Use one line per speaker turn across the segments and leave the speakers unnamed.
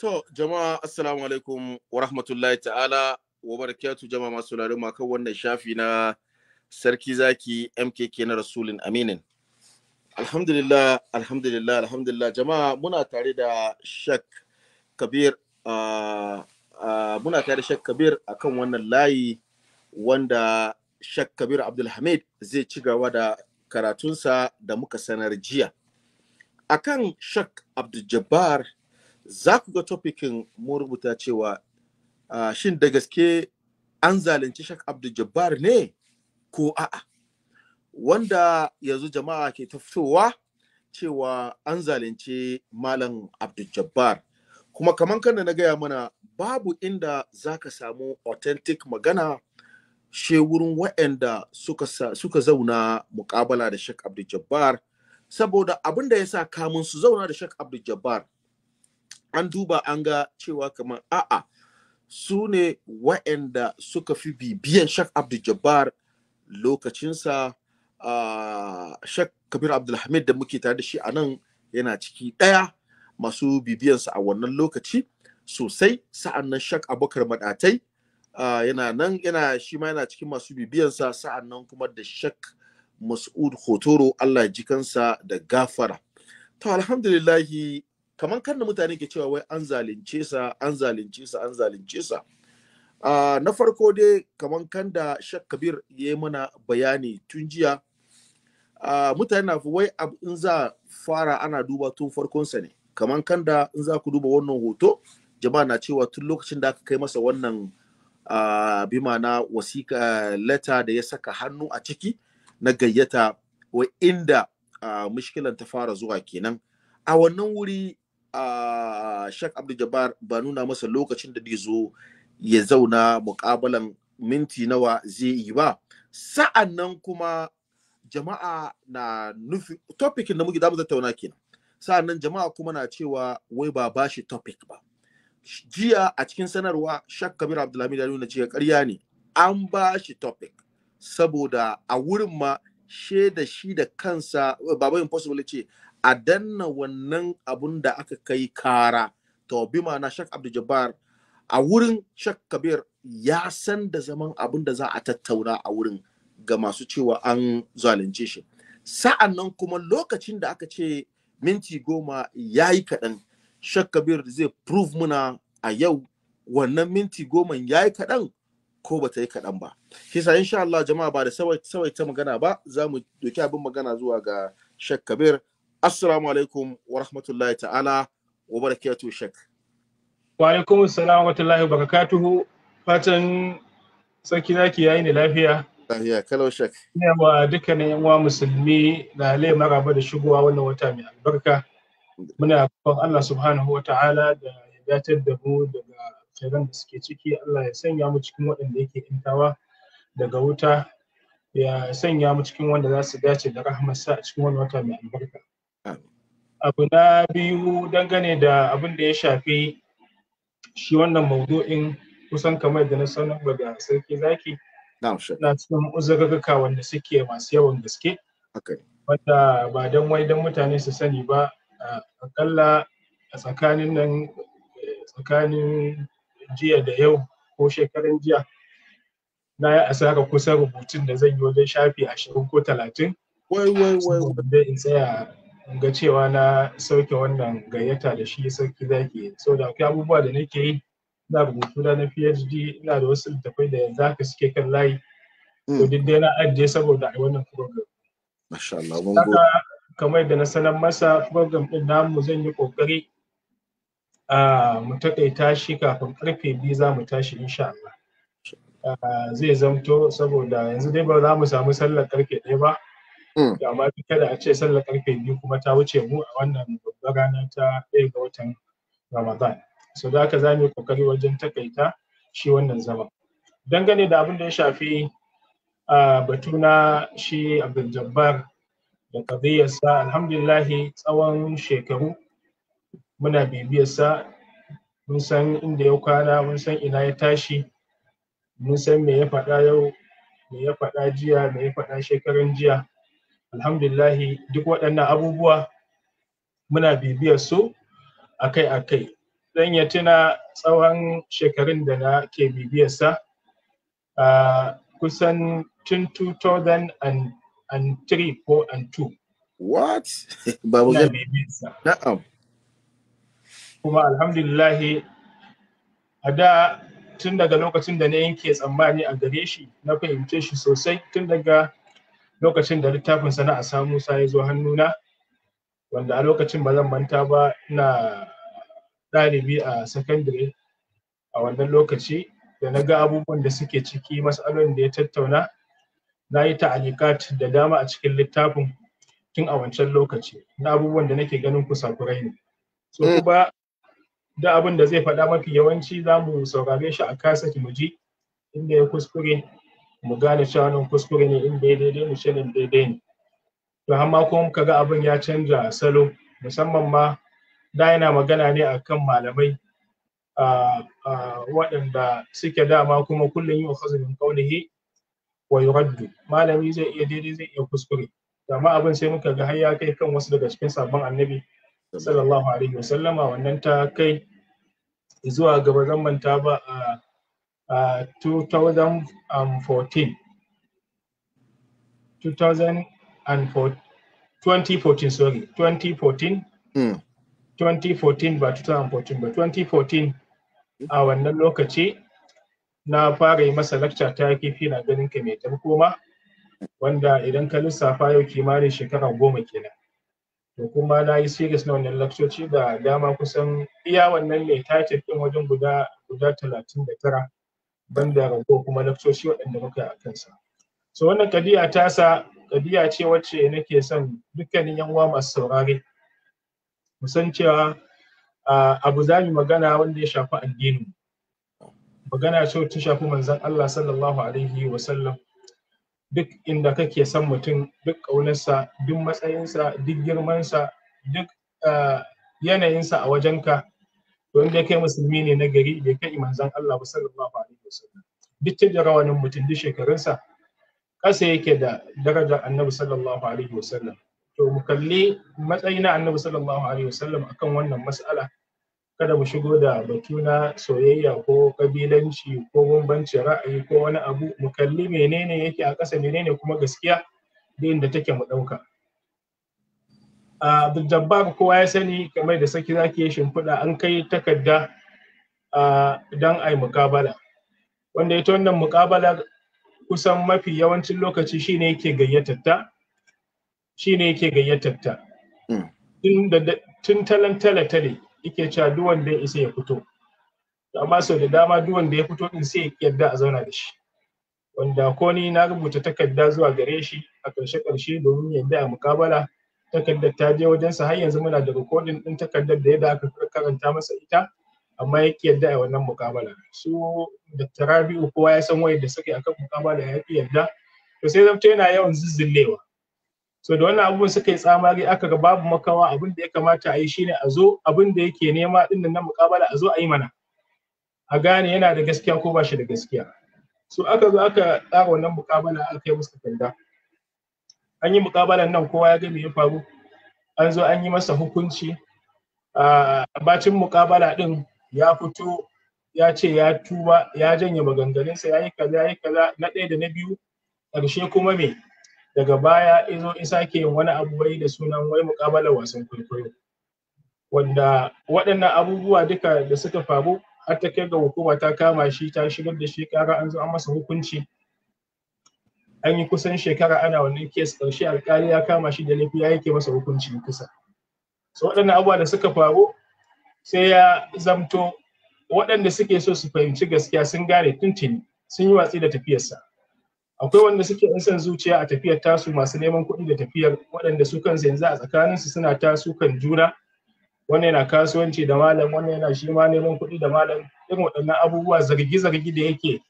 To, jama'a assalamu alaikum wa rahmatullahi ta'ala wa barakatu jama'a masu lari makon wannan shafi na sarki zaki MKK na Rasulun Aminin. Alhamdulillah, alhamdulillah, alhamdulillah. Jama'a muna tare da Shek Kabir muna tare da Shek Kabir akan wannan layi wanda Shek Kabir Abdulhamid zai ci gaba da
karatunsa
da muka sanar jiya. Akan Shek Abdul Jabbar za ku ga topikin mu rubuta cewa shin da gaske
an zalunci shak Abdul ne ko a'a wanda yanzu jama'a ke ta fitowa cewa an zalunci Malam Abdul kuma kamar kanda na gaya mana babu inda za ka samu authentic magana she wurin wa'anda suka, zauna mukabala da shak
Abdul saboda abin da ya sa kamun su zauna da shak Abdul an duba an ga cewa kamar a'a su ne wa'anda suka fi bibiyan shak abdul jabbar lokacinsa a ah, shak kabir abdulhamid da muke tare da shi a nan yana ciki ɗaya masu bibiyansa a wannan lokaci sosai sa'an nan shak abokar madatai ah, yana nan yana shi ma yana cikin masu bibiyansa sa'an nan kuma da shak mas'ud hotoro allah jikansa da gafara
to alhamdulillahi kamar kan da mutane ke cewa wai an zalunce sa an zalunce sa an zalunce sa na farko dai kamar kan da shak kabir ya yi mana bayani tun jiya uh, mutane na wai in za fara ana duba tun farkonsa ne kamar kan da in za ku duba wannan hoto jama'a na cewa tun lokacin da aka kai masa wannan uh, bima
na wasika leta da ya saka hannu a ciki na gayyata wai inda uh, ta fara zuwa kenan a wannan wuri a Sheikh Abdul Jabbar ba nuna masa lokacin da ya zo ya zauna muƙabalan minti nawa zai yi ba Sa'annan kuma jama'a na nufi topic da muke da tattauna kenan Sa'annan jama'a kuma na cewa wai ba bashi topic ba jiya a cikin sanarwa Sheikh Kabir Abdulhamid ya nuna cewa ƙarya ne
an ba shi topic saboda a wurin ma she da shi da
kansa baba impossible ce a danna wannan abun da aka kai kara to bi ma'ana shak abdul a wurin shak kabir ya san da zaman abun da za a tattauna a wurin ga masu cewa an zalunce shi
sa'an nan kuma lokacin da aka ce minti goma ya yi kaɗan shak kabir zai prove muna a yau wannan minti goma ya yi kaɗan ko ba
ta yi kaɗan ba kisa in insha Allah jama'a ba da sawaita magana ba za mu doki abin magana zuwa ga shak kabir Assalamu alaikum wa rahmatullahi ta'ala wa barakatu shek.
Wa alaikum assalam wa ta'ala wa barakatuhu. Fatan sarki zaki yayi ni lafiya.
Lafiya kalau shek.
Ina wa dukkanin yan uwa musulmi da alai maraba da shigowa wannan wata mai albarka. Muna roƙon Allah subhanahu wa ta'ala da ya datar da mu daga firan da suke ciki Allah ya sanya mu cikin waɗanda yake intawa daga wuta ya sanya mu cikin wanda za su dace da rahmarsa a cikin wannan wata mai albarka. abu na biyu dangane da abin da ya shafi shi wannan maudu'in kusan kamar da na sanar daga sarki zaki na cikin uzurruka wanda suke masu yawan gaske wanda ba don wai don mutane su sani ba akalla a tsakanin nan tsakanin jiya da yau ko shekaran jiya na yi asara kusan rubutun da zan yi wajen shafi ashirin ko talatin wai in tsaya ga cewa na sauke wannan gayyata da shi sarki zaki so da akwai abubuwa da nake yi ina rubutu na PhD ina da wasu littafai da yanzu haka suke kan layi to hmm. duk dai na ajiye saboda a wannan program
masha Allah mun go
kamar yadda na sanar masa program din namu zan yi kokari a mu takaita shi kafin karfe biyu za mu tashi insha Allah zai zamto saboda yanzu dai ba za mu samu sallar karfe ɗaya ba da hmm. ma kada a ce sallar karfe biyu kuma ta wuce mu a wannan babbar rana ta ɗaya ga watan ramadan so da haka za mu yi kokari wajen takaita shi wannan zama. dangane da abin da ya shafi batu na shi abdul da ƙadiyarsa alhamdulillahi tsawon shekaru muna bibiyarsa mun san inda ya kwana mun san ina ya tashi mun san me ya faɗa yau me ya faɗa jiya me ya faɗa shekaran jiya alhamdulillahi duk waɗannan abubuwa muna bibiyar su akai-akai zan ya tuna tsawon shekarun da na ke sa uh, kusan tun 2003 ko and what babu sa na'am kuma alhamdulillahi a da tun daga lokacin da na yanke tsammani a gare shi na fahimce shi sosai tun daga lokacin da littafin sana a samu Musa ya zo hannuna wanda a lokacin ba zan manta ba ina ɗalibi a sakandare a wannan lokaci da na ga abubuwan da suke ciki mas'alolin da ya tattauna na yi ta'alikat da dama a cikin littafin tun a wancan lokaci na abubuwan da nake ganin kusakurai ne so eh. kuma da abin da zai faɗa mafi yawanci za mu saurare shi a kaset mu ji inda ya kuskure mu gane cewa wannan kuskure ne in bai daidai mu ce nan daidai ne to amma kuma muka ga abin ya canja salo musamman ma da yana magana ne akan malamai waɗanda suke dama kuma kullum yi wa min qawlihi wa yuraddu malami zai iya daidai zai iya kuskure amma abin sai muka ga har ya kai kan wasu daga cikin sabon annabi sallallahu alaihi wasallama wannan ta kai zuwa gaba zan manta ba a 2014. Uh, 2014, sorry, 2014. Mm. 2014 ba 2014 ba 2014 a wannan lokaci na fara yi masa lakca ta kifi na ganin ka mai tarkoma wanda idan ka lissafa yau kimanin shekara goma kenan to kuma na yi series na wannan lakcoci da dama kusan iya wannan mai title din wajen guda guda talatin da tara banda ko kuma lafsoshi waɗanda muka yi a kansa so wannan kadiya tasa kadiya ce wacce nake son dukkanin yan uwa masu saurare mu san cewa abu za mu magana wanda ya shafi addini magana ce ta shafi manzon Allah sallallahu alaihi wa sallam duk inda kake son mutum duk ƙaunarsa duk matsayinsa duk girmansa duk yanayinsa a wajenka to inda kai musulmi ne na gari bai kai manzon Allah ba sallallahu alaihi wasallam duk da rawanin mutum duk shekarunsa kasa yake da daraja annabi sallallahu alaihi wasallam to mu kalli matsayin annabi sallallahu alaihi wasallam akan wannan mas'ala kada mu shigo da batu na soyayya ko kabilanci ko bambanci ra'ayi ko wani abu mu kalli menene yake a ƙasa menene kuma gaskiya da inda take mu ɗauka Abdul Jabbar kowa ya sani kamar da saki zaki ya shimfiɗa an kai takarda don a yi mukabala. Wanda ta wannan mukabala kusan mafi yawancin lokaci ne yake gayyatatta. ne yake gayyatatta. Hmm. Tun talan tale yake cewa duwan da isa ya fito. Amma sau da dama duwan da ya fito din sai yadda a zauna da shi. Wanda ko ni na rubuta takarda zuwa gare shi a ƙarshe-ƙarshe domin yadda a mukabala. takardar ta je sa har yanzu muna da rikodin ɗin takardar da yadda aka karanta masa ita amma yake yadda a wannan mukabala su da rabi'u kowa ya san wayar da suke akan mukabala ya fi yadda, to sai zamto yana yawan zizzillewa so da wannan abubuwan suka yi tsamari aka ga babu makawa abin da ya kamata a yi shine a zo abin da yake nema din nan mukabala a zo a yi mana a gane yana da gaskiya ko ba shi da gaskiya so aka zo aka tsara wannan mukabala aka kai musu takarda an yi mukabalan nan kowa ya ga ya faru an zo an yi masa hukunci a bacin mukabala din ya fito ya ce ya tuba ya janye maganganunsa ya yi kaza ya yi kaza na ɗaya da na biyu ƙarshe kuma me daga baya izo isa ke yin wani abu wai da sunan wai mukabalar wasan kwaikwayo wanda waɗannan abubuwa duka da suka faru har ta kai ga hukuma ta kama shi ta shigar da shi ƙara an zo an masa hukunci an yi kusan shekara ana wannan kes ƙarshe alƙali ya kama shi da laifi ya yake masa hukuncin kusa so waɗannan abubuwa da suka faru sai ya zamto waɗanda suke so su fahimci gaskiya sun gane tuntuni sun yi watsi da tafiyarsa akwai wanda suke in son zuciya a tafiyar tasu masu neman kuɗi da tafiyar waɗanda su kansu yanzu a tsakaninsu suna tasu kan juna wani yana kasuwanci da malam wani yana shi ma neman kuɗi da malam irin waɗannan abubuwa zargi-zargi da yake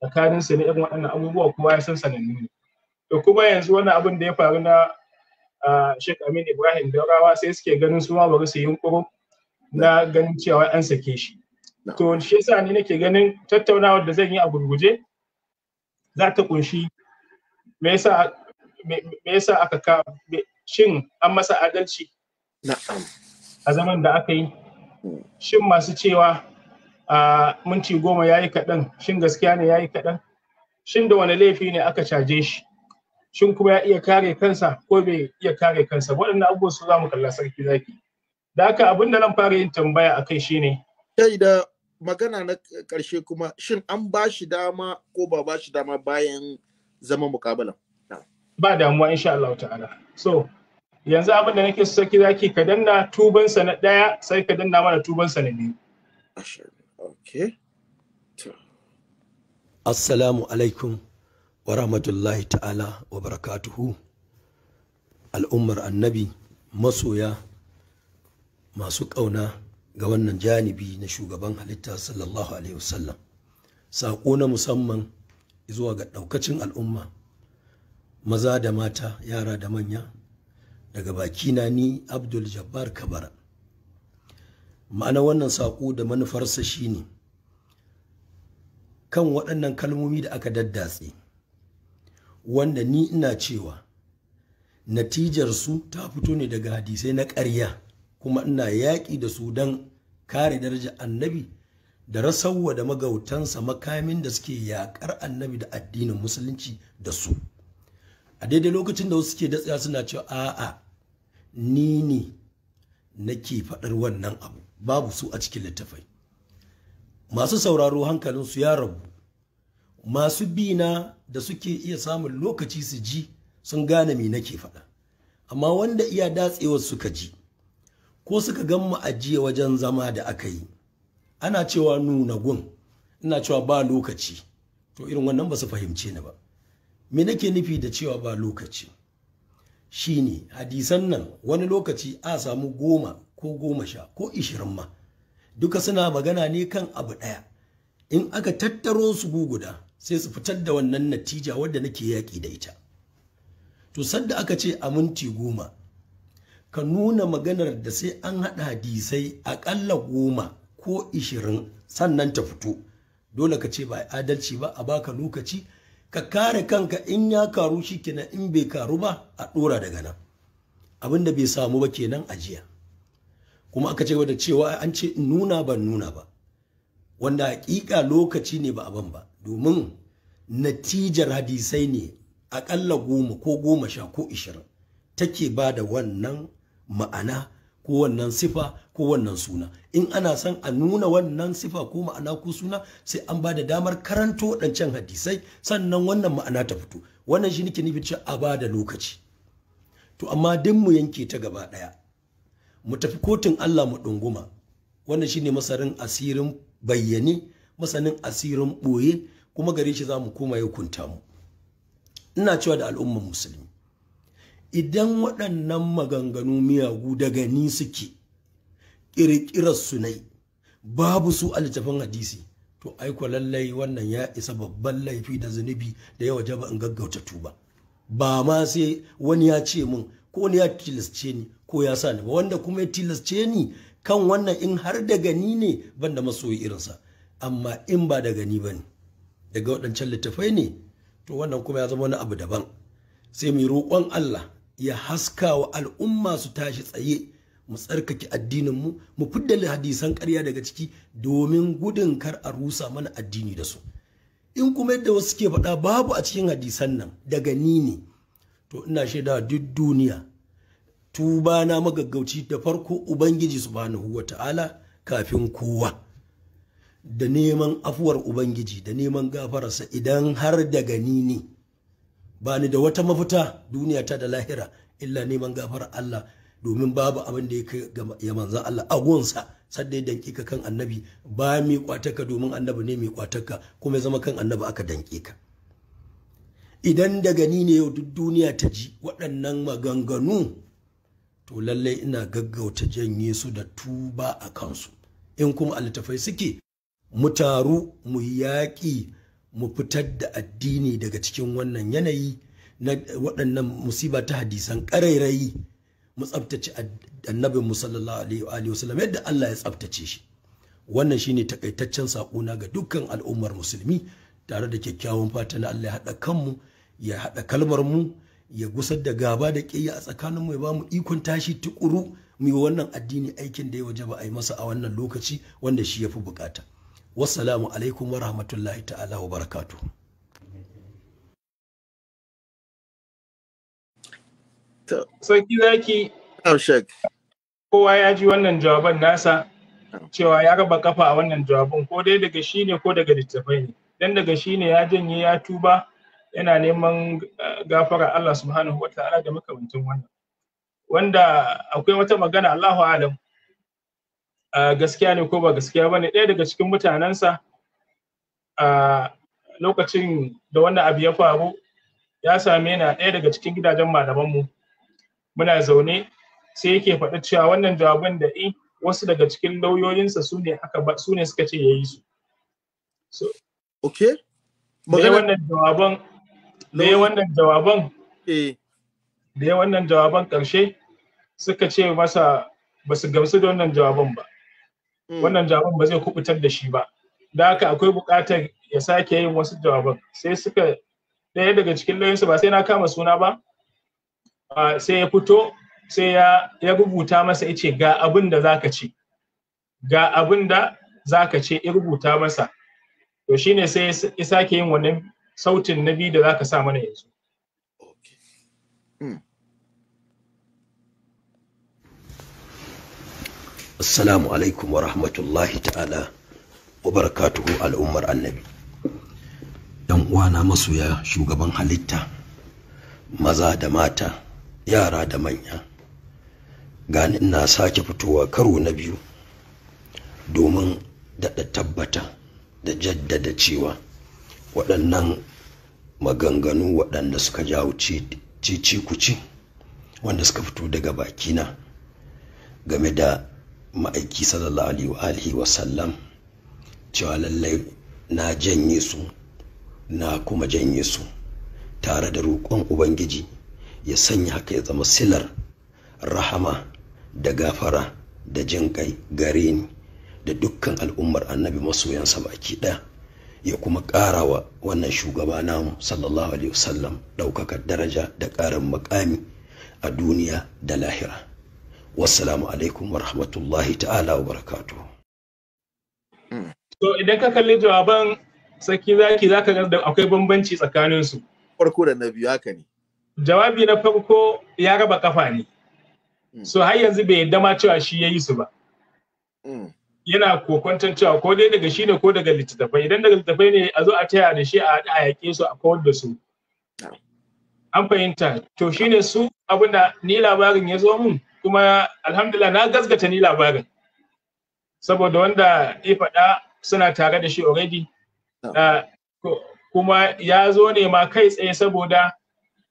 tsakanin su ne irin waɗannan abubuwa kowa ya san sanannu ne to kuma yanzu wani abin da ya faru na Sheikh Amin Ibrahim Daurawa sai suke ganin su ma bari su yunkuro na ganin cewa an sake shi to shi yasa ni nake ganin tattaunawar da zan yi a gurguje za ta kunshi me yasa me yasa aka ka shin an masa adalci a zaman da aka yi hmm. shin masu cewa a minti goma ya yi kaɗan shin gaskiya ne ya yi kaɗan shin da wani laifi ne aka caje shi shin kuma ya iya kare kansa ko bai iya kare kansa waɗannan abubuwan su za mu kalla sarki zaki da haka abin da nan fara yin tambaya a kai ne. sai da magana na ƙarshe kuma shin an ba shi dama ko ba ba shi dama bayan zama mukabala ba damuwa insha Allah ta'ala so yanzu abin da nake so sarki zaki ka danna tubansa na ɗaya sai ka danna mana tubansa na biyu okay
assalamu alaikum wa rahmatullahi ta'ala wa barakatuhu al'ummar annabi masoya masu ƙauna ga wannan janibi na shugaban halitta sallallahu alaihi wasallam saƙo na musamman zuwa ga ɗaukacin al'umma maza da mata yara da manya daga bakina ni abdul jabbar kabara ma'ana wannan saƙo da manufarsa shine kan waɗannan kalmomi da aka daddatse wanda ni ina cewa natijar su ta fito ne daga hadisai na ƙarya kuma ina yaƙi da su don kare darajar annabi da rasauwa da magautansa makamin da suke yaƙar annabi da addinin musulunci da su a daidai lokacin da wasu suke datsewa suna cewa a'a ni ne nake faɗar wannan abu babu su a cikin littafai masu sauraro hankalin su ya rabu masu bina da suke iya samun lokaci su ji sun gane me nake faɗa amma wanda iya datsewar suka ji ko suka gan mu ajiye wajen zama da aka yi ana cewa nuna gun ina cewa ba lokaci to irin wannan ba su fahimce ni ba me nake nufi da cewa ba lokaci shine hadisan nan wani lokaci a samu goma ko goma sha ko ishirin ma duka suna magana ne kan abu ɗaya in aka tattaro su guguda sai su fitar da wannan natija wadda nake yaƙi da ita to sadda aka ce a minti goma ka nuna maganar da sai an haɗa hadisai aƙalla goma ko ishirin sannan ta fito dole ka ce ba adalci ba a baka lokaci ka kare kanka in ya karu shi kenan in bai karu ba a ɗora daga nan abin da bai samu ba kenan ajiya kuma aka ce da cewa an ce nuna ban nuna ba wanda hakika lokaci ne ba ban ba domin natijar hadisai ne akalla goma ko goma sha ko ishirin take ba da wannan ma'ana ko wannan sifa ko wannan suna in ana son a nuna wannan sifa ko ma'ana ko suna sai an ba da damar karanto waɗancan hadisai sannan wannan ma'ana ta fito wannan shi nake nufin a ba da lokaci to amma mu yanke ta gaba ɗaya mu tafi kotun Allah mu ɗunguma wannan shine masarin asirin bayyane masanin asirin boye kuma gare shi za mu koma ya kunta mu ina cewa da al'ummar musulmi idan waɗannan maganganu miyagu daga ni suke ƙirƙirar sunai babu su a hadisi to ai ko lallai wannan ya isa babban laifi da zunubi da ya wajaba ba in gaggauta tuba ba ma sai wani ya ce mun ko wani ya tilasce ni ko ya sa ni ba wanda kuma ya tilasce ni kan wannan in har da gani ne ban da masoyi irinsa amma in ba da gani ba ne daga waɗancan littafai ne to wannan kuma ya zama wani abu daban sai mai roƙon Allah ya haska wa al'umma su tashi tsaye mu tsarkake addininmu mu fidda hadisan ƙarya daga ciki domin gudun kar a rusa mana addini da su in kuma yadda wasu ke faɗa babu a cikin hadisan nan daga ni ne to ina shaidawa duk duniya tuba na magaggauci da farko ubangiji subhanahu wata'ala kafin kowa da neman afuwar ubangiji da neman gafararsa idan har da gani ne ba ni da wata mafita duniya ta da lahira illa neman gafar Allah domin babu abin da ya manza Allah a gonsa sadda ya danki ka kan annabi ba mai kwataka domin annabi ne mai kwataka kuma ya zama kan annabi aka danki ka idan da gani ne yau duk duniya ta ji waɗannan maganganu to lallai ina gaggauta janye su da tuba a kansu in kuma a suke mu taru mu yaƙi mu fitar da addini daga cikin wannan yanayi na waɗannan musiba ta hadisan ƙarairayi mu tsabtace annabin mu sallallahu alaihi sallam yadda Allah ya tsabtace shi wannan shine takaitaccen saƙona ga dukkan al'ummar musulmi tare da kyakkyawan fata na Allah ya haɗa kanmu ya haɗa kalmar mu ya gusar da gaba da ƙiyya a tsakanin ya bamu ikon tashi tukuru mu yi wannan addini aikin da ya waje ba a yi masa a wannan lokaci wanda shi ya fi bukata wassalamu alaikum wa rahmatullahi ta'ala wa barakatu
sarki zaki kowa ya ji wannan jawaban nasa cewa ya raba kafa a wannan jawabin ko dai daga shi ne ko daga littafai ne dan daga shi ne ya janye ya tuba yana neman eh, gafara Allah subhanahu wata'ala da makamantan wannan wanda akwai wata magana Allahu alam ah, gaskiya ne ko ba gaskiya bane ɗaya daga cikin mutanensa a ah, lokacin da wannan abu ya faru ya same ni a ɗaya daga cikin gidajen malamanmu muna zaune sai yake faɗi cewa wannan jawabin da i wasu daga cikin lauyoyinsa su ne aka su ne suka ce ya yi su. Ok. Magana... wannan jawaban da ya wannan jawaban eh. da ya wannan jawaban ƙarshe suka ce masa ba su gamsu da wannan jawaban ba mm. wannan jawaban ba zai kubutar da shi ba da haka akwai buƙatar ya sake yin wasu jawaban sai suka ɗaya daga cikin layinsu ba sai na kama suna ba sai ya fito sai ya rubuta masa ya ce ga abin da za ka ce ga abin da za ka ce ya rubuta masa to shine sai ya sake yin wannan sautin na biyu da za ka sa mana yanzu
hmm.
Assalamu alaikum wa rahmatullahi ta'ala wa barakatuhu al'ummar annabi. ‘Yan uwana masoya shugaban halitta, maza da mata, yara da manya, gani ina sake fitowa karo na biyu domin daɗa tabbata da jaddada cewa waɗannan maganganu waɗanda suka jawo cici kuci wanda suka fito daga bakina game da ma'aiki sallallahu alaihi wa sallam cewa lallai na janye su na kuma janye su tare da roƙon ubangiji ya sanya haka ya zama silar rahama da gafara da jin kai gare ni da dukkan al'ummar annabi masoyansa baki ɗaya ya kuma ƙara wa wannan shugaba namu sallallahu alaihi wasallam ɗaukakar daraja da ƙarin makami a duniya da lahira wassalamu alaikum wa rahmatullahi ta'ala wa barakatu
so idan ka kalli jawaban saki zaki zaka ga akwai bambanci tsakanin su
farko da na biyu haka ne
jawabi na farko ya raba kafa ne hmm. so har yanzu bai yadda ma cewa shi yayi su ba hmm. yana kokwantar cewa ko dai daga shi ne ko daga littattafai idan daga littattafai ne a zo a taya da shi a haɗa a yaƙe su a kawar da su an fahimta to shi ne su abinda ni labarin ya zo mun kuma alhamdulillah na gasgata ni labarin saboda wanda ya faɗa suna tare da shi already ah, kuma ya zo ne ma kai tsaye saboda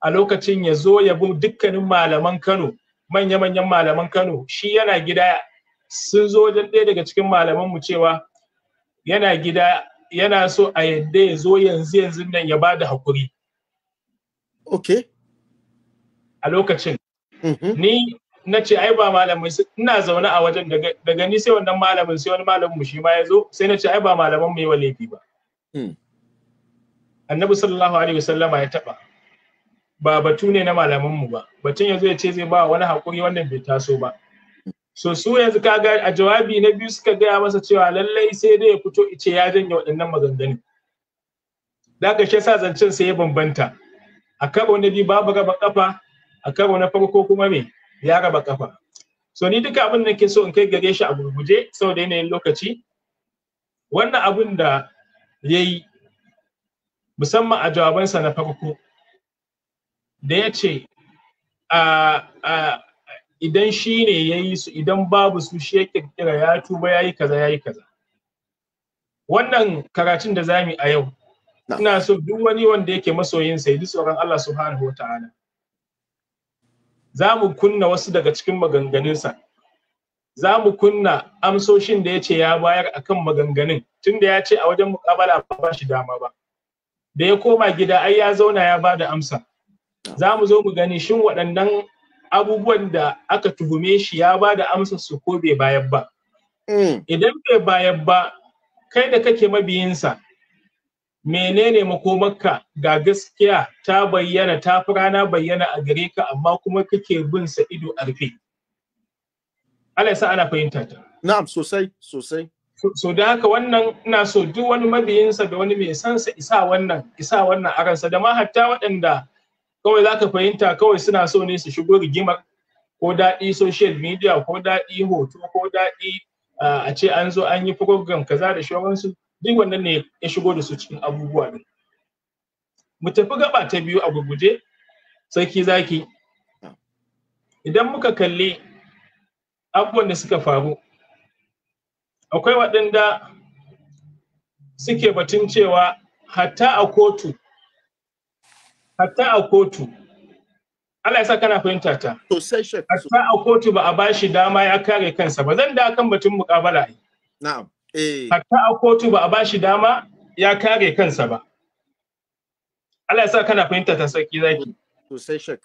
a lokacin ya zo ya bi dukkanin malaman Kano manya-manyan malaman Kano shi yana gida sun zo wajen ɗaya daga cikin malamanmu cewa yana gida yana so a yadda ya zo yanzu yanzu nan ya ba da haƙuri. Ok. A lokacin. Mhm. Ni na ce ai ba malamin ina zaune a wajen daga ni sai wannan malamin sai wani malamin shi ma ya zo sai na ce ai ba malaman mai laifi ba. Hmm. Annabi sallallahu alaihi wasallama ya taɓa. Ba batu ne na malamanmu ba. Batun ya zo ya ce zai ba wani haƙuri wannan bai taso ba. so su yanzu kaga a jawabi na biyu suka gaya masa cewa lallai sai dai ya fito ice ya janye waɗannan maganganu. da ka sa zancen sai ya bambanta a karo na biyu babu raba kafa a karo na farko kuma me ya raba kafa so ni duka abin da ke so in kai gare shi a gurguje saboda yanayin lokaci wannan abin da ya yi musamman a jawabansa na farko da ya ce ah, ah, idan shi ne ya yi su idan babu su shi ya kirkira ya tuba ya yi kaza ya yi kaza wannan karatun da zamu a yau ina so duk wani wanda yake masoyin sai ji tsoron Allah subhanahu wa ta'ala za kunna wasu daga cikin maganganunsa za mu kunna amsoshin da ya ce ya bayar akan maganganun tunda ya ce a wajen mukabala ba shi dama ba da ya koma gida ai ya zauna ya bada amsa za mu zo mu gani shin waɗannan abubuwan da aka tuhume shi ya ba da amsar su ko bai bayar ba hmm. idan bai bayar ba kai da kake mabiyinsa menene makomarka ga gaskiya ta bayyana ta rana bayyana a gare ka amma kuma kake bin sa ido a rufe Allah yasa ana fahimta ta na'am sosai sosai so da haka wannan ina so duk wani mabiyinsa da wani mai sansa isa wannan isa wannan aransa da ma hatta waɗanda kawai za ka fahimta kawai suna so ne su shigo rigimar ko daɗi social media ko daɗi hoto ko daɗi a ce an zo an yi program kaza da shauransu duk wannan ne ya shigo da su cikin abubuwa ne mu tafi gaba ta biyu a guguje sarki zaki idan muka kalli abubuwan da suka faru akwai waɗanda suke batun cewa hatta a kotu hatta a kotu Allah ya sa kana fahimta ta sai shek hatta a kotu ba a bashi dama ya kare kansa ba zan da kan batun muƙabala ai na'am eh hatta a kotu ba a bashi dama ya kare kansa ba Allah ya sa kana fahimta ta sarki zaki sai shek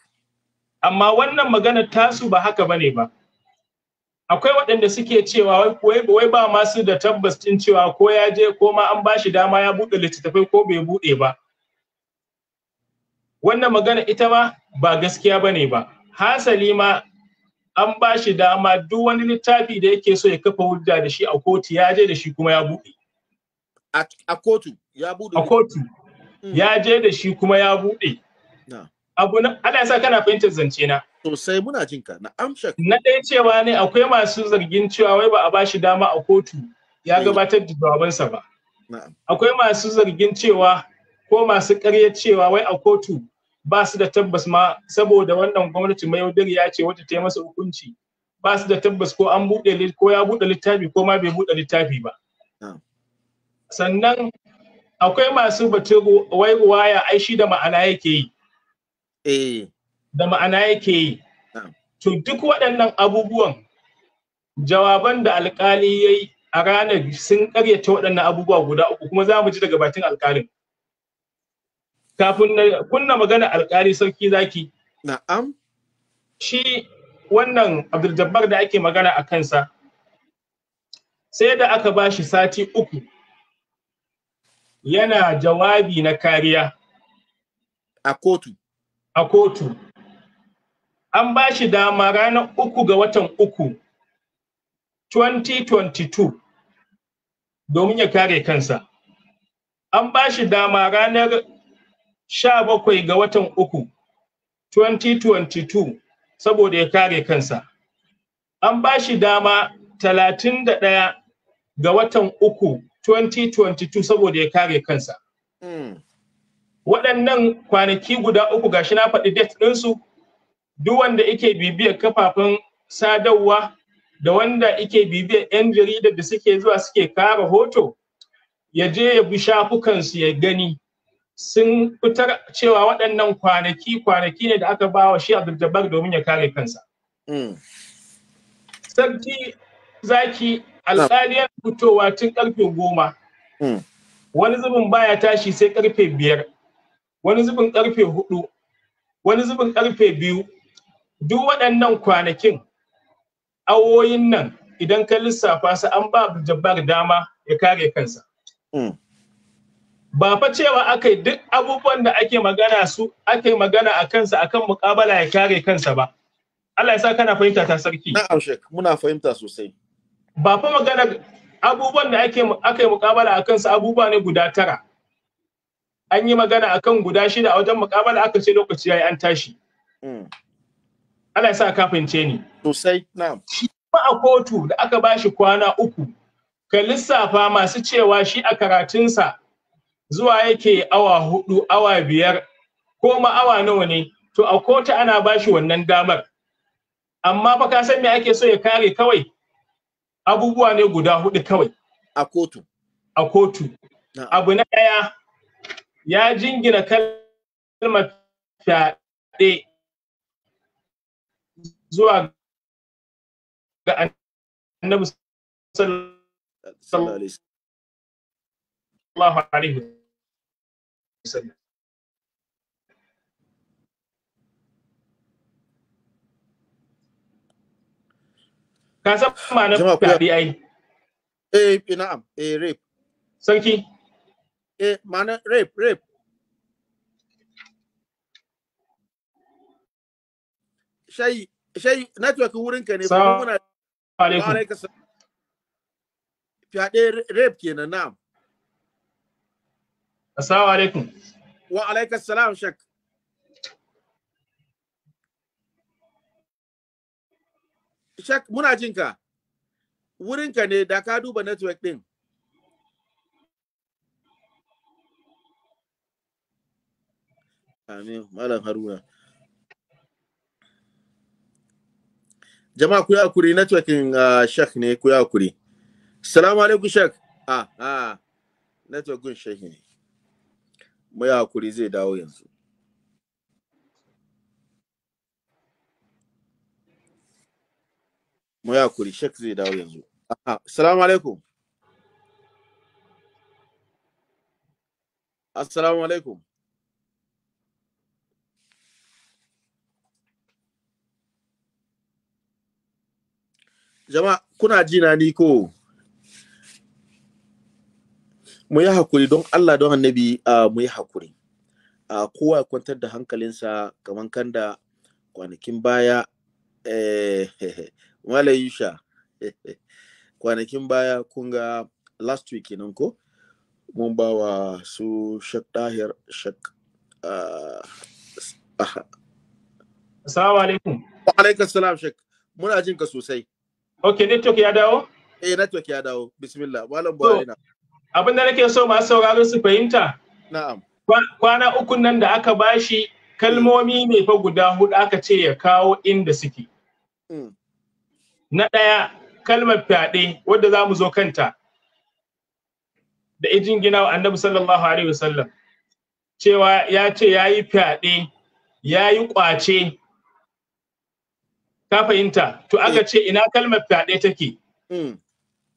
amma wannan magana tasu ba haka bane ba akwai waɗanda suke cewa wai ba masu da tabbas cewa ko ya je ko ma an bashi dama ya buɗe littattafai ko bai buɗe ba wannan magana ita ma ba gaskiya bane ba hasali ma an ba shi dama duk wani littafi da yake so ya kafa hujja da shi a kotu ya je da shi kuma ya buɗe a kotu ya buɗe a kotu hmm. ya je da shi kuma ya buɗe abu na ana sa kana fahimtar zance na sosai muna jin ka na amsha na ɗaya cewa ne akwai masu zargin cewa wai ba a ba shi dama a kotu ya gabatar da jawabansa ba akwai masu zargin cewa ko masu ƙarya cewa wai a kotu ba su da tabbas ma saboda wannan gwamnati mai ya ce wata ta yi masa hukunci ba su da tabbas ko an buɗe ko ya buɗe littafi ko ma bai buɗe littafi ba sannan akwai masu batun wai waya ai shi da ma'ana yake yi eh. da ma'ana yake yi to duk waɗannan abubuwan jawaban da alkali ya a ranar sun karyata waɗannan abubuwa guda uku kuma za mu ji daga bakin alkalin kafin na kunna magana alkali sarki zaki na'am shi wannan abdul jabbar da ake magana a kansa sai da aka ba shi sati uku yana jawabi na kariya a kotu a kotu an ba shi dama ranar uku ga watan uku 2022 domin ya kare kansa an ba shi dama ranar sha bakwai ga watan uku 2022 saboda ya kare kansa an ba shi dama 31 ga watan uku 2022 saboda ya kare kansa hmm. waɗannan kwanaki guda uku gashi na faɗi date ɗinsu duk wanda yake bibiyar kafafen sadarwa da wanda yake bibiyar 'yan jaridar da suke zuwa suke kara hoto ya je ya bi shafukansu ya gani sun fitar cewa waɗannan kwanaki kwanaki ne da aka ba wa shi Abdul domin ya kare kansa. Hmm. Sarki zaki alƙali fitowa tun ƙarfe goma. Hmm. Wani zubin baya tashi sai ƙarfe biyar. Wani zubin ƙarfe hudu. Wani zubin ƙarfe biyu. Duk waɗannan kwanakin awoyin nan idan ka lissafa su an ba Abdul dama ya kare kansa. Hmm. ba fa cewa aka duk abubuwan da ake magana su ake magana a kansa akan mukabala ya kare kansa ba Allah ya sa kana fahimta ta sarki na'am shek muna fahimta sosai ba fa magana abubuwan da ake aka yi mukabala a kansa abubuwa ne guda tara an yi magana akan guda shida a wajen mukabala aka ce lokaci yayi an tashi mm. Allah ya sa ka fahimce ni sosai na'am shi a kotu da aka bashi kwana uku ka lissafa masu cewa shi a karatunsa zuwa yake awa hudu awa biyar ko ma awa nawa ne to a kota ana bashi wannan damar amma fa ka san me ake so ya kare kawai abubuwa ne guda hudu kawai a kotu a kotu abu na daya ya jingina kalmar fyaɗe zuwa
ga annabi sallallahu alaihi sani
ka san fyaɗe ai eh, eh na'am eh rape sarki eh ma'anar rape rape shai shai network ne alaikum rape kenan na'am Assalamu alaikum. Wa alaikum salam shek. Shek, muna jin ka. Wurinka ne da ka duba network din.
Amin, Malam Haruna. Jama'a ku ya kuri networking uh, ah, shek ne ku ya kuri. Assalamu alaikum shek. Ah, ah. Network gun shek ne. mu ya hakuri zai dawo yanzu mu ya hakuri shek zai dawo yanzu assalamu alaikum assalamu alaikum
jama'a kuna jina ni ko mu yi hakuri don Allah don annabi mu yi hakuri kowa ya kwantar da hankalinsa kamar kan da kwanakin baya eh,
Yusha kwanakin baya kun ga last week kenan ko mun ba wa su Shak Dahir Shak
Assalamu alaikum. Wa
alaikum salam Shak.
Muna jin ka sosai. Okay, network ya dawo? Eh, network ya dawo. Bismillah. Malam Buhari na. abin da nake so masu sauraro su fahimta kwana uku nan da aka bashi kalmomi ne fa guda hudu aka ce ya kawo inda suke mm. na ɗaya kalmar fyaɗe wadda za mu zo kanta da ijin gina wa annabi sallallahu alaihi wasallam cewa ya ce ya yi fyaɗe ya yi ƙwace ka fahimta to aka mm. ce ina kalmar fyaɗe take mm.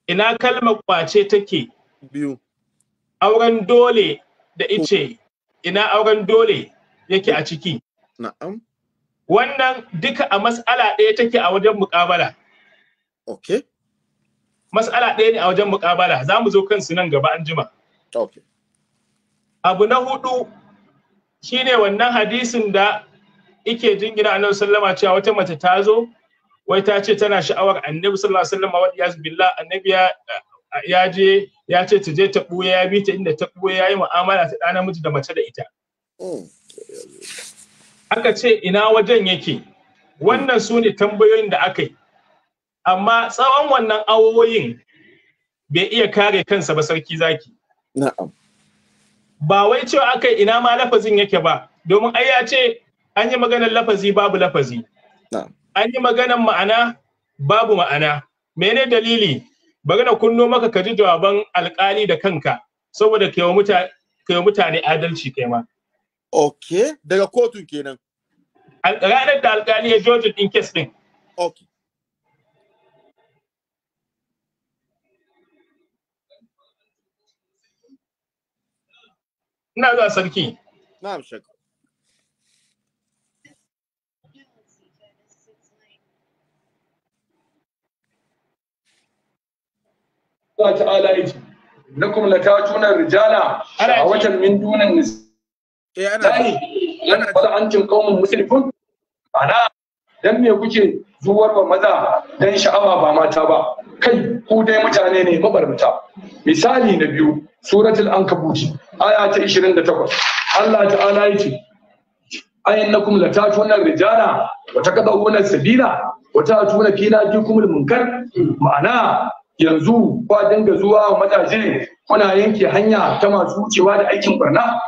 ina kalmar ƙwace take biyu auren dole da ice ina auren dole yake a ciki na'am wannan duka a mas'ala ɗaya take a wajen muƙabala okay mas'ala ɗaya ne a wajen muƙabala za mu zo kansu nan gaba an jima okay abu na hudu shine wannan hadisin da ike jingina annabi sallama cewa wata mace ta zo wai ta ce tana sha'awar annabi sallallahu alaihi wasallam wa iyaz billah annabi ya ya je ya ce ta je ta ɓuya ya bi ta inda ta ɓuya ya yi mu'amala ta ɗa namiji da mace da ita. Hmm. Aka ce ina wajen yake wannan su ne tambayoyin da aka yi amma tsawon wannan awoyin bai iya kare kansa ba sarki zaki. Ba wai cewa aka ina ma lafazin yake ba domin ai ya ce an yi maganar lafazi babu lafazi. An yi maganar ma'ana babu ma'ana. Mene dalili bari na kunno maka ka ji jawaban alkali da kanka saboda muta yi mutane adalci kai ma. okay daga kotun kenan. Ranar da alkali ya jojin ɗin kes ɗin. okay
Ina zuwa sarki. Na'am shakka.
Allah ta'ala ya ce innakum latatuna rijala shahawatan min dunan nisa eh ana ana bal antum qaumun musrifun ana dan me kuke zuwar ba maza dan sha'awa ba mata ba kai ku dai mutane ne mabarmata misali na biyu suratul ankabuti aya ta 28 Allah ta'ala ya ce ayannakum latatuna rijala wa taqaduna sabila wa ta'tuna fi najikum almunkar ma'ana yanzu ba dinga zuwa mazaje kuna yanke hanya ta masu wucewa da aikin barna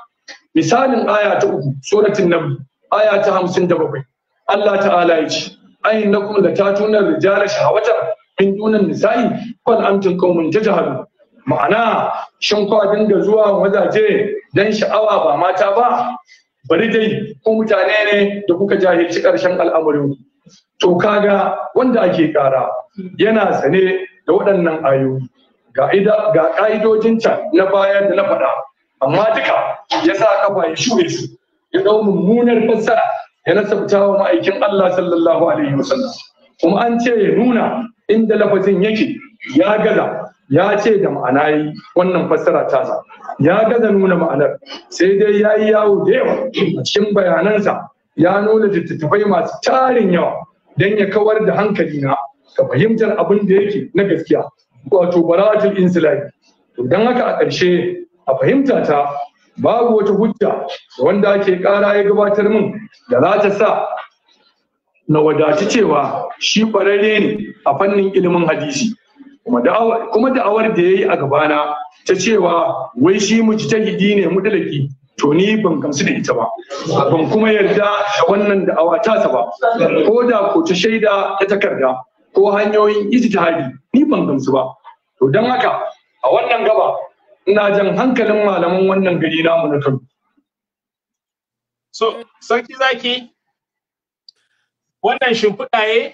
misalin aya ta uku suratul nabi aya ta hamsin da bakwai Allah ta'ala ya ce ayin na kuma da ta tunar rijala shahawata min dunan nisa'i kwan amtin kaumun ta jahalu ma'ana shin kwa dinga zuwa mazaje dan sha'awa ba mata ba bari dai ko mutane ne da kuka jahilci karshen al'amarin to kaga wanda ake kara yana sane da waɗannan ayoyi ga ga ƙa'idojin can na baya da na faɗa amma duka ya sa ƙafa ya shuɗe su ya ɗau mummunar fassara ya nasabta wa ma'aikin Allah sallallahu alaihi wasallam kuma an ce ya nuna inda lafazin yake ya gaza ya ce da ma'ana yi wannan fassara tasa ya gaza nuna ma'anar sai dai ya yi yawo da yawa a cikin bayanansa ya nuna littattafai masu tarin yawa don ya kawar da hankali na ka fahimtar abin da yake na gaskiya wato bara'atul insilahi to dan haka a ƙarshe a fahimta ta babu wata hujja wanda ake ƙara ya gabatar min da za ta sa na wadaci cewa shi ƙwararre ne a fannin ilimin hadisi kuma da'awar da ya yi a gabana ta cewa wai shi mu tahidi ne mu dalaki to ni ban gamsu da ita ba ban kuma yarda da wannan da'awa ta ba ko da ko ta shaida ta takarda ko hanyoyin ijtihadi ni ban gamsu ba to don haka a wannan gaba ina jan hankalin malaman wannan gari namu na Kano so sarki zaki wannan shimfiɗaye,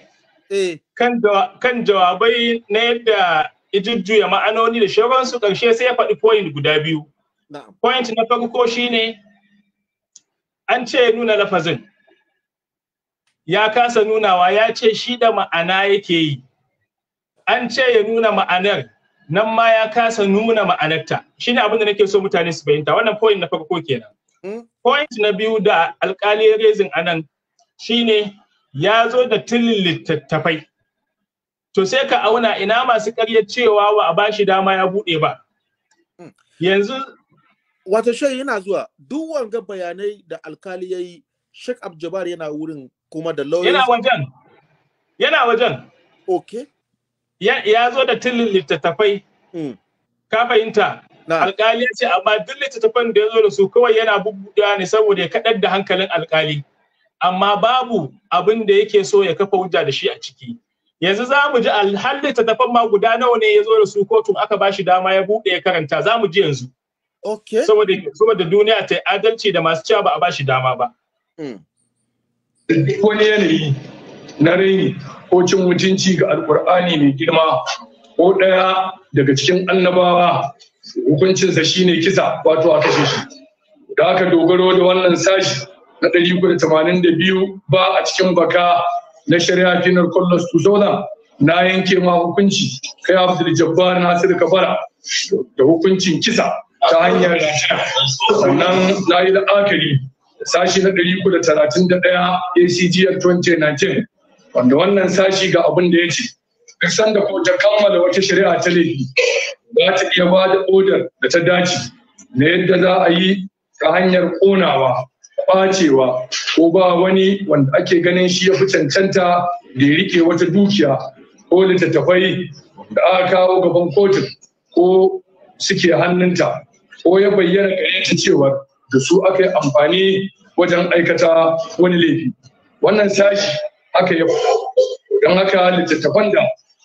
eh. kan jawabai na yadda ijujjuya ma'anoni da shauransu ƙarshe sai ya faɗi point guda biyu point na farko shine an ce nuna lafazin ya kasa nunawa ya ce shi da ma'ana yake yi an ce ya nuna ma'anar nan ma ya kasa nuna ma'anarta shine abin da nake so mutane su fahimta wannan point na farko kenan hmm? point na biyu da alkali raising anan shine ya zo da tilin littattafai to sai ka auna ina masu karya cewa wa a bashi dama ya bude ba hmm. yanzu wato shai yana zuwa duk wanga bayanai da alkali yayi Sheikh Jabbar yana wurin kuma da lawyers yana wajen yana wajen okay ya zo da tilin littattafai hmm. ka fahimta alƙali ce amma duk littattafan da ya zo da su kawai yana bubbuɗa ne saboda ya kaɗar da hankalin alƙali amma babu abin da yake so ya kafa hujja da shi a ciki yanzu za mu ji har littattafan ma guda nawa ne ya zo da su kotun aka ba shi dama ya buɗe ya karanta za mu ji yanzu saboda duniya ta yi adalci da masu cewa ba a ba shi dama
ba hmm. duk wani yanayi na raini ko cin mutunci ga alkur'ani mai girma ko ɗaya daga cikin annabawa hukuncinsa shine kisa wato a kashe shi da aka dogaro da wannan sashi na 382 ba a cikin baka na shari'a finar su zauna, na yanke ma hukunci kai abdul jabbar nasir kabara da hukuncin kisa ta hanyar sannan na yi la'akari sashi na 331 ACGR 2019 wanda wannan sashi ga abin da ya ce duk sanda ko ta kammala wata shari'a ta laifi za ta iya ba da odar da ta dace na yadda za a yi ta hanyar konawa bacewa ko ba wani wanda ake ganin shi ya fi cancanta da ya rike wata dukiya ko littattafai da aka kawo gaban kotun ko suke hannunta ko ya bayyana gare ta cewa da su aka yi amfani wajen aikata wani laifi wannan sashi aka yi don haka littattafan da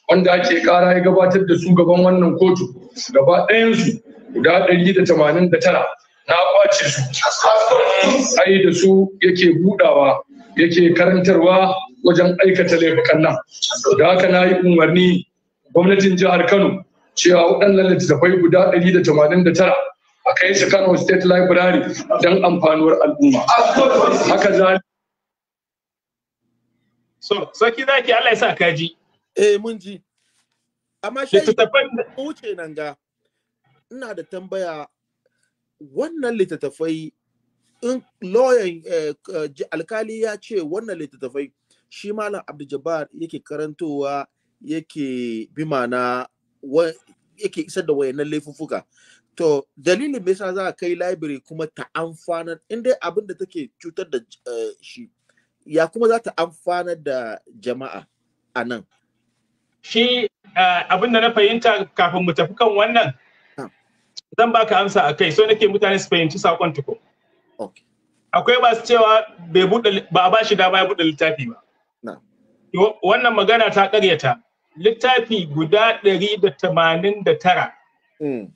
wanda ake kara ya gabatar da su gaban wannan kotu gaba ɗayansu guda ɗari da tamanin da tara na ƙwace su ai da su yake buɗawa, yake karantarwa wajen aikata laifukan nan da haka na yi umarni gwamnatin jihar kano cewa waɗannan littattafai guda ɗari da tamanin da tara a kai su Kano State Library don amfanuwar al'umma. Haka za So, sarki za Allah ya sa ka
ji. Eh, mun ji. Amma shi wuce nan ga, ina da tambaya wannan littattafai in lawyer
eh, alkali ya ce wannan littattafai shi malam Abdujabbar jabbar yake karantowa yake bi mana yake isar da wayannan laifuffuka
To dalilin me yasa za a kai library kuma ta amfanar inda abin da take
cutar da eh, shi ya kuma za ta amfanar da jama'a a nan.
Shi eh, abin da na fahimta kafin mu tafi kan wannan ah. zan baka amsa a kai so nake mutane su fahimci sakon tuko. Akwai su cewa ba a ba shi ba ya buɗe littafi ba. Wannan magana ta ƙaryata littafi guda ɗari da tamanin da tara. Mm.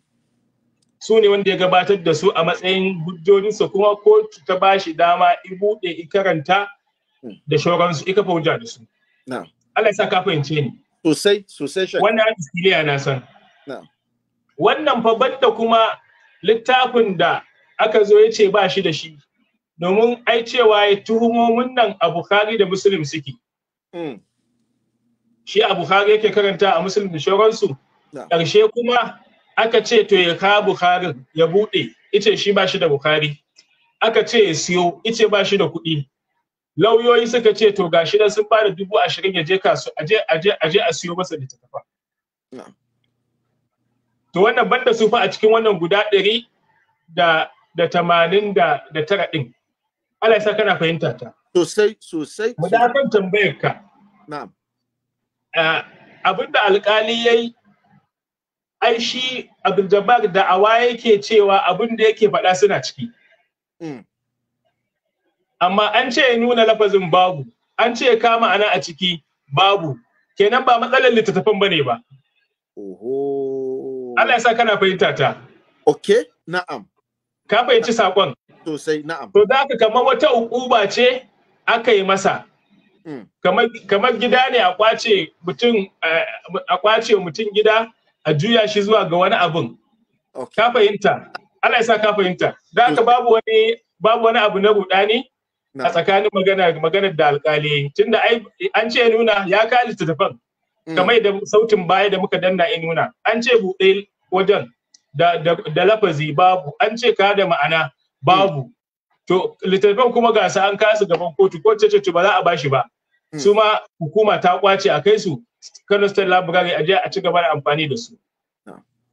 su ne wanda ya gabatar da su a matsayin hujjojinsa kuma kotu ta ba shi dama i buɗe i karanta da shauransu i kafa hujja da su. Allah ya sa ka fahimce ni. Sosai, sosai shi. Wannan Isiliya na san. Wannan fa banda kuma littafin da aka zo ya ce ba shi da shi. Domin ai cewa ya tuhumomin nan a Bukhari da Muslim suke. Mm. Shi a Bukhari yake karanta a Muslim da shauransu. Ƙarshe kuma aka ce to ya ka bukharin ya buɗe ita shi ba shi da bukhari aka ce ya siyo ita ba shi da kuɗi lauyoyi suka ce to gashi da sun fara dubu ashirin ya je kasu aje aje aje a siyo masa littattafa to wannan banda su fa a cikin wannan guda ɗari da da tamanin da da tara ɗin Allah ya kana fahimta ta sosai sosai mu eh, da kan tambayar ka na'am abinda alƙali yayi ai shi Abdul Jabbar da awa yake cewa abin da yake faɗa suna ciki mm. amma an ce ya nuna lafazin babu an ce ya kama ana a ciki babu kenan ba matsalar littattafan bane ba oho Allah ya sa kana fahimta ta okay na'am ka fahimci sakon sosai na'am to da ka kamar wata ukuba ce aka yi masa mm. kamar gida ne a kwace mutum eh, a kwace mutum gida a juya shi zuwa ga wani abin ka fahimta Allah sa ka fahimta da haka mm. babu wani babu wani abu na rudani a tsakanin magana maganar da alkali tunda ai an ce nuna ya ka littattafan mm. kamar da sautin baya da muka danna in nuna an ce buɗe wajen da, lafazi babu an ce ka da ma'ana babu mm. to littattafan kuma ga su an kasa gaban kotu ko ce ce ba za a bashi ba su ma hukuma ta kwace a kai su Kano State Library a je a ci gaba da amfani da su.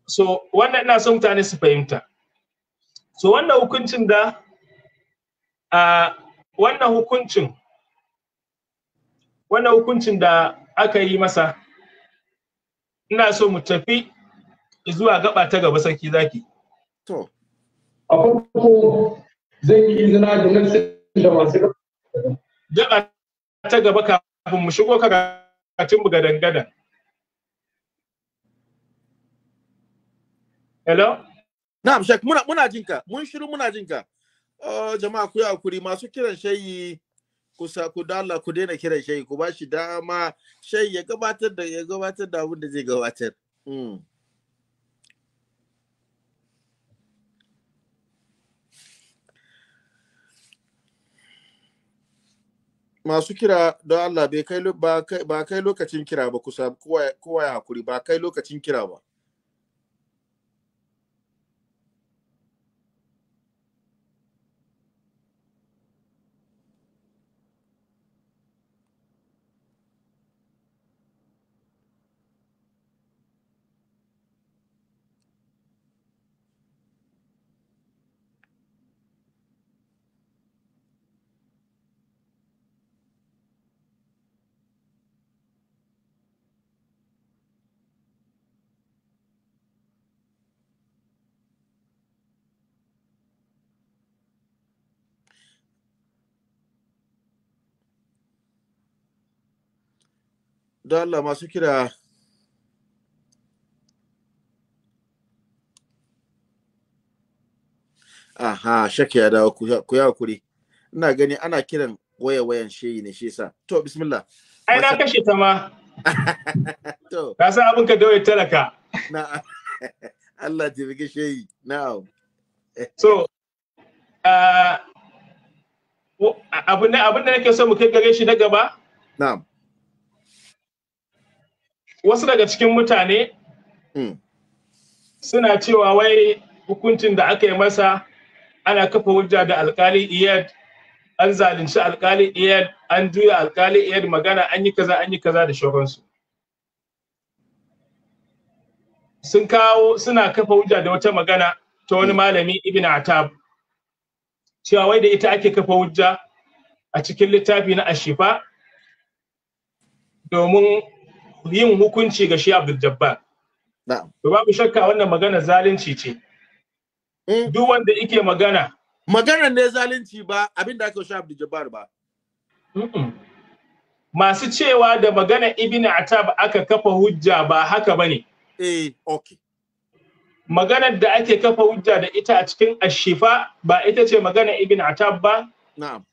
So wannan ina son mutane su fahimta. So wannan hukuncin da a wannan hukuncin wannan hukuncin da aka yi masa ina so mu tafi zuwa gaba ta gaba sarki zaki.
To. A farko zai yi izina da nan
da masu gaba. Gaba ta gaba kafin mu shigo ka atin gadan gadan hello na'am shek muna muna jinka mun shiru muna jinka oh, jama'a ku yi hakuri masu
kiran shayi kusa ku dala ku daina kiran shayi ku ba shi dama shayi ya gabatar da ya gabatar da abin da zai gabatar mm. masu kira don Allah ba kai lokacin kira ba kusa kowa ya hakuri ba kai lokacin kira ba don Allah masu kira aha shakka ya dawo ku ya kuri ina gani ana kiran waya wayan shehi ne shi sa to bismillah ai na kashe ta ma
to ka san abin ka dawo talaka na Allah ji bige shehi na'am so uh, abin da nake so mu kai gare shi na gaba na'am wasu daga cikin mutane hmm. suna cewa wai hukuncin da aka yi masa ana kafa hujja da alkali iyad an zalunci alkali iyad an juya alkali iyad magana an yi kaza an yi kaza da shauransu sun kawo suna kafa hujja da wata magana ta wani malami ibn atab cewa wai da ita ake kafa hujja a cikin littafi na ashifa domin yin hukunci ga shi Abdul Jabbar. To babu shakka wannan magana zalunci ce. Eh. Duk wanda yake magana. Magana ne zalunci ba abin da aka shi Abdul Jabbar ba. Masu cewa da magana Ibn Atab aka kafa hujja ba haka bane. Eh, okay. Maganar da ake kafa hujja da ita a cikin ashifa ba ita ce magana Ibn Atab ba? Na'am.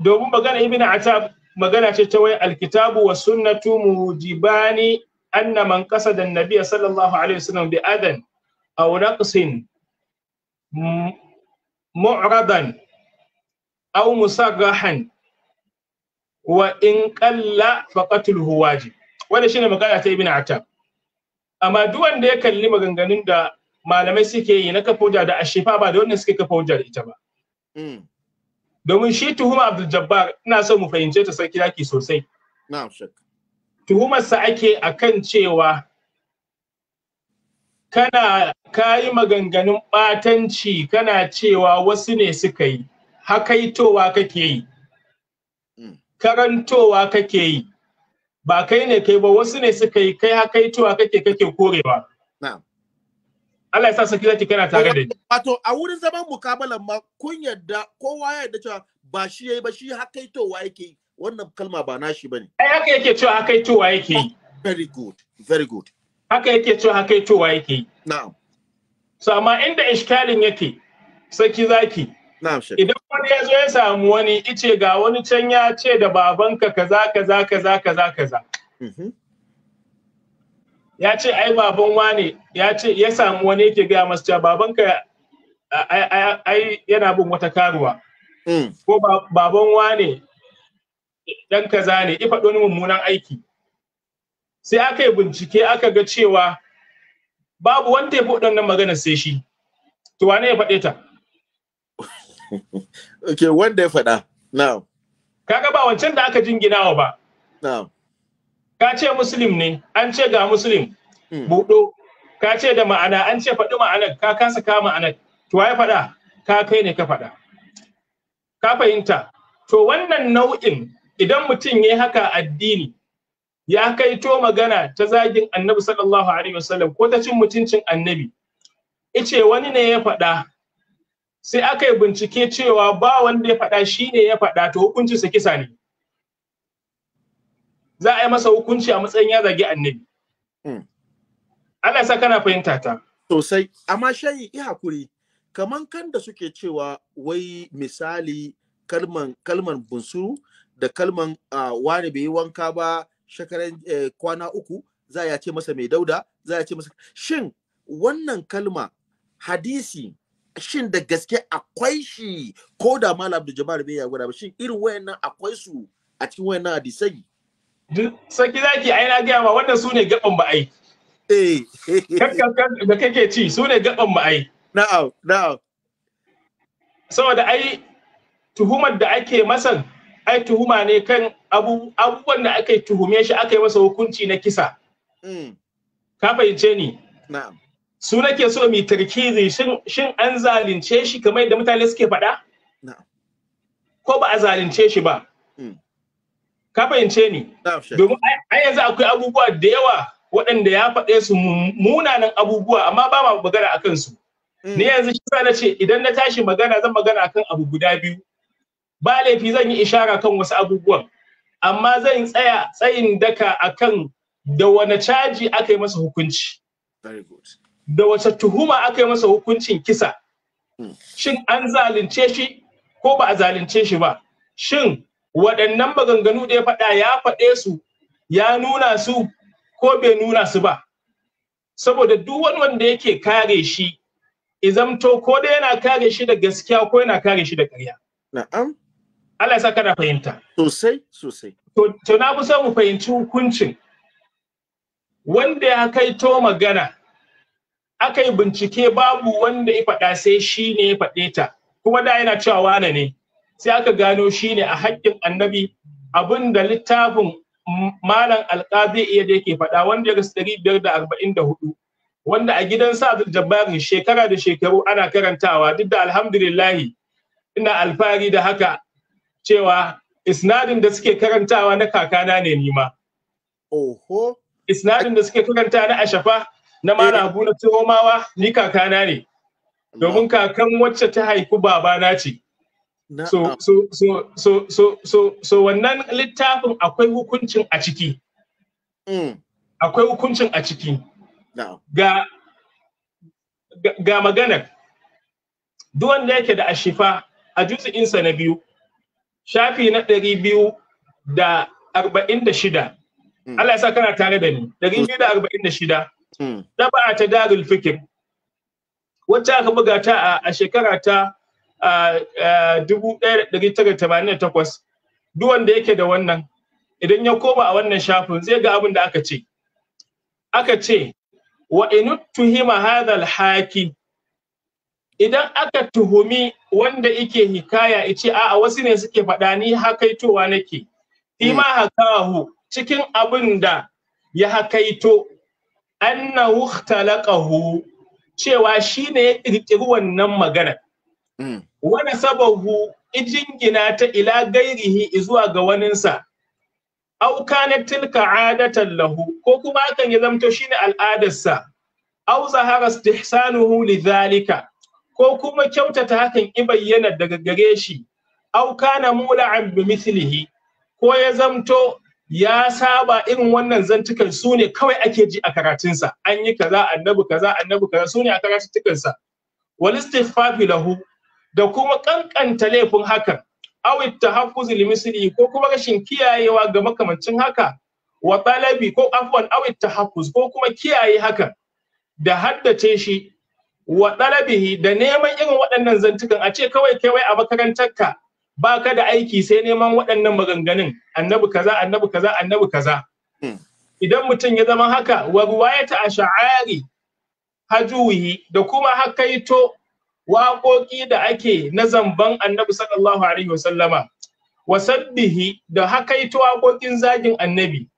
Domin magana Ibn Atab magana ce ta wai alkitabu wa sunnatu mujibani anna man qasada da nabiya sallallahu alaihi wasallam bi adan aw naqsin mu'radan aw musarrahan wa in qalla faqatluhu wajib wannan shine magana ta ibn atab amma duk wanda ya kalli maganganun da malamai suke yi na kafa da ashifa ba da wannan suke da ita ba hmm. domin shi tuhuma Abdul Jabbar ina so mu fahimce ta sarki yaki sosai na'am shek tuhumarsa ake akan cewa kana kayi maganganun batanci kana cewa wasu ne suka yi hakaitowa kake yi mm. karantowa kake yi ba kai ne kai ba wasu ne suka yi kai hakaitowa kake kake korewa na'am Allah ya sa security kana tare da ni. Wato a wurin zaman mukabalan ma kun yadda kowa ya yadda cewa ba shi yayi ba shi hakaitowa yake yi wannan kalma ba nashi bane. Eh haka yake cewa hakaitowa yake yi. Very good. Very good. Haka yake cewa hakaitowa yake yi. Na'am. So amma inda iskalin yake saki zaki. Na'am shi. Idan wani ya zo ya samu wani ice ga wani can ya ce da babanka kaza kaza kaza kaza kaza. Mhm. ya ce ai baban wane ya ce ya samu wani yake gaya masa cewa babanka ai yana bin wata karuwa hmm. ko baban wane dan kaza ne ifa wani mummunan aiki sai aka yi bincike aka ga cewa babu wanda ya fi waɗannan magana sai shi to wane ya faɗe ta okay wanda ya faɗa now kaga ba wancan da aka jinginawa ba now ka ce muslim ne an ce ga muslim hmm. buɗo ka ce da ma'ana an ce faɗi ma'anar ka kasa ka ma'anar to ya faɗa ka kai ne ka faɗa ka fahimta to wannan nau'in idan mutum ya haka addini ya kai to magana ta zagin annabi sallallahu alaihi wasallam ko ta cin mutuncin annabi ice wani ne ya faɗa sai aka yi bincike cewa ba wanda ya faɗa shi ne ya faɗa to hukuncinsa kisa ne za a yi masa hukunci a matsayin ya zagi annabi hmm. Allah sa kana fahimta ta sosai amma shayi i hakuri kaman kan da suke cewa wai misali kalman kalman bunsuru da kalman wani bai yi wanka ba shekaran eh, kwana uku za ya ce masa mai dauda za ya ce masa shin wannan kalma hadisi shin da gaske akwai shi ko da malam da jabar bai ya gwada ba shin irin wayannan akwai su a cikin wayannan hadisai Saki zaki ai na gaya ma wannan su ne gaban ba ai. Eh. da kake ci su ne gaban ba ai. Na'am, na'am. Saboda ai tuhumar da ake masan ai tuhuma ne kan abubuwan da aka tuhume shi aka yi masa hukunci na kisa. Hmm. Ka fahimce ni? Na'am. Su nake so mi tarkizi shin an zalunce shi kamar yadda mutane suke faɗa? Ko ba a zalunce shi ba? ka fahimce ni domin ai yanzu akwai abubuwa da yawa waɗanda ya faɗe su munanan abubuwa amma ba ma magana akan su mm. ni yanzu shi na ce idan na tashi magana zan magana akan abu guda biyu ba laifi zan yi ishara kan wasu abubuwan amma zan tsaya tsayin daka akan da wani caji aka yi masa hukunci da wace tuhuma aka yi masa hukuncin kisa mm. shin an zalunce shi ko ba a zalunce shi ba shin waɗannan maganganu da ya faɗa ya faɗe su ya nuna su ko bai nuna su ba saboda duk wani wanda yake kare shi izamto ko da yana kare shi da gaskiya ko yana kare shi da ƙarya na'am Allah ya sa fahimta sosai sosai to na fi son mu fahimci hukuncin wanda ya kai to magana aka yi bincike babu wanda ya faɗa sai shi ne ya faɗe ta kuma da yana cewa wane ne sai aka gano shi ne a haƙƙin annabi abin da littafin malam alƙazi iya da yake faɗa wanda ya rasu ɗari biyar da arba'in da hudu wanda a gidan sa jabbari shekara da shekaru ana karantawa duk da alhamdulillahi ina alfahari da haka cewa isnadin da suke karantawa na kakana ne nima. Oho. Isnadin da suke karanta na ashafa na mara eh. abu na tsohomawa ni kakana ne. Domin kakan wacce ta haifi babana ce. So, so, so, so, so, so, so wannan littafin akwai hukuncin a ciki. Mm. Akwai hukuncin a ciki. Ga, ga maganar, duk wanda yake da ashifa a insa na biyu, shafi na ɗari biyu da arba'in da shida. Mm. Allah ya sa kana tare da ni, ɗari biyu da arba'in da shida. Ɗaba mm. ta darul fikir, wacce aka buga ta a shekara ta 1988 duk wanda yake da wannan idan ya koma a wannan shafin zai ga abin da aka ce aka ce wa inuttuhima hadhal haki idan aka tuhumi wanda yake hikaya yace a'a wasu ne suke faɗa ni hakaitowa nake ima hakahu cikin abin da ya hakaito annahu ikhtalaquhu cewa shine ya kirkiri wannan magana Mm. wani sababu ijingina ta ila gairihi zuwa ga waninsa Auka na tilka adatan lahu ko kuma hakan ya zamto shine al'adarsa aw zahara istihsanuhu lidhalika ko kuma kyautata hakan i bayyana daga gare shi Auka kana mula'an bi mithlihi ko ya zamto ya saba irin wannan zantukan su ne kawai ake ji a karatunsa an yi kaza annabi kaza annabi kaza su ne a wal istighfafi lahu da kuma kankanta laifin hakan awit tahaffuz ko kuma rashin kiyayewa ga makamancin haka wa talabi ko afwan awit tahaffuz ko kuma kiyaye hakan da haddace shi wa talabihi da neman irin waɗannan zantukan a ce kawai kai wai a makarantarka ka da aiki sai neman waɗannan maganganun annabi kaza annabi kaza annabi kaza hmm. idan mutum ya zama haka wa ruwayata ash'ari hajuhi da kuma hakaito waƙoƙi da ake na zamban annabi sallallahu alaihi wasallama wasabbihi da hakaito waƙoƙin zagin annabi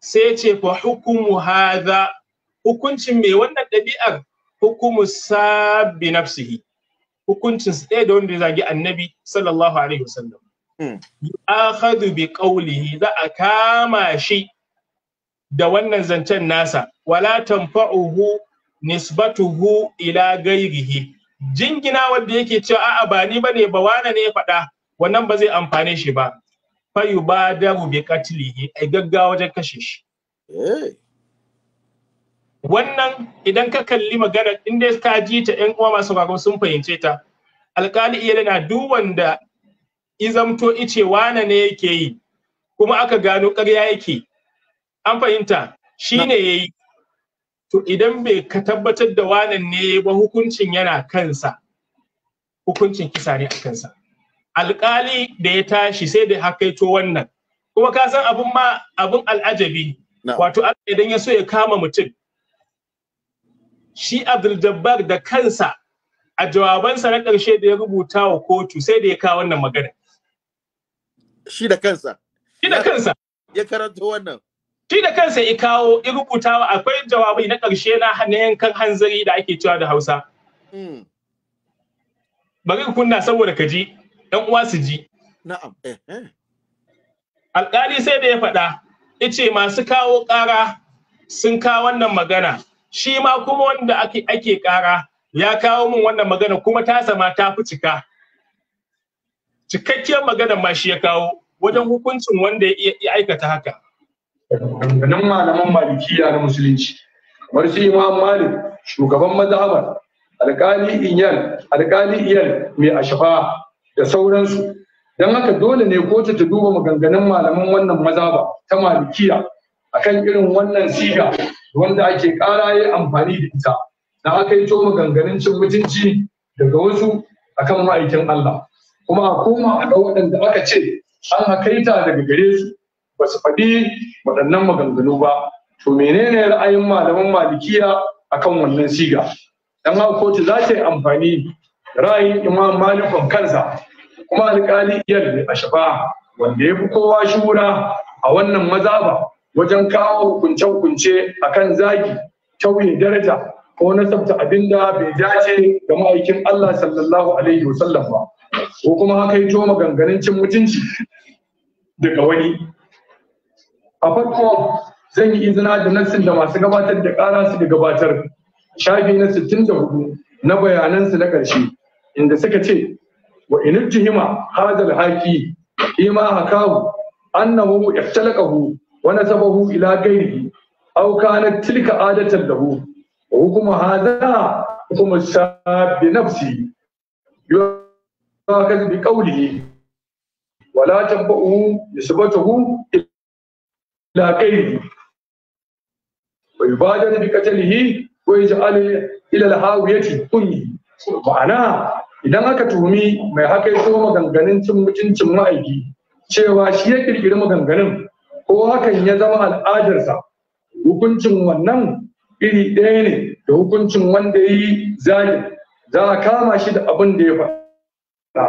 sai ce fa hukumu hadha hukuncin mai wannan ɗabi'ar hukumu sabbi nafsihi hukuncin su ɗaya da wanda ya zagi annabi sallallahu alaihi wasallam hmm. yu'akhadhu bi qawlihi za a kama shi da wannan zancen nasa wala tanfa'uhu nisbatuhu ila ghayrihi jingina wanda yake cewa a'a ba ni bane ba wane ne ya faɗa wannan ba zai amfane shi ba fayu ba daru bi katilihi ai gaggawa wajen kashe shi eh. wannan idan ka kalli magana inda ta ji ta 'yan uwa masu gago sun fahimce ta alƙali iya na duk wanda izamto ice wane ne yake yi kuma aka gano ƙarya yake an fahimta shi ne ya to idan bai ka tabbatar da wannan ne ba hukuncin yana kansa hukuncin kisa ne a kansa alkali da ya tashi sai da hakaito wannan kuma ka san abun ma abun al'ajabi wato idan ya so ya kama mutum shi Abdul Jabbar da kansa a jawabansa na ƙarshe da ya rubuta wa kotu sai da ya kawo wannan magana shi da kansa shi da kansa ya karanto wannan shi da kansa ya kawo ya rubuta akwai jawabai na ƙarshe na yankan hanzari da ake cewa da hausa hmm. bari kunna saboda ka ji ɗan uwa su ji na'am eh, eh. alƙali sai da ya faɗa ya ce masu kawo ƙara sun kawo wannan magana shi ma kuma wanda ake ake ƙara ya kawo min wannan magana kuma ta zama ta fi cika cikakkiyar magana
ma shi ya kawo wajen hukuncin wanda ya aikata haka maganganun malaman malikiya na musulunci kamar su imam malik shugaban mazhabar alkali iyal alkali iyal mai ashafa da sauransu don haka dole ne kotu ta duba maganganun malaman wannan mazhaba ta malikiya akan irin wannan siga wanda ake kara yi amfani da ita na aka yi to maganganun cin mutunci daga wasu akan ma'aikin Allah kuma a koma a ga waɗanda aka ce an hakaita daga gare su ba su faɗi waɗannan maganganu ba to menene ra'ayin malaman malikiya akan wannan siga dan haka kotu za ta yi amfani da ra'ayin imam malikon kansa kuma alƙali iyal a shafa wanda ya fi kowa shura a wannan mazaba wajen kawo hukunce-hukunce a kan zagi tauye daraja ko nasabta abinda bai dace ga ma'aikin Allah sallallahu alaihi wasallam ba ko kuma haka yi to maganganun cin mutunci daga wani a farko zan yi izina da nassin da masu gabatar da ƙara da gabatar shafi na 64 na bayanansu na ƙarshe inda suka ce wa jihima hadal haki ima hakahu annahu ihtalaqahu wa nasabahu ila ghairihi aw kanat tilka adatan lahu wa hukuma hadha hukmu shab bi nafsi yu'akaz bi qawlihi wa la tanfa'u nisbatuhu لا غيره ويبادر بقتله ويجعل إلى الهاوية أمي ma'ana idan aka tuhumi mai haka ya maganganun cin mutuncin ma'aiki cewa shi ya kirkiri maganganun ko hakan ya zama al'adarsa hukuncin wannan iri ɗaya ne da hukuncin wanda ya yi zagin za a kama shi da abin da ya faɗa.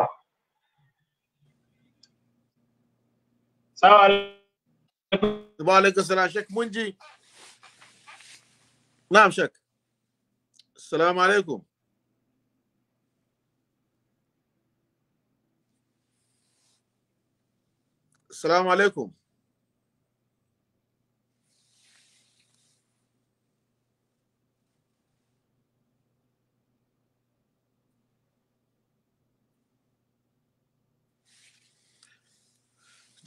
Sawa
wa alaikum salam shek mun ji
na'am shek assalamu alaikum assalamu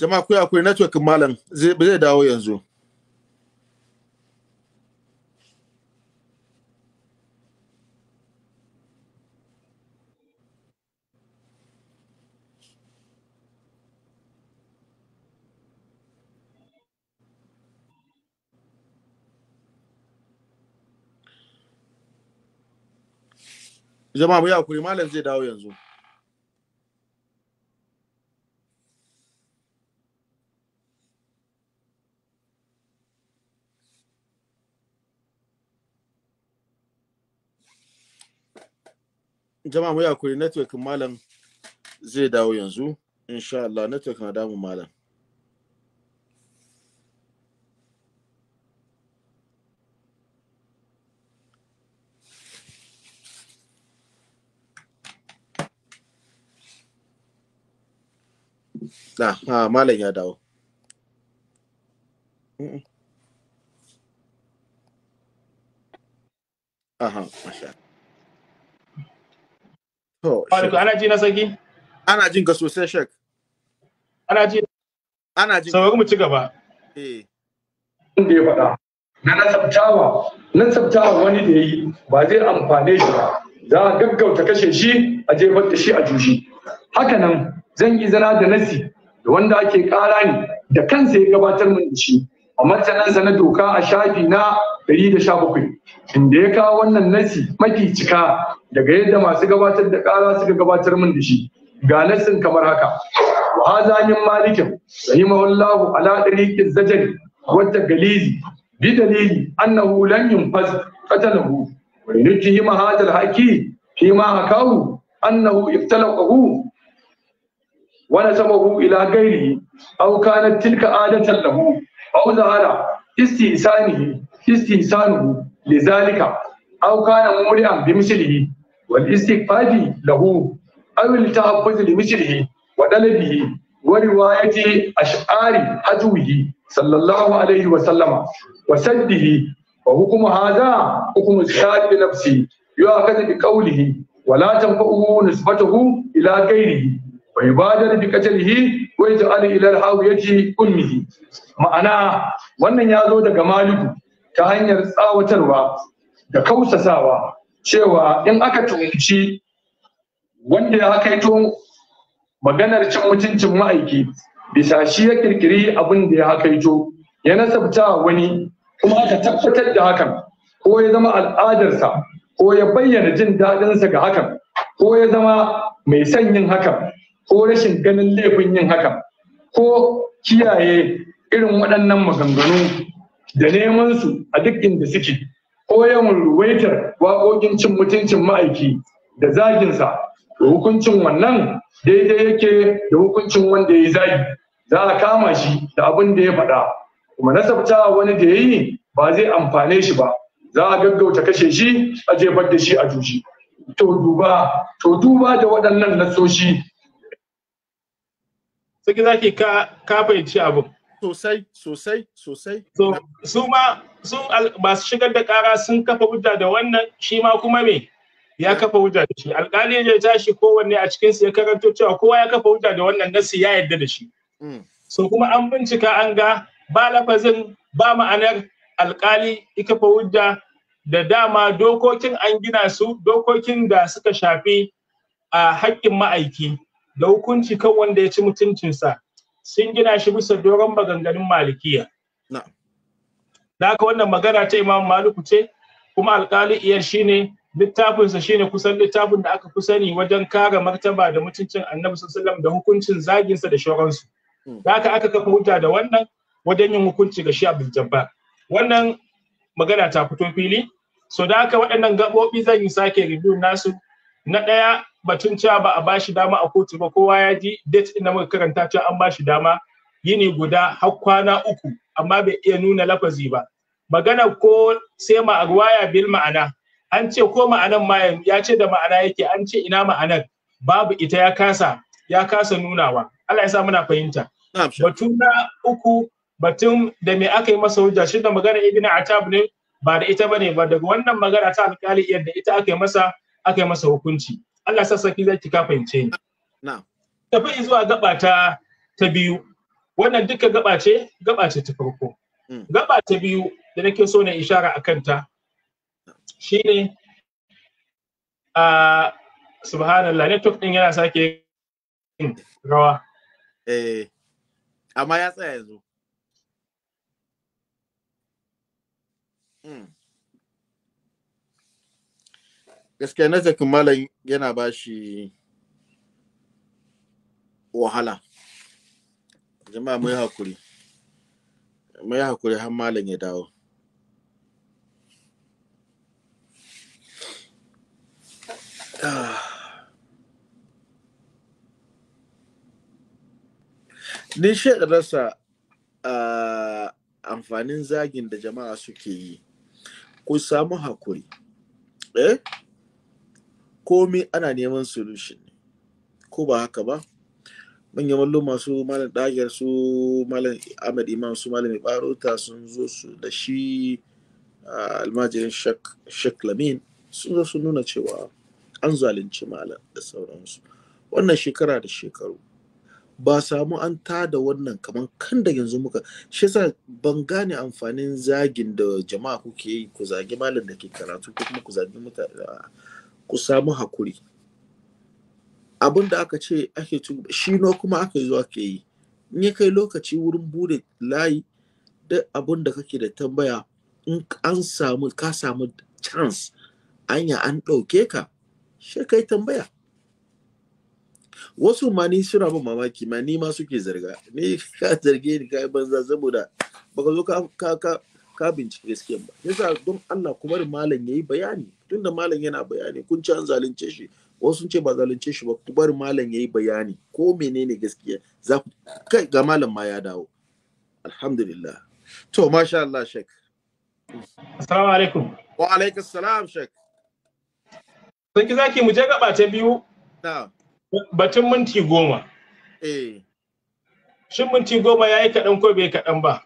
jama'a ku akwai network malam zai zai dawo yanzu jama'a mu yi malam zai dawo yanzu
jama'a mu yakuri network malam zai dawo yanzu insha Allah network na damu malam Na, ha, malam ya dawo. Aha, masha.
ana ji na Ana jin ka sosai shek.
Ana ji. Ana Saurari mu ci gaba. Eh. Inda ya faɗa. Na nasabtawa, nasabtawa wani da yi ba zai amfane shi ba. Za a gaggauta kashe shi a jefar da shi a jushi. Hakanan zan yi zana da nasi da wanda ake ƙara ne da kansa ya gabatar min da shi. A matsayinsa na doka a shafi na da bakwai, inda ya kawo wannan nasi mafi cika daga yadda masu gabatar da kara suka gabatar min da shi ga nasin kamar haka wa hadha min malikin rahimahullahu ala tariqi zajari wa tagalizi bi dalili annahu lam yunfaz qatalahu wa yunjihi ma hadha al-haqi fi ma hakahu annahu iftalaqahu wa nasabahu ila ghairihi aw kanat tilka adatan lahu aw zahara istisanihi istihsanuhu lizalika aw kana muri'an bi mislihi wal istighfari lahu aw al tahaffuz li mislihi wa dalabihi wa riwayati ash'ari hajwihi sallallahu alaihi wa sallama wa saddihi wa nafsi yu'akhadhu bi qawlihi ولا تنفعه نسبته إلى غيره ويبادر بقتله ويجعل إلى الهاوية أمه ma'ana wannan ya zo daga maliku ta hanyar tsawatarwa da kausasawa cewa in aka tunci wanda ya kaito maganar cin mutuncin ma'aiki bisa shi ya kirkiri abin da ya kaito ya nasabta wani kuma aka tabbatar da hakan ko ya zama al'adarsa ko ya bayyana jin daɗinsa ga hakan ko ya zama mai son yin hakan ko rashin ganin laifin yin hakan ko kiyaye irin waɗannan maganganu da neman su a duk inda suke ko yawan ruwaitar waƙoƙin cin mutuncin ma'aiki da zaginsa da hukuncin wannan daidai yake da hukuncin wanda ya yi zagi za a kama shi da abin da ya faɗa kuma nasabta wani da ya yi ba zai amfane shi ba za a gaggauta kashe shi a jefar da shi a juji to duba to duba da waɗannan nasoshi
sai ka ka fahimci abin Sosai, sosai, sosai. So, su ma su masu shigar da kara sun kafa hujja da wannan shi ma kuma me ya kafa hujja da shi. Alƙali ya tashi kowanne a cikin su ya karanto cewa kowa ya kafa hujja da wannan nasi ya yarda da shi. Hmm. So kuma an bincika an ga ba lafazin ba ma'anar alƙali ya kafa hujja da dama dokokin an gina su dokokin da suka shafi a haƙƙin ma'aiki da hukunci kan wanda ya ci mutuncinsa sun gina shi bisa doron maganganun malikiya da haka wannan magana ta imam maliku ce kuma alkali iyar shine littafinsa shine kusan littafin da aka fi sani wajen kare martaba da mutuncin annabi sallallahu da hukuncin zaginsa da shauransu hmm. da haka aka kafa wuta da wannan wajen yin hukunci ga shi abdul jabbar wannan magana ta fito fili so da haka waɗannan gaɓoɓi zan yi sake review nasu na ɗaya batun cewa ba a bashi dama a kotu ba kowa ya ji date din da muka karanta cewa an bashi dama yini guda har kwana uku amma bai iya nuna lafazi ba magana ko sai ma arwaya bil ma'ana an ce ko ma'anan ma ya ce da ma'ana yake an ce ina ma'anan babu ita ya kasa ya kasa nunawa Allah ya sa muna fahimta batun na uku batun da me aka yi masa hujja shi da magana ibn atab ne ba da ita bane ba daga wannan magana ta alƙali yadda ita aka masa aka yi masa hukunci Allah sa saki zaki ka fahimce ni na'am tafi zuwa gaba ta ta biyu wannan duka gaba ce gaba ce ta farko hmm. gaba ta biyu da nake so na ishara akan ta shine a subhanallah network ɗin yana sake rawa
eh amma ya tsaya yanzu
Mm. gaskiya nazakin malam yana ba shi wahala jama'a mai hakuri mai hakuri har malam ya dawo
ni shi rasa amfanin zagin da jama'a suke yi ku samu hakuri eh komai ana neman solution ko ba haka ba manyan mallo masu malam ɗagiyar su malam ahmad imam su malam barota sun zo su da shi almajirin shek lamin sun zo su nuna cewa an zalunci malam da sauransu wannan shekara da shekaru ba samu an tada wannan kaman kan da yanzu muka shi yasa ban gane amfanin zagin da jama'a kuke yi ku zagi malam da ke karatu ko kuma ku zagi mutane ku samu hakuri abin da aka ce ake shi no kuma aka zuwa ke yi in ya kai lokaci wurin bude layi duk abin da kake da tambaya in an samu ka samu chance anya an ɗauke ka shi kai tambaya wasu ma ni suna min mamaki ma ni ma suke zarga ni ka zarge ni kai banza saboda baka zo ka ka ka bincike gaskiya ba yasa don Allah kuma malam yayi bayani tunda malam yana bayani kun ci an zalunce shi wasu ce ba zalunce shi ba ku bar malam yayi bayani ko menene gaskiya za ku
kai ga malam ma ya dawo alhamdulillah to masha Allah shek assalamu alaikum wa alaikum salam shek sun ki
zaki mu je gaba ta biyu na'am batun minti goma eh shin minti goma yayi kaɗan ko bai kaɗan ba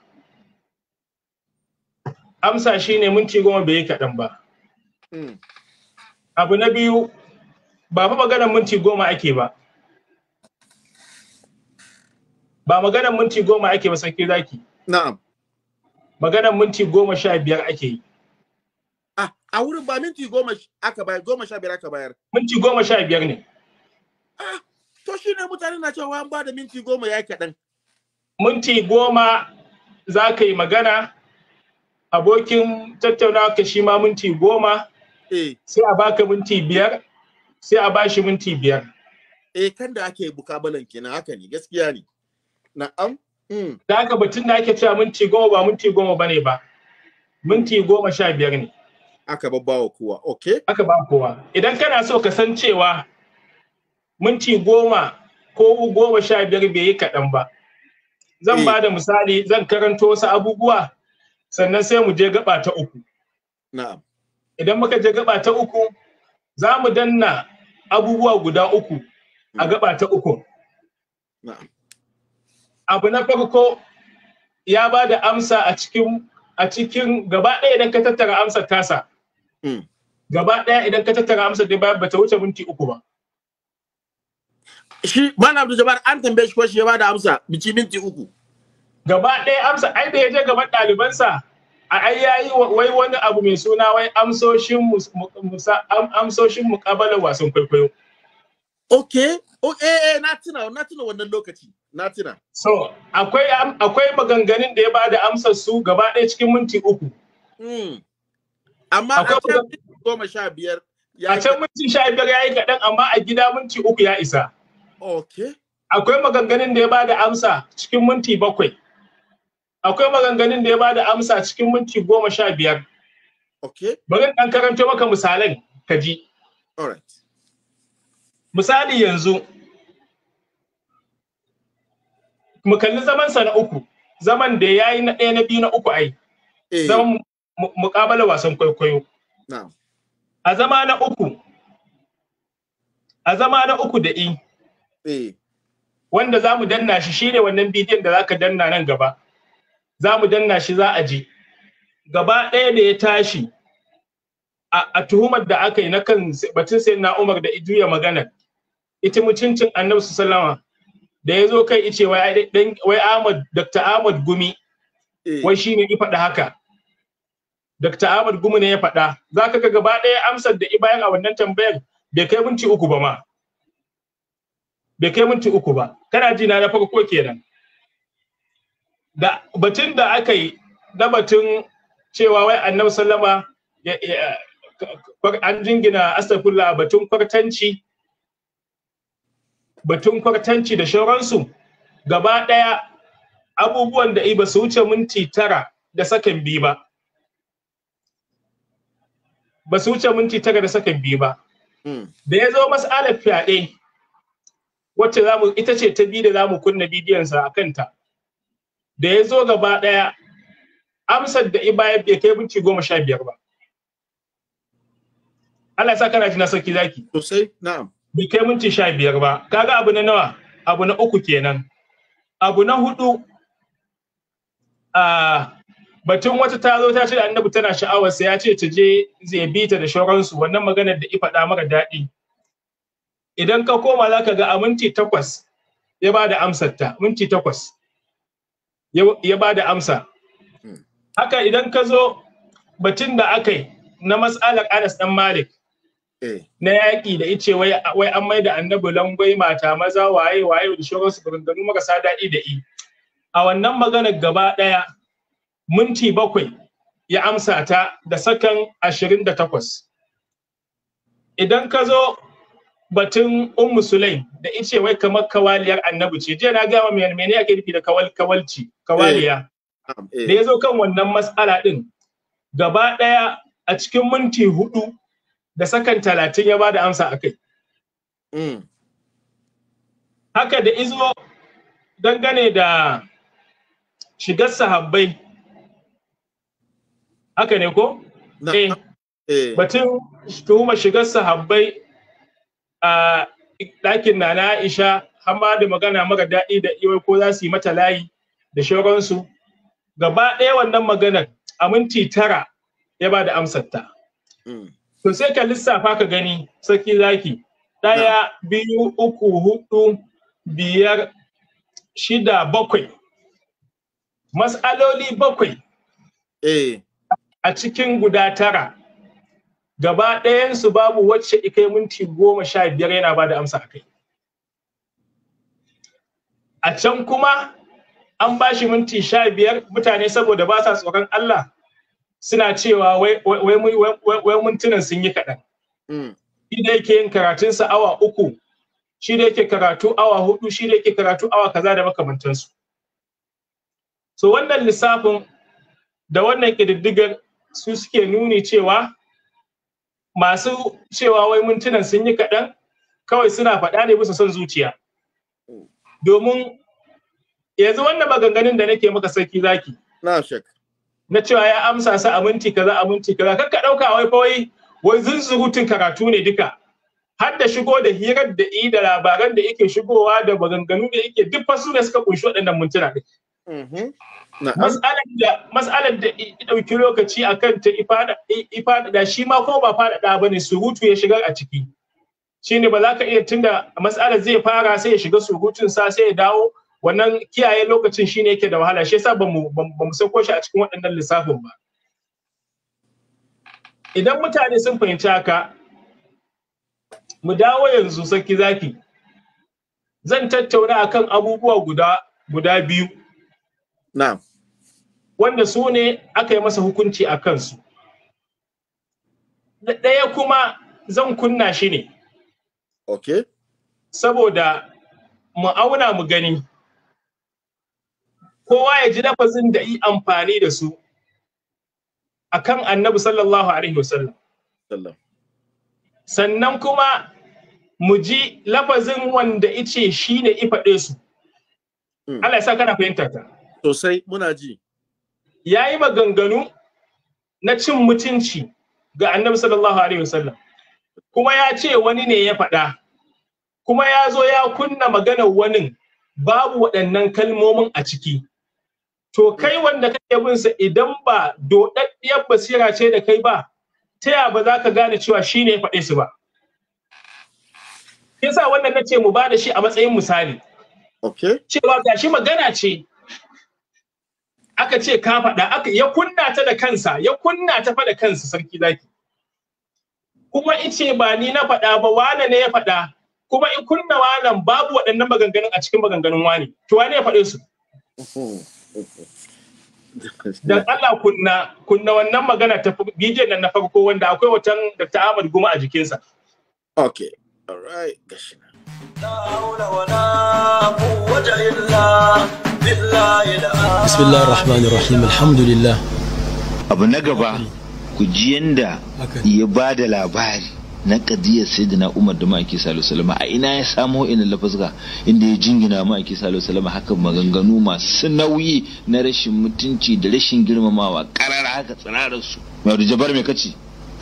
amsa shine minti goma bai yi kaɗan ba Hmm. abu na biyu ba fa maganar minti goma ake ba ba maganar minti goma ake ba sarki zaki na'am maganar minti goma sha biyar ake yi ah, a wurin ba minti goma aka bayar goma sha biyar aka bayar minti goma sha biyar ne ah to shi ne mutane na cewa an ba da minti goma ya kaɗan minti goma za ka yi magana abokin tattaunawa ka shi ma minti goma Eh. sai a baka minti biyar sai a bashi minti biyar eh kan da ake mukabalan kenan haka ne gaskiya ne na'am mm. da haka batun da ake cewa minti goma ba minti goma bane ba minti goma sha biyar ne aka babbawa kowa okay aka ba kowa idan kana so ka san cewa minti goma ko goma sha biyar bai yi kaɗan ba zan eh. ba da misali zan karanto wasu abubuwa sannan sai mu je gaba ta uku na'am idan muka je gaba ta uku za mu danna abubuwa guda uku a hmm. gaba ta uku abu na farko ya ba da amsa a cikin a cikin gaba ɗaya idan ka tattara amsa tasa hmm. gaba ɗaya idan ka tattara amsa dai ba ta wuce minti uku ba shi mana abu jabar an tambaye shi ko shi ya ba da amsa bici minti uku gaba ɗaya amsa ai da ya je gaban ɗalibansa ai yayi wai wani abu mai suna wai amsoshin amsoshin mukabalar wasan kwaikwayo okay oh eh eh na tuna na tuna wannan lokaci na tuna so akwai akwai maganganun da ya bada amsar su gaba ɗaya cikin minti uku hmm. amma a can goma sha biyar a can minti sha biyar ya yi kaɗan amma a gida minti uku ya isa okay akwai maganganun da ya bada amsa cikin minti bakwai akwai maganganun da ya bada amsa cikin minti goma sha biyar. Okay. Bari ɗan karanto maka misalan ka ji. Alright. Misali yanzu, mu kalli zamansa na uku, zaman da ya yi na ɗaya na biyu na uku ai, eh. zaman muƙabala wasan kwaikwayo. A zama na uku, a zama na uku da i, eh. wanda za mu danna shi shi ne wannan bidiyon da za ka danna nan gaba. za mu danna shi za a ji gaba ɗaya da ya tashi a tuhumar da aka yi na kan batun sai na umar da juya magana ita mutuncin annabi salama da ya zo kai ice wai ahmad dr ahmad gumi eh. wai shi ne ya faɗa haka dr ahmad gumi ne ya faɗa za ka ga gaba ɗaya amsar da bayan a wannan tambayar bai kai minti uku ba ma bai kai minti uku ba kana ji na na farko kenan da batun da aka yi na batun cewa wai annabi sallama an jingina astagfirullah batun kwartanci batun kwartanci da shauransu gaba ɗaya abubuwan da iba su wuce minti tara da sakan bi ba ba su wuce minti tara da sakan biyu ba hmm. da ya zo mas'alar fyaɗe wacce ita ce ta biyu da za mu kunna bidiyonsa a kanta da ya zo gaba ɗaya amsar da iba bai kai minti goma sha biyar ba Allah ya sa kana jina sarki zaki sosai na'am bai kai minti sha biyar ba kaga abu na nawa abu na uku kenan abu na hudu a batun wata ta zo ta ce da annabi tana sha'awar sai ya ce ta je zai bi ta da shauransu wannan maganar da ifaɗa mara daɗi idan ka koma za ka ga a minti takwas ya ba da amsar ta minti takwas ya ba da amsa hmm. haka idan ka zo batun da aka yi na matsalar anas ɗan malik eh. na yaƙi da ice wai an mai da annabi langwai mata maza waye waye da shogar su maganganu marasa daɗi da i a wannan maganar gaba ɗaya minti bakwai ya amsa ta da sakan ashirin da takwas idan ka zo batun ummu sulaim da ice wai kamar kawaliyar annabi ce jiya na gama mai mene ake nufi da kawal kawalci kawaliya eh, eh. da ya zo kan wannan mas'ala din gaba daya a cikin minti hudu da sakan talatin ya bada amsa a kai mm. haka da izo dangane da shigar sahabbai haka ne ko? Eh. eh batun tuhumar shigar sahabbai a ɗakin na na Aisha an ba da magana mara daɗi da iwai ko za su yi mata layi da shauransu gaba ɗaya wannan maganar a minti tara ya ba da amsatta mm. To sai ka lissafa ka gani sarki zaki ɗaya biyu uku hudu biyar shida bakwai mas'aloli bakwai eh. a cikin guda tara gaba ɗayansu babu wacce ikai minti goma sha biyar yana ba da amsa a kai a can kuma an ba shi minti sha biyar mutane saboda ba sa tsoron Allah suna cewa wai mintunan sun yi kaɗan. Mm. Shi da yake yin karatunsa awa uku, shi da yake karatu awa hudu, shi da yake karatu awa kaza da makamantansu. So wannan lissafin da wannan kididdigar su suke nuni cewa masu cewa wai mintunan sun yi kaɗan kawai suna faɗa ne bisa son zuciya domin yanzu wannan maganganun da nake maka sarki zaki na cewa ya amsa sa a minti kaza a minti kaza ka ɗauka wai fa wai wai zunzurutun karatu ne duka har da shigo da hirar da i da labaran da yake shigowa da maganganu da yake duk fasu da suka kunshi waɗannan mintuna ne Mas'alar da ɗauki lokaci a kan ta ifaɗaɗa shi ma ko ba faɗaɗa ba ne surutu ya shigar a ciki. Shi ne ba za ka iya tunda mas'alar zai fara sai ya shiga surutun sa sai ya dawo wannan kiyaye lokacin shi ne yake da wahala shi yasa ba mu sauko shi a cikin waɗannan lissafin ba. Idan mutane sun fahimci haka mu dawo yanzu sarki zaki zan tattauna akan abubuwa guda biyu. na'am wanda su ne aka yi masa hukunci a kansu ɗaya kuma zan kunna shi ne Ok. saboda mu auna mu gani kowa ya ji lafazin da yi amfani da su A kan annabi sallallahu alaihi wasallam sannan kuma mu ji lafazin wanda ice shi ne ifaɗe su hmm. Allah ya sa kana fahimta ta Sosai muna ji. Ya yi maganganu na cin mutunci ga annabi sallallahu alaihi wasallam. Kuma ya ce wani ne ya faɗa. Kuma ya zo ya kunna maganar wani babu waɗannan kalmomin a ciki. To kai wanda kake bin sa idan ba doɗaɗɗiyar basira ce da kai ba, ta ya ba za ka gane cewa shi ne ya faɗe su ba. sa wannan na ce mu ba da shi a matsayin misali. Okay. Cewa gashi magana ce aka ce ka faɗa aka ya kunna ta da kansa ya kunna ta fa da kansa sarki zaki kuma ice ba ni na faɗa ba wane ne ya faɗa kuma in kunna wanan babu waɗannan maganganun a cikin maganganun wani to wane ya faɗe su dan Allah kunna kunna wannan magana ta DJ nan na farko wanda akwai watan Dr. Ahmad Guma a jikinsa okay
all right gashi
bismillahir rahmanir rahim alhamdulillah abu na gaba ku ji yanda ya ba da labari na kadiyar sayyidina umar da ma'aiki sallallahu alaihi a ina ya samo ina lafazga inda ya jingina ma'aiki sallallahu haka maganganu masu nauyi na rashin mutunci da rashin girmamawa karara haka tsirarar su mai jabar mai kace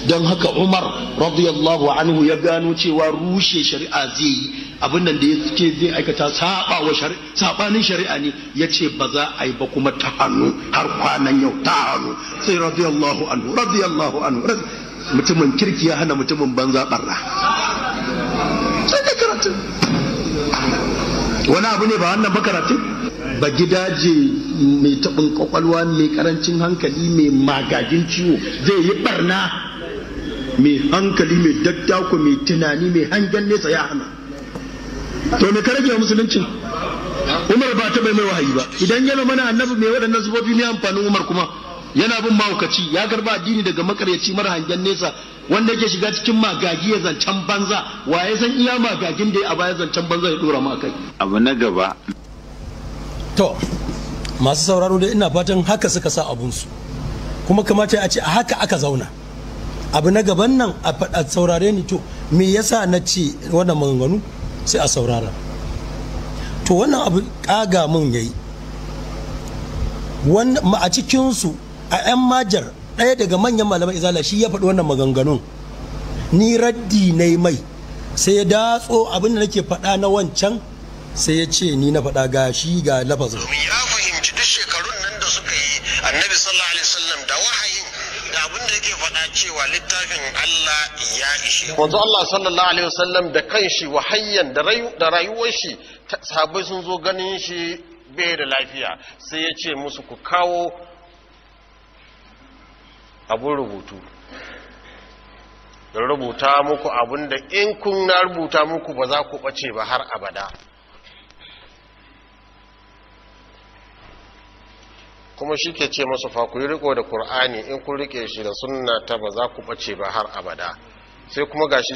don haka umar radiyallahu anhu ya gano cewa rushe shari'a zai yi abin da ya suke zai aikata saba wa sabanin shari'a ne ya ce ba za a yi ba kuma ta hannu har kwanan yau ta hannu sai radiyallahu anhu radiyallahu anhu mutumin kirki ya hana mutumin banza barra sai da karatun wani abu ne ba wannan ba karatun ba gidaje mai taɓin kwakwalwa mai karancin hankali mai magagin ciwo zai yi barna mai hankali mai dattako mai tunani mai hangen nesa ya hana to me ka rage musulunci umar ba ta bai mai wahayi ba idan yana mana annabi mai waɗannan zubobi ne amfanin umar kuma yana bin mahaukaci ya garba addini daga makaryaci mara hangen nesa wanda yake shiga cikin magagi ya zancen banza waye san iya magagin da ya a baya zancen banza ya dora ma
abu na gaba
to masu sauraro da ina fatan haka suka sa abunsu kuma kamata a ce a haka aka zauna abu na gaban nan a saurare ni to me yasa na ce wannan maganganu sai a saurara to wannan abu kaga mun yayi a cikinsu a 'yan majar ɗaya daga manyan malaman izala shi ya faɗi wannan maganganun ni raddi na mai sai ya datso abin da nake faɗa na wancan sai ya ce ni na faɗa ga shi ga lafazin
ya fahimci duk shekarun nan da suka yi annabi sallallahu faɗa cewa littafin Allah ya ishe Wanzu Allah sallallahu alaihi wasallam da kanshi wa da rayuwar shi sahabbai sun zo ganin shi bai da lafiya sai ya ce musu ku kawo abun rubutu rubuta muku abun da in kun na rubuta muku ba za ku ɓace ba har abada kuma shi ke ce masu fa ku yi riko da Kur'ani in kun rike shi da sunna ta ba za ku ɓace ba har abada sai kuma gashi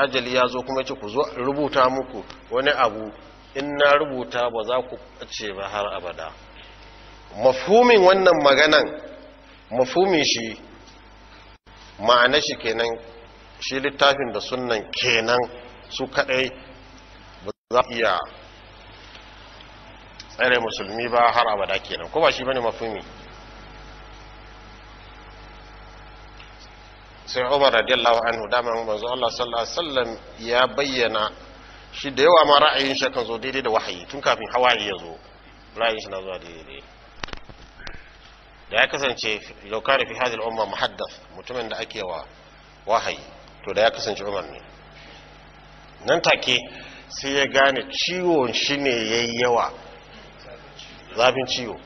ajali ya zo kuma ce ku zo rubuta muku wani abu in na rubuta ba za ku ɓace ba har abada mafhumin wannan maganan mafhumin shi ma'ana shi kenan shi littafin da sunnan kenan su kadai ba za iya tsare musulmi ba har abada kenan ko ba shi bane mafumi sai Umar radiyallahu anhu da manzo Allah sallallahu alaihi wasallam ya bayyana shi da yawa ma ra'ayin shi kan zo daidai da wahayi tun kafin hawaye ya zo ra'ayin shi na zuwa daidai da ya kasance laukari fi hadhihi al-umma muhaddath mutumin da ake wa wahayi to da ya kasance Umar ne nan take sai ya gane ciwon shi ne yayyawa yawa zafin ciwo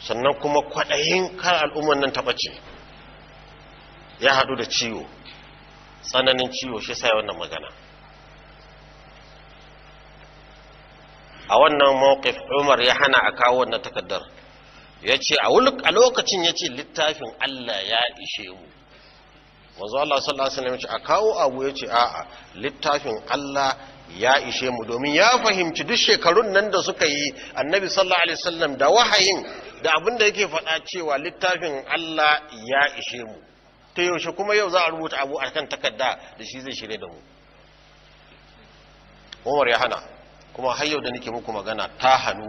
sannan kuma kwaɗayin kar al'ummar nan taɓace ya haɗu da ciwo tsananin ciwo shi sai wannan magana a wannan mawqif umar ya hana a kawo wannan takaddar ya ce a lokacin ya ce littafin allah ya ishe mu wanzu allah sallallahu alaihi wasallam ya ce a kawo abu ya ce a'a littafin allah ya ishe mu domin ya fahimci duk shekarun nan da suka yi annabi sallallahu alaihi wasallam da wahayin da abin da yake faɗa cewa littafin Allah ya ishe mu ta yaushe kuma yau za a rubuta abu akan takarda da shi zai shirye da mu Umar ya hana kuma har yau da nake muku magana ta hannu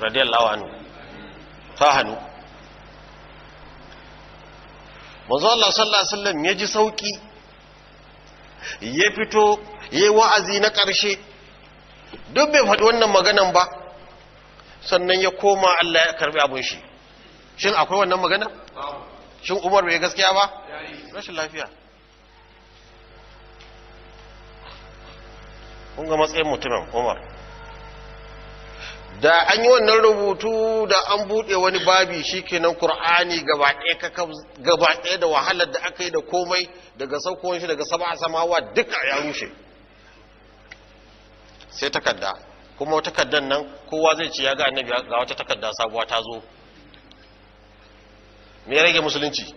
radiyallahu anhu ta hannu manzo Allah sallallahu alaihi wasallam ya ji sauki ya fito ya wa'azi na ƙarshe duk bai faɗi wannan maganan ba sannan ya koma Allah ya karbi abin shi shin akwai wannan magana shin umar bai gaskiya ba rashin lafiya kun ga matsayin mutumin umar da an yi wannan rubutu da an buɗe wani babi shikenan qur'ani gaba ɗaya da wahalar da aka yi da komai daga saukowar shi daga sama a samawa duka ya rushe sai takarda kuma takardar nan kowa zai ci ya ga annabi ga wata takarda sabuwa ta zo me rage musulunci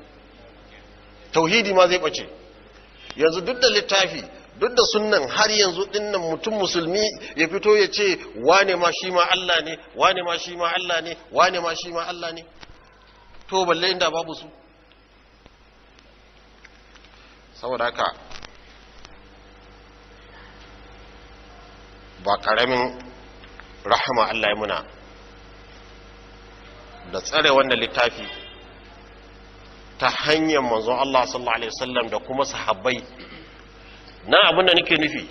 tauhidi ma zai bace yanzu duk da littafi duk da sunnan har yanzu dinnan mutum musulmi ya fito ya ce wane ma shi ma Allah ne wane ma shi ma Allah ne wane ma shi ma Allah ne to balle inda babu su saboda haka ba karamin rahama Allah ya muna da tsare wannan littafi ta hanyar manzon Allah sallallahu alaihi wasallam da kuma sahabbai na abin da nake nufi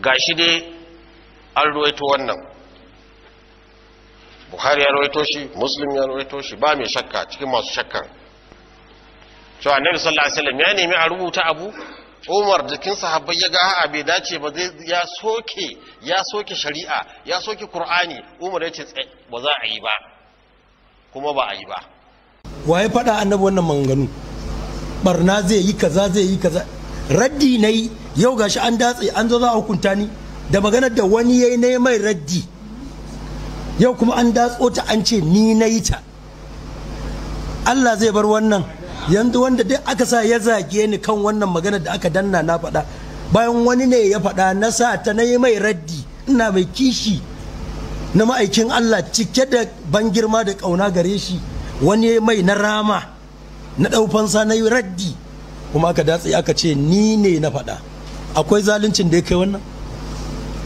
ga shi dai an ruwaito wannan buhari ya ruwaito shi muslim ya ruwaito shi ba mai shakka cikin masu shakkan cewa annabi sallallahu alaihi wasallam ya nemi a rubuta abu umar jikin sahabbai ya ga a bai dace ba zai ya soke ya soke shari'a ya soke qur'ani umar ya ce ba za a yi ba kuma ba a yi ba
waye faɗa annabi wannan manganu barna zai yi kaza zai yi kaza raddi na yi yau gashi an datse an zo za a hukunta ni da maganar da wani ya yi mai raddi yau kuma an datso ta an ce ni na yi ta Allah zai bar wannan yanzu wanda duk aka sa ya zage ni kan wannan maganar da aka danna na faɗa bayan wani ne ya faɗa na sa ta na yi mai raddi ina mai kishi na ma'aikin Allah cike da ban girma da ƙauna gare shi wani mai na rama na ɗau fansa na yi raddi kuma aka datse aka ce ni ne na faɗa akwai zaluncin da ya kai wannan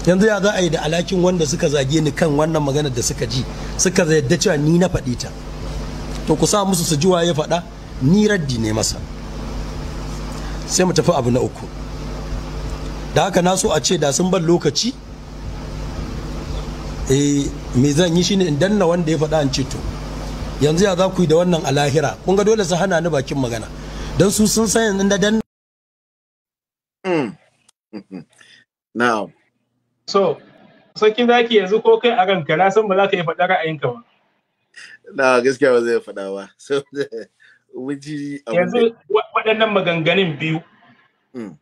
yanzu ya za a yi da alakin wanda suka zage ni kan wannan maganar da suka ji suka yadda cewa ni na faɗi ta to ku sa musu su ji ya faɗa ni raddi ne masa sai mu tafi abu na uku da haka na so a ce da sun bar lokaci eh me zan yi shine in danna wanda ya faɗa an ce to yanzu ya za ku yi da wannan a lahira kun ga dole su hana ni bakin magana don su sun san yanzu da dan
now
so da zaki yanzu ko kai a ranka na san ba za ka yi faɗa ra'ayinka ba
na gaskiya ba zai faɗa ba
so yanzu waɗannan maganganun biyu hmm.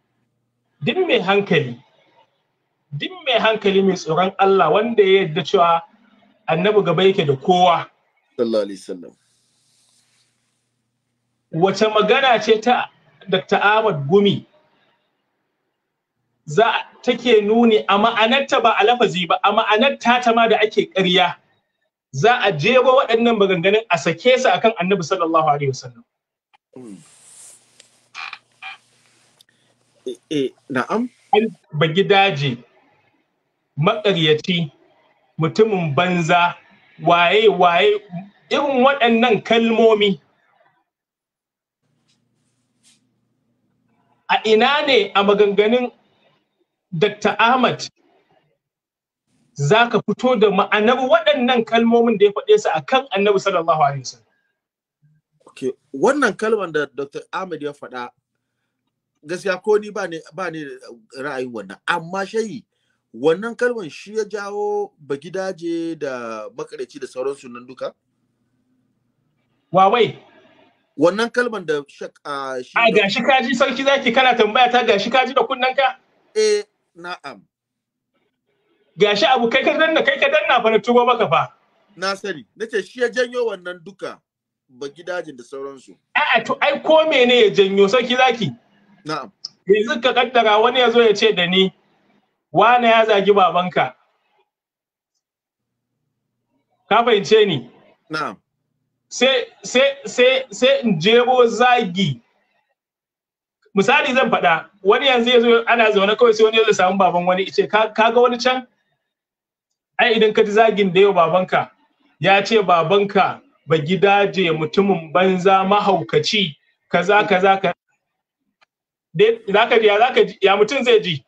duk mai hankali duk mai hankali mai tsoron Allah wanda ya yarda cewa annabi gaba yake da kowa sallallahu wace magana ce ta Dr. Ahmad Gumi za take nuni a ma'anarta ba a lafazi ba a ma'anarta ta ma da ake ƙarya za a je jego waɗannan maganganun a sake su akan Annabi sallallahu alaihi wasallam eh, eh, na'am ba gidaje maƙaryaci mutumin banza waye waye irin waɗannan kalmomi a ina ne a maganganun Dr. Ahmad za ka fito da ma'anar waɗannan kalmomin da ya faɗe su a kan annabi sallallahu alaihi wasallam. Wannan kalmar
da Dr. Ahmad ya faɗa gaskiya ko ni ba ne ra'ayin wannan amma shayi wannan kalman shi ya jawo ba gidaje da
makarici da sauransu nan duka? Wawai. Wannan kalman da shak a shi. A gashi kaji sarki zaki kana tambaya ta gashi kaji da ka? Eh na'am. Gashi abu kai ka danna kai ka danna fa na tuba maka fa. Na sani nace shi ya janyo wannan duka ba bagidajin da sauransu. A'a to ai ko mene ya janyo sarki zaki? Na'am. Yanzu ka kaddara wani ya zo ya ce da ni wane ya zagi babanka ka fahimce ni na'am sai sai sai sai in jebo zagi misali zan faɗa wani yanzu ya zo ana zaune kawai sai wani ya samu baban wani ice ka ga wani can ai idan ka ji zagin da yau babanka ya ce babanka ba gidaje mutumin banza mahaukaci kaza kaza ka zaka ji ya zaka ji ya mutum zai ji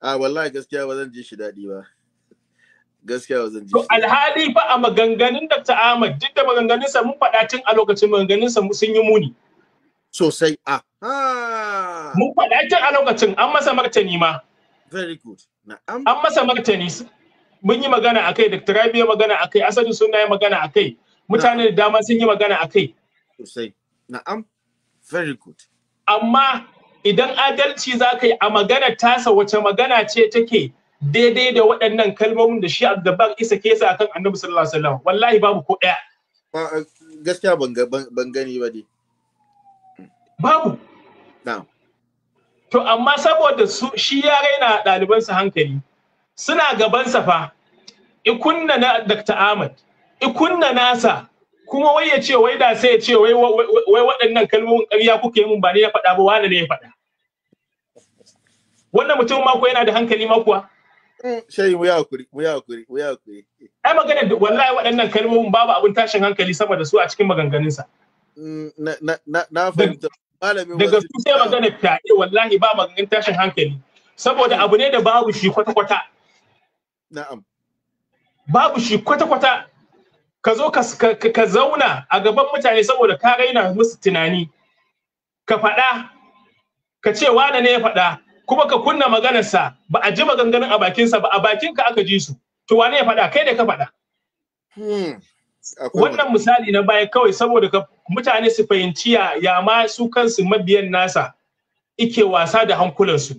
a wallahi gaskiya ba zan ji shi daɗi ba gaskiya ba zan ji to alhali fa a maganganun Dr. Ahmad duk da maganganunsa mun faɗa tun a lokacin maganganunsa sun yi muni sosai ah.
a
mun faɗa tun a lokacin an masa martani ma very good an masa martani mun yi magana akai Dr. Rabi magana akai Asadu sun yi magana akai mutane da dama sun yi magana akai sosai na'am very good amma idan adalci za ka yi a magana tasa wace magana ce take daidai da waɗannan kalmomin da shi Abdulbar Isa ke sa kan Annabi sallallahu alaihi wasallam wallahi babu ko
ɗaya gaskiya ban gani ba dai
babu na'am to amma saboda su shi ya raina ɗalibansa hankali suna gabansa fa ikunna na Dr. Ahmad ikunna nasa kuma wai ya ce wai da sai ya ce wai waɗannan kalmomin ƙarya kuke mun ba ne ya faɗa ba wani ne ya faɗa wannan mutum ma ko yana da hankali ma kuwa shayi mu ya hakuri mu ya kuri, mu ya ai magana wallahi waɗannan kalmomin babu abin tashin hankali sama da su a cikin maganganunsa mm, na na na fahimta malamin daga su sai magana fyaɗe wallahi ba maganganun tashin hankali saboda abu ne da babu shi kwata-kwata na'am babu shi kwata-kwata ka zo ka zauna a gaban mutane saboda ka raina musu tunani ka faɗa ka ce wane ne ya faɗa kuma ka kunna maganarsa ba a ji maganganun a bakinsa ba a bakinka aka ji su to wane ya faɗa kai da ka faɗa hmm, wannan misali na baya kawai saboda mutane su fahimci ya ma su kansu mabiyan nasa ike wasa da hankulansu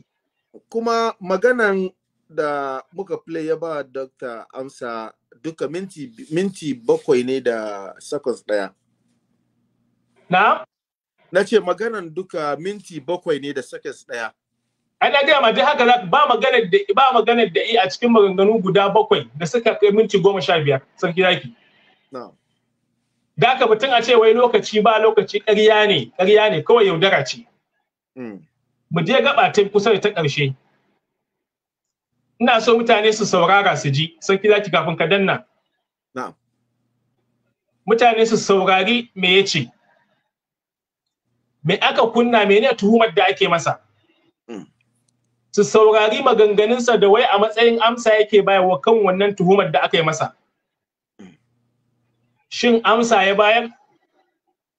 kuma maganan da muka play ya ba dokta amsa duka minti, minti bakwai ne da seconds ɗaya. Na? Na ce maganan duka minti bakwai ne da seconds ɗaya. Ana gaya ma dai haka ba maganar da ba maganar da a cikin maganganu guda bakwai da suka kai minti goma sha biyar sarki zaki. Na. Da haka mutum a ce wai lokaci ba lokaci ƙarya ne ƙarya ne kawai yaudara ce. Mm. Mu je gaba ta kusa da ta ƙarshe. ina so mutane su saurara su ji sarki zaki kafin ka danna mutane su saurari me ya ce me aka kunna mene tuhumar da ake masa mm. su saurari maganganunsa da wai a matsayin amsa yake bayarwa kan wannan tuhumar da aka yi masa mm. shin amsa ya bayar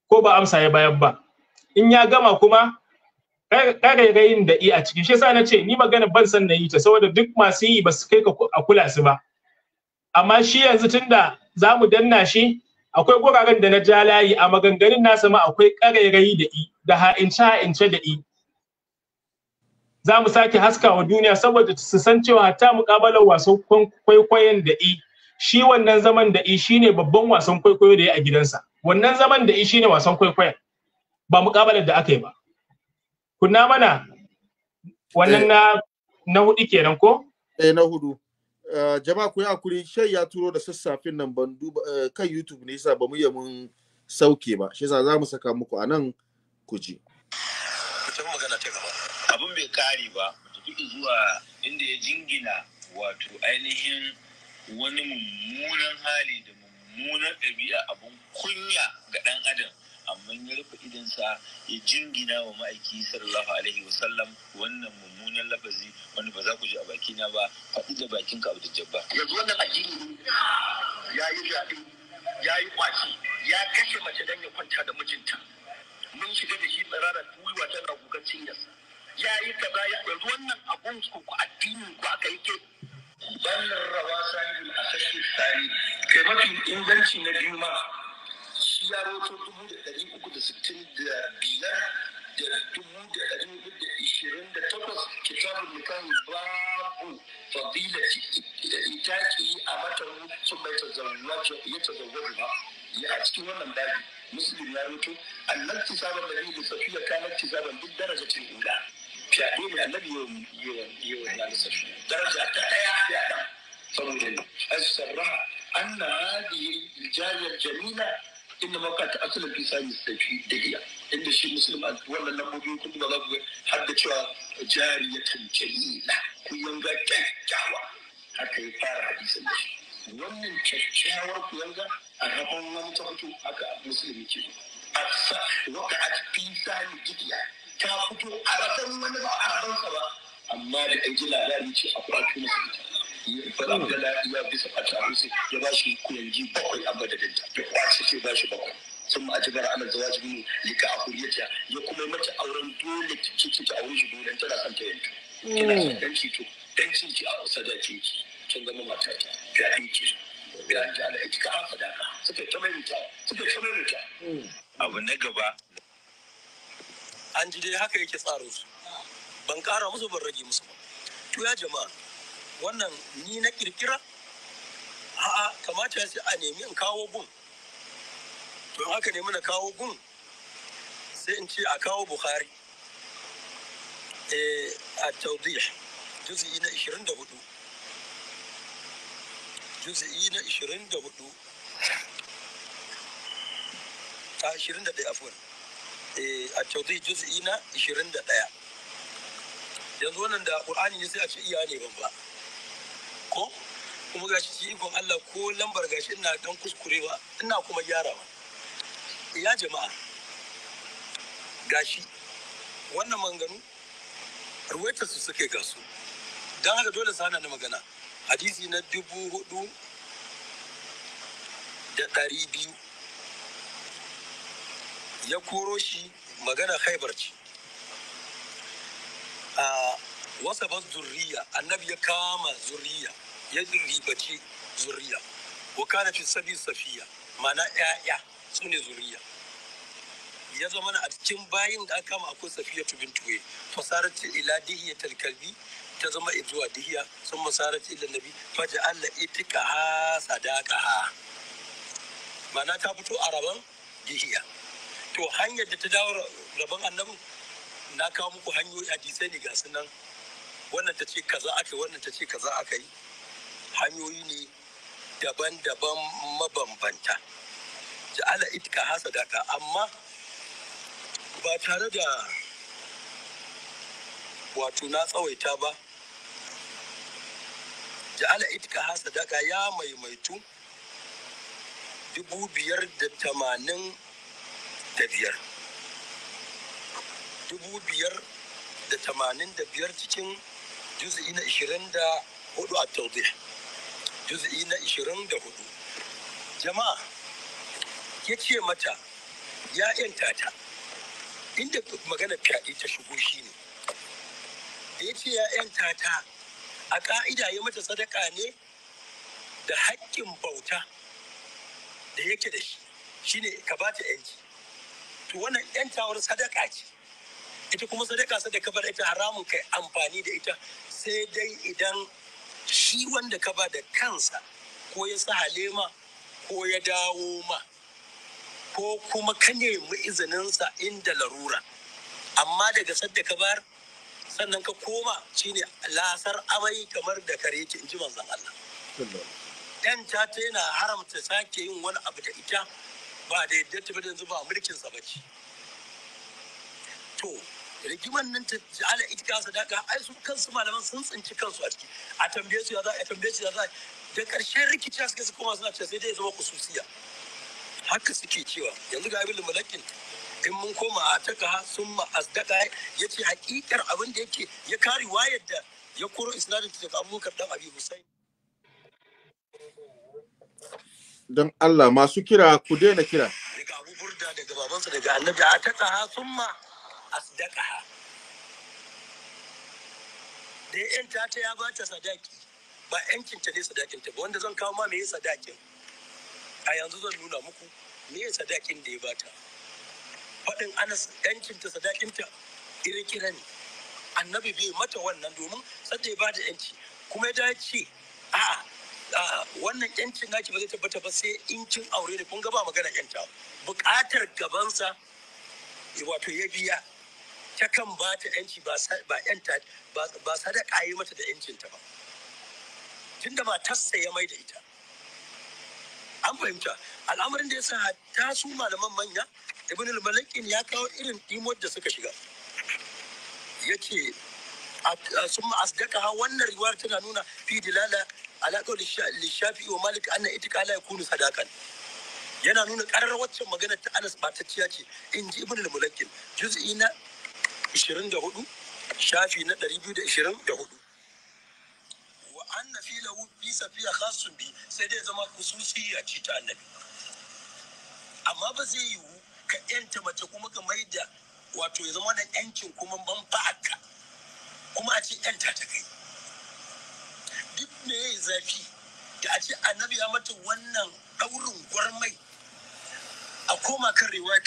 ko ba amsa ya bayar ba in ya gama kuma ƙarairayin da da'i a cikin shi yasa na ce ni magana ban san na yi ta saboda duk masu yi ba su kai ka a kula su ba amma shi yanzu tunda za mu danna shi akwai guraren da na ja layi a maganganun nasa ma akwai ƙarairayi da i da ha'ince ha'ince da i za mu sake haskawa duniya saboda su san cewa hatta muƙabalar wasan kwaikwayon da i shi wannan zaman da i shine babban wasan kwaikwayo da ya a gidansa wannan zaman da i shine wasan kwaikwayon ba muƙabalar da aka yi ba kunna mana wannan eh. na na hudu kenan ko eh na hudu
eh, jama'a ku yi hakuri shai ya turo da sassafin nan ban duba eh, kan youtube ne yasa ba mu mun sauke ba shi yasa za mu saka muku a nan ku ji
magana ta gaba abin bai kare ba duk zuwa
inda ya jingina wato ainihin wani mummunan hali da mummunan ɗabi'a abin kunya ga ɗan adam amma ya rufe idansa ya jingina wa ma'aiki sallallahu alaihi wasallam wannan mummunan lafazi wanda ba za ku ji a bakina ba faɗi da bakin ka abdul jabbar yanzu wannan
addini ya
yi zaɓe ya yi kwaci ya kashe mace don ya kwanta da mijinta mun shiga da shi tsirarar gwiwa tana gugar cinyarsa ya yi kaza yanzu wannan abun su ku addinin ku aka yi ke? wannan rawa sani a sashi tsari kai mafi inganci na biyu ma shi ya roto dubu da ɗari uku da sittin da biyar da dubu da ɗari uku da ishirin da takwas kitabun nikahi babu fadilati da itaki a mata mutum bai tazawwaju ya tazawwaju ba ya a cikin wannan babi muslim ya roto annan tisaban da biyu da safiya kanar tisaban duk darajatin ula fyaɗe mai annabi yawan na lissafi daraja ta ɗaya fyaɗen saboda ne asarra أن هذه الجارية Jamila. inda maka ta asalin fi sami tafi da inda shi musulma wannan lambobi kun ba za ku har da cewa jariyatun na ku yanga kyakkyawa haka ya fara hadisin da shi wannan kyakkyawar ku yanga a rabon wani ta fito haka musulmi ke asa waka a fi sami gidiya ta fito a rabon wani ba a rabon sa ba amma da an ji labari ce a kwato musulmi Bal Abdullahi ya bisa fata Hussein ya ba shi kuyangi bakwai a madadinta ya kwace ce ba shi bakwai. sun ma ajibar ana zawajin lika a kuriyata ya kuma mata auren dole ciki ta auren shi dole tana son ta yanka. Kina son dan cito dan cinki a sadakin ki kin zama mata ta ga an ki ga an jala ki ka sadaka suka ta maimaita suka ta maimaita. Abu na gaba an ji dai haka yake tsaro su ban kara musu ban rage musu ba. To ya jama'a wannan ni na kirkira a'a kamata ya ce a nemi in kawo gun to in haka nemi na kawo gun sai in ce a kawo bukhari eh, a taudih juz'i na 24 juz'i na 24 a 21 afuwan a taudih juz'i na 21 yanzu wannan da Al-Qur'ani ya sai a ce iya ne ban ba ko kuma gashi shi ikon Allah ko lambar gashi ina dan kuskurewa ina kuma gyarawa ya jama'a gashi wannan manganu ruwaitar su suke ga su don haka dole sana na magana hadisi na dubu hudu da ɗari biyu ya koro shi magana haibar ce a ah, wasa zurriya annabi ya kama zurriya ya bacci zuriya wa na fi sabi safiya ma'ana 'ya'ya su ne zuriya ya zama a cikin bayin da aka kama akwai safiya tubin tuwe fasarat ila dihiya talkalbi ta zama zuwa dihiya sun masarat ila nabi faja Allah itika ha sadaka ha ma'ana ta fito a rabon dihiya to hanyar da ta dawo rabon annabin na kawo muku hanyoyi hadisai ne ga sunan wannan ta ce kaza aka yi wannan ta ce kaza aka yi hanyoyi ne daban-daban mabambanta ja'ala itka hasa daka amma ba tare da wato na tsawaita ba ja'ala itka hasa daka ya maimaitu dubu biyar da tamanin da biyar dubu biyar da tamanin da biyar cikin juzi'i na ishirin da hudu a taudih juz'i na 24 jama'a ya ce mata ya yanta inda magana fyaɗe ta shigo shi ne da ya ce ya yanta a ƙa'ida ya mata sadaka ne da haƙƙin bauta da yake da shi shine ka ba ta yanci to wannan yantawar sadaka ce ita kuma sadaka sadaka bar ita haramun kai amfani da ita sai dai idan shi wanda ka ba da kansa ko ya sa halema ko ya dawo ma ko kuma ka nemi izininsa inda larura amma daga sadda ka bar sannan ka koma shine lasar amai kamar da kare ki in ji manzon Allah dan ta yana haramta sake yin wani abu da ita ba da yadda ta bada ba mulkin sa bace to rigimar nan ta ala itika sadaka ai su kansu malaman sun tsinci kansu a ciki a tambaye su ya za a tambaye su ya za da ƙarshen rikici suke su koma suna cewa sai dai zama kususiya haka suke cewa yanzu ga abin malakin in mun koma a taka sun ma asdaka ya ce hakikar abin da yake ya kare wayar da ya koro isnadin ta daga abubakar dan abi husain
don Allah masu kira ku daina kira daga abu
burda daga babansa daga annabi a taka sun ma asdaqaha da yan yanta ta ya ba ta sadaki ba yankin ta ne sadakin ta ba wanda zan kawo ma meye sadakin a yanzu zan nuna muku meye sadakin da ya bata faɗin anas yankin ta sadakin ta kira ne annabi bai mata wannan domin sadda ya bada yanci kuma ya dace a wannan yancin naki ba zai tabbata ba sai in kin aure ne kun ga ba magana yanta buƙatar gabansa wato ya biya ta kan ba ta yanci ba ba da yi mata da yancinta ba tunda ba tassa ya mai da ita an fahimta al'amarin da ya sa ta su malaman manya ibn al malikin ya kawo irin dimot da suka shiga yace uh, sun asdaka wannan riwayar tana nuna fi dilala alaƙar lishafi wa malik anna ya kunu sadakan yana nuna karar waccan magana ta Anas batacciya ce in ji ibn al-mulakkin juz'i na 24 shafi na 224 wa anna fi lahu bi safiya khasun bi sai dai zama kususi a ci ta annabi amma ba zai yiwu ka yanta mace kuma ka mai da wato ya zama na yancin kuma ban fa'aka kuma a ce yanta ta kai duk me yayi zafi da a ce annabi ya mata wannan daurin gwarmai a koma kan riwaya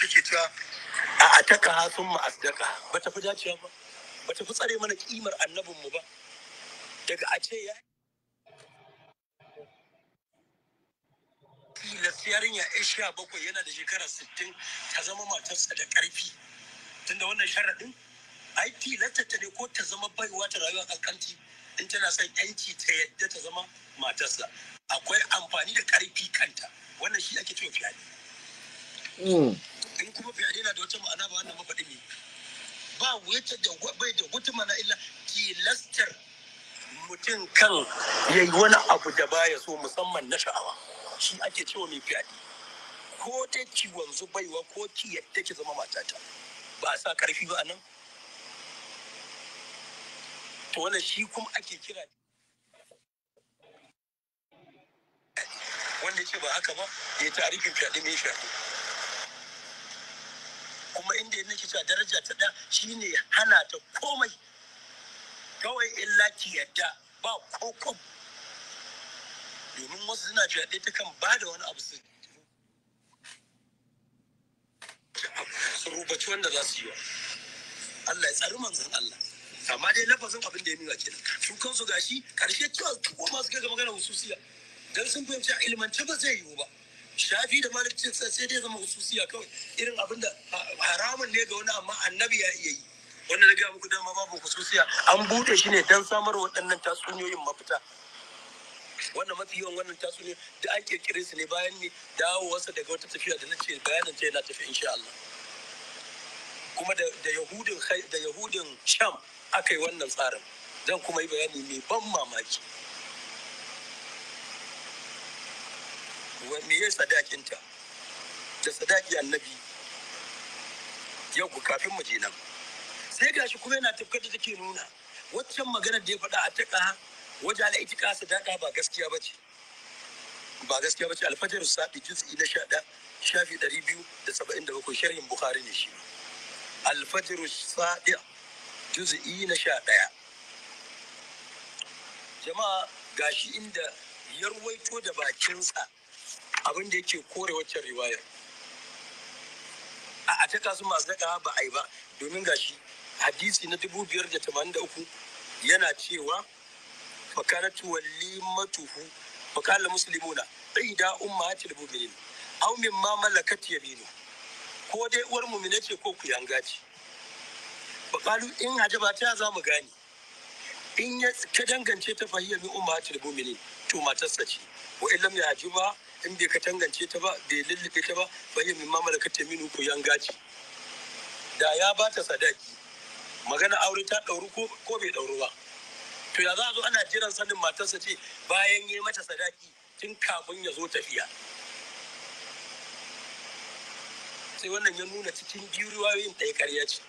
a ataka hasun mu asdaka ba ta fi dacewa ba ba ta fi tsare mana kimar annabin mu ba daga a ce ya tilas yarinya ya sha bakwai yana da shekara sittin ta zama matarsa da ƙarfi tunda wannan sharaɗin ai tilasta ta ne ko ta zama baiwa ta rayuwa kankanci in tana son yanci ta yadda ta zama matarsa akwai amfani da karfi kanta wannan shi ake cewa fiyani
Mm. in
kuma fyaɗe na da wata ma'ana ba wannan mafaɗin ne ba wata da bai da wata ma'ana illa tilastar mutum kan ya yi wani abu da baya so musamman na sha'awa shi ake cewa mai fyaɗe ko ta ki wanzu baiwa ko ki yadda ki zama matata ba a sa karfi ba a nan to wannan shi kuma ake kira wanda ce ba haka ba ya tarihin fyaɗe mai fyaɗe kuma inda nake cewa daraja ta ɗaya shine hana ta komai kawai in laki yadda ba kokon domin wasu suna fiye ta kan ba da wani abu su rubaci wanda za su yi wa Allah ya tsari manzan Allah amma dai lafazin abin da ya nuna ke su kansu gashi karshe cewa kuma su kai ga magana hususiya dan sun fahimci ilmance ba zai yiwu ba shafi da malikin sai dai zama hususiya kawai irin abin da haramun ne ga wani amma annabi ya iya yi wanda daga gaya muku dama babu hususiya an bude shi ne don samar waɗannan tatsuniyoyin mafita wannan mafi yawan wannan tatsuniyoyi da an kirkire su ne bayan ne dawowarsa daga wata tafiya da nace ce bayanin ta yana tafi insha Allah kuma da yahudin da yahudin sham aka yi wannan tsarin zan kuma yi bayani mai ban mamaki me ya sadakinta da sadaki annabi yau kafin mu je nan sai gashi kuma yana tafkar da take nuna waccan maganar da ya faɗa a taka wajen ala itika sadaka ba gaskiya bace, ba gaskiya bace alfajar sadi juz'i na shaɗa shafi 277 biyu da saba'in da bakwai sharhin bukhari ne shi alfajar sadi juz'i na sha jama'a gashi inda yarwaito da bakinsa abin da yake kore waccan riwayar a ta kasu masu daga ba a yi ba domin gashi hadisi na dubu biyar da tamanin da uku yana cewa fakaratu walimatuhu fakala muslimuna ida ummatil mu'minin ma mimma malakat bino. ko dai uwar mu'mina ce ko ku yanga ce fakalu in hajaba ta za mu gane in ya ta dangance ta fahiyar min ummatil mu'minin to matarsa ce wa illam ya hajiba in bai ka tangance ta ba bai lullufe ta ba bai min ma malaka ta minu ko gaci da ya ba ta sadaki magana aure ta ɗauru ko bai ɗauru ba to ya za a zo ana jiran sanin matarsa ce bayan yi mata sadaki tun kafin ya zo tafiya sai wannan ya nuna cikin giriwayoyin ɗaya karya ce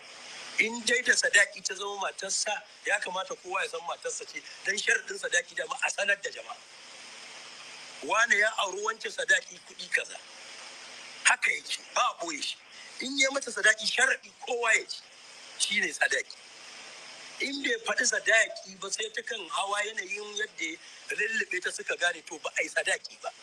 in dai da sadaki ta zama matarsa ya kamata kowa ya san matarsa ce don sharaɗin sadaki dama a sanar da jama'a wane ya auri wancan sadaki kuɗi kaza haka yake ba a shi in ya mata sadaki sharaɗi kowa ya ci shi ne sadaki in bai faɗi sadaki ba sai ta kan hawa yanayin yadda lullube ta suka gane to ba a yi sadaki ba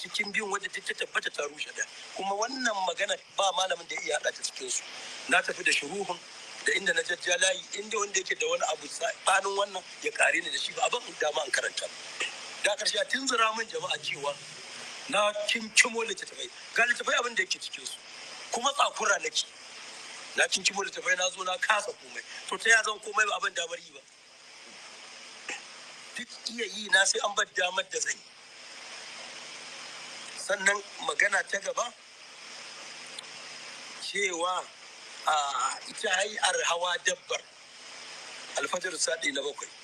cikin biyun wadda ta tabbata ta rushe da kuma wannan magana ba malamin da iya haɗa ta cikin su na tafi da shiruhun, da inda na jajja layi inda wanda yake da wani abu tsanin wannan ya kare ni da shi ba abin dama an karanta da aka shiga zira min jama'a cewa na kinkimo littattafai ga littattafai abin da yake cikin su kuma tsakura nake na kinkimo littattafai na zo na kasa komai to ta ya zan komai ba abin da bari ba duk iya yi na sai an bar damar da zan sannan magana ta gaba cewa a ah, ita hai'ar hawa dabbar alfajar sadi na bakwai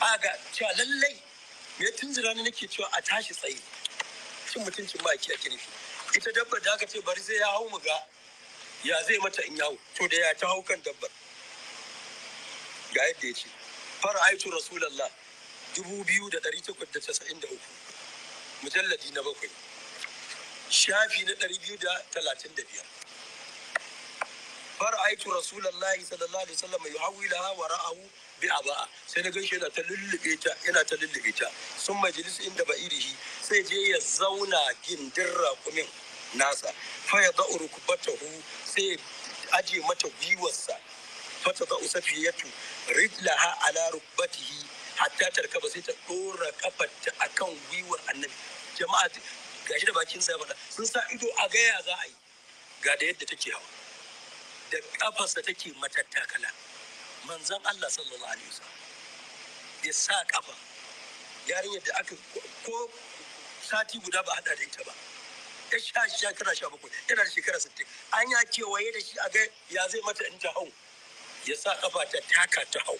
a ga cewa lallai me tun zira ne nake cewa a tashi tsaye cin mutuncin ma ake a nufi ita dabbar da aka ce bari zai ya hau mu ga ya zai mata in yawo to da ya ta hau kan dabbar ga yadda ya ce fara aitu rasulallah dubu biyu da ɗari takwas da casa'in da uku mujalladi na bakwai shafi na ɗari biyu da talatin da biyar fara aitu rasulallah sallallahu alaihi wasallam ya hau ila wa ra'ahu bi a ba'a sai na gaishe yana ta lullube ta yana ta lullube ta sun majalis inda ba irihi sai je ya zauna gindin raƙumin nasa fa ya za'u rukubatahu sai aje mata gwiwarsa fata za'u safiyatu rijlaha ala rukubatihi hatta tarkaba sai ta dora kafarta akan gwiwar annabi jama'a gashi da bakin sa faɗa sun sa ido a gaya za a yi ga da yadda take hawa da kafarsa take matattakala manzan Allah sallallahu alaihi wasallam ya sa kafa yarinyar da aka ko sati guda ba hada da ita ba ya sha shekara sha bakwai yana da shekara sittin an ya kewaye da shi a ga ya zai mata in ta hau ya sa kafa ta taka ta hau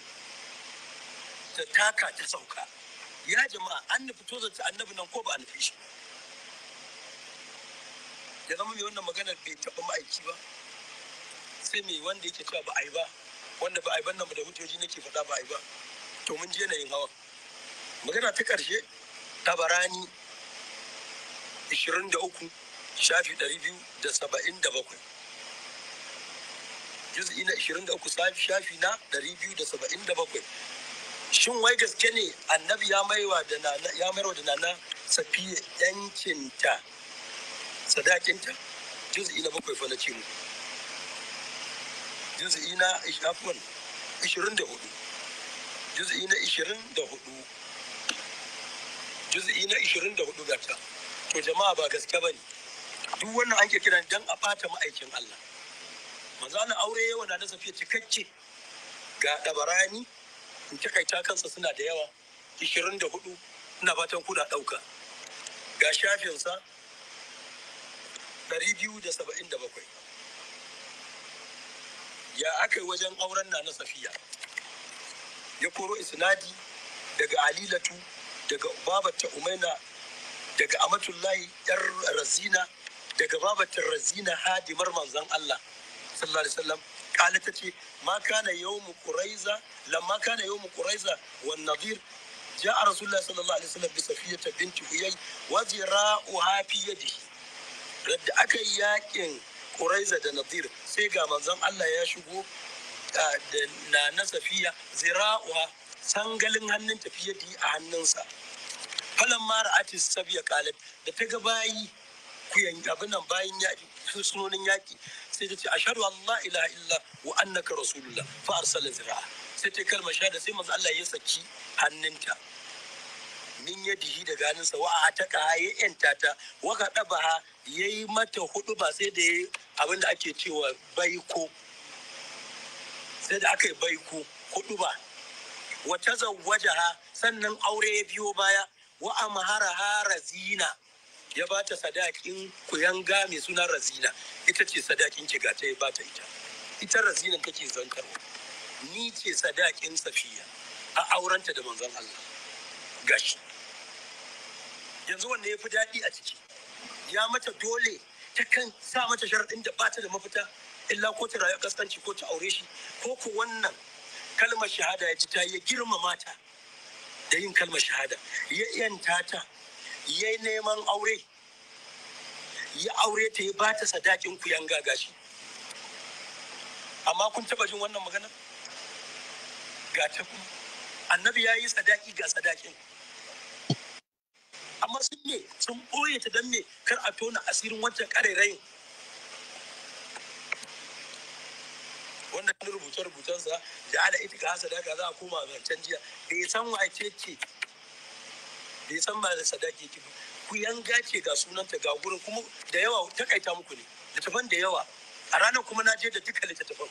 ta taka ta sauka ya jama'a an nufi tozarta annabi nan ko ba a nufi shi ya zama mai wannan maganar bai taɓa ma'aiki ba sai mai wanda yake cewa ba a yi ba wanda ba a yi ban da hujjoji nake faɗa ba a yi ba to mun je na yin hawa magana ta ƙarshe tabarani 23 shafi 277 juz'i na 23 shafi na 277 shin wai gaske ne annabi ya maiwa da nana ya maiwa da nana safiya yankinta sadakinta juz'i na bakwai fa na ce muku juz'i na afwan 24 juz'i na 24 juz'i na 24 ga ta to jama'a ba gaske ba ne. duk wannan an ke kiran dan a bata ma'aikin Allah manzo na aure yawa na safiya cikakke ga dabarani in takaita kansa suna da yawa 24 ina fatan kuna dauka ga shafinsa 277 ya aka yi wajen auren na na safiya ya koro isnadi daga alilatu daga babata umaina daga amatullahi yar razina daga babata razina hadimar manzon Allah sallallahu alaihi wasallam kala tace ma kana yawmu quraiza lamma kana yawmu quraiza wan nadir جاء رسول الله صلى الله عليه وسلم بصفية بنت هيي hafi في يده رد أكي ياكن Kuraiza da Nadir sai ga manzon Allah ya shigo da na na safiya zira'uha sangalin hannun tafiya yi a hannunsa falan mara atis sabiya kalib da ta ga bayi kuyan abin nan bayin yaƙi sunonin yaƙi sai ta ce ashhadu an la illa wa annaka rasulullah fa arsala zira'a sai ta kalmar shahada sai manzo Allah ya saki hannunta min dihi da ganinsa sa wa'a ta ka ya yanta ta wa ka ya yi mata hudu ba sai da ya abin da ake cewa baiko sai da aka yi baiko hudu ba wa ta ha, sannan aure ya biyo baya wa'a mahara ha razina ya ba ta sadakin kuyanga mai suna razina ita ce sadakin kiga ta ya ba ta ita ita Razina kake zankarwa ni ce sadakin safiya a aurenta da manzon Allah gashi yanzu wanne ya fi daɗi a ciki ya mata dole ta kan sa mata sharaɗin da bata da mafita illa ko ta rayu kaskanci ko ta aure shi ko ku wannan kalmar shahada ya ji ta ya girmama ta da yin kalmar shahada ya yanta ta ya yi neman aure ya aure ta ya bata sadakin ku yan gagashi amma kun taba jin wannan magana ga ta kuma annabi ya yi sadaki ga sadakin ku amma sun ne sun ɓoye ta dan ne kar a tona asirin wancan ƙarairayin wannan rubuce rubucensa da ala ita ga hasa daga za a koma zancen jiya da ya san wace ce da ya san ba da sadaki ki ku yanga ce ga sunanta ga gurin kuma da yawa takaita muku ne littafan da yawa a ranar kuma na je da duka littattafan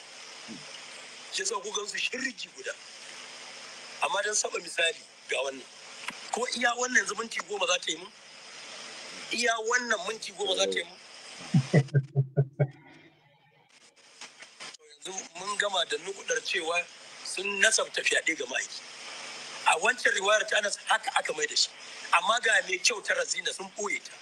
shi sa ku su shirki guda amma don saba misali ga wannan ko iya wannan yanzu minti goma za ta yi mun iya wannan minti goma za ta yi mun yanzu mun gama da nukudar cewa sun nasabta fyaɗe ga ma'aiki a wancan riwayar ta nasa haka aka mai da shi amma ga mai kyau ta razina sun ɓoye ta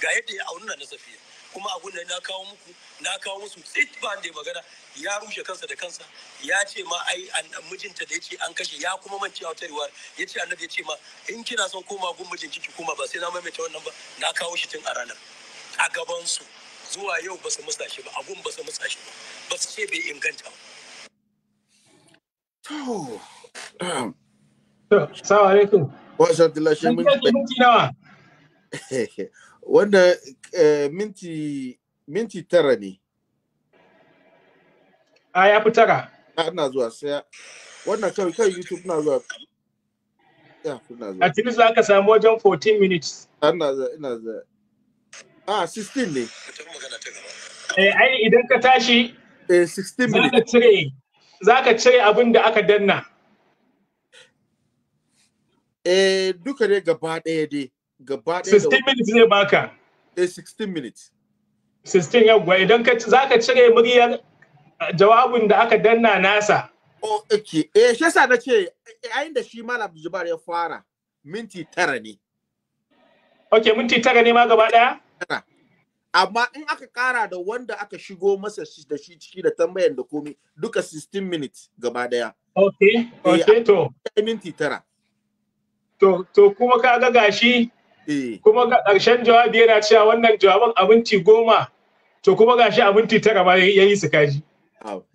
ga yadda ya auna na safiya kuma abun da na kawo muku na kawo musu tsit ba da magana ya rushe kansa da kansa ya ce ma ai mijinta da yace an kashe ya kuma mance a wata riwar yace annabi yace ma in kina son koma gun mijinki ki koma ba sai na maimaita wannan ba na kawo shi tun a ranar a gaban su zuwa yau ba su musa shi ba abun ba su musa shi ba ba su ce bai inganta ba to
assalamu alaikum wa rahmatullahi shi minti nawa wannan eh, minti minti tara ne
a ya fi tara ina zuwa sai wannan kawai kan youtube na zuwa a tuni za ka samu wajen 14 minutes ina zuwa ina zuwa a ah, 16 ne eh ai idan ka tashi eh 16 minutes zaka cire zaka cire abin da aka danna eh duka ne gaba ɗaya dai gaba ɗaya 16 minutes zai baka eh 16 minutes 16 yawwa idan ka zaka cire muryar jawabin da aka danna nasa Oke, eh shi yasa nace ayin da shi malam Jubair ya fara minti tara ne Oke, minti tara ne ma gaba daya amma in aka kara da wanda aka shigo masa da shi ciki da tambayan da komai duka 16 minutes gaba daya
Oke, eh, oke to
minti tara to to kuma ka ga gashi eh. kuma ga ƙarshen jawabi yana cewa wannan jawaban abinci goma to kuma gashi abinci tara ma yayi su kaji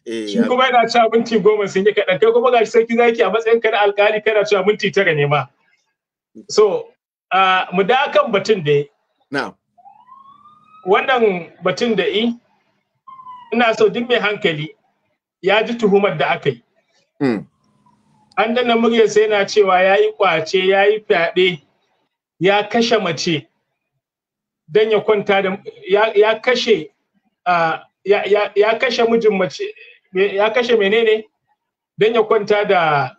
Eh, Shi kuma yana cewa minti goma sun yi kaɗan, kai kuma gashi sarki zaki a matsayin ka na alkali kana cewa minti tara ne ma. So, mu da kan batun da Na. Wannan batun da i, ina so duk mai hankali ya ji tuhumar da aka yi. Hmm. An dana sai yana cewa ya yi ƙwace, ya yi fyaɗe, ya kashe mace, don ya kwanta da, ya kashe ya, kashe mijin mace ya kashe menene don ya kwanta da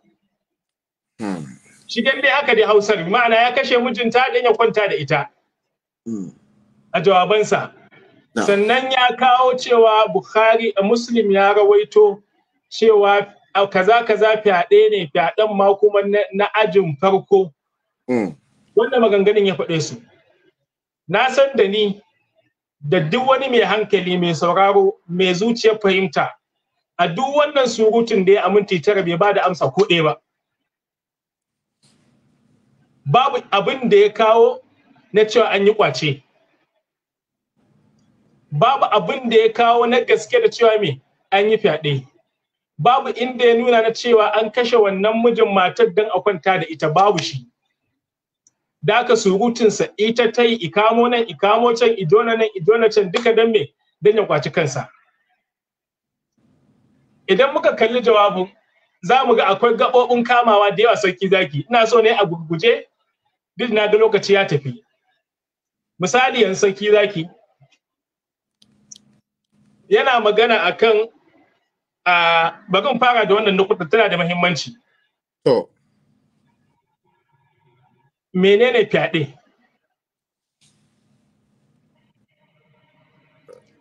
hmm. shi dai haka dai hausar ma'ana ya kashe mijinta don ya kwanta da ita hmm. a jawabansa sannan ya kawo cewa bukhari a muslim ya rawaito cewa kaza kaza fyaɗe ne fyaɗen ma kuma na ajin farko hmm. wanda maganganun ya faɗe su na san da ni da duk wani mai hankali mai sauraro mai zuciyar fahimta a duk wannan surutun da ya aminti tara bai ba da amsa ko ɗaya ba babu abin da ya kawo na cewa an yi kwace babu abin da ya kawo na gaske da cewa me an yi fyaɗe babu inda ya nuna na cewa an kashe wannan mijin matar don a kwanta da ita babu shi da aka surutunsa ita ta yi ikamo nan ikamo can idona nan idona can duka don me don ya kwaci kansa idan muka kalli jawabin za mu ga akwai gaɓoɓin kamawa da yawa sarki zaki ina so ne a gurguje duk na ga lokaci ya tafi misali yan sarki zaki yana magana akan a bagan fara da wannan nukuta tana da muhimmanci menene fyaɗe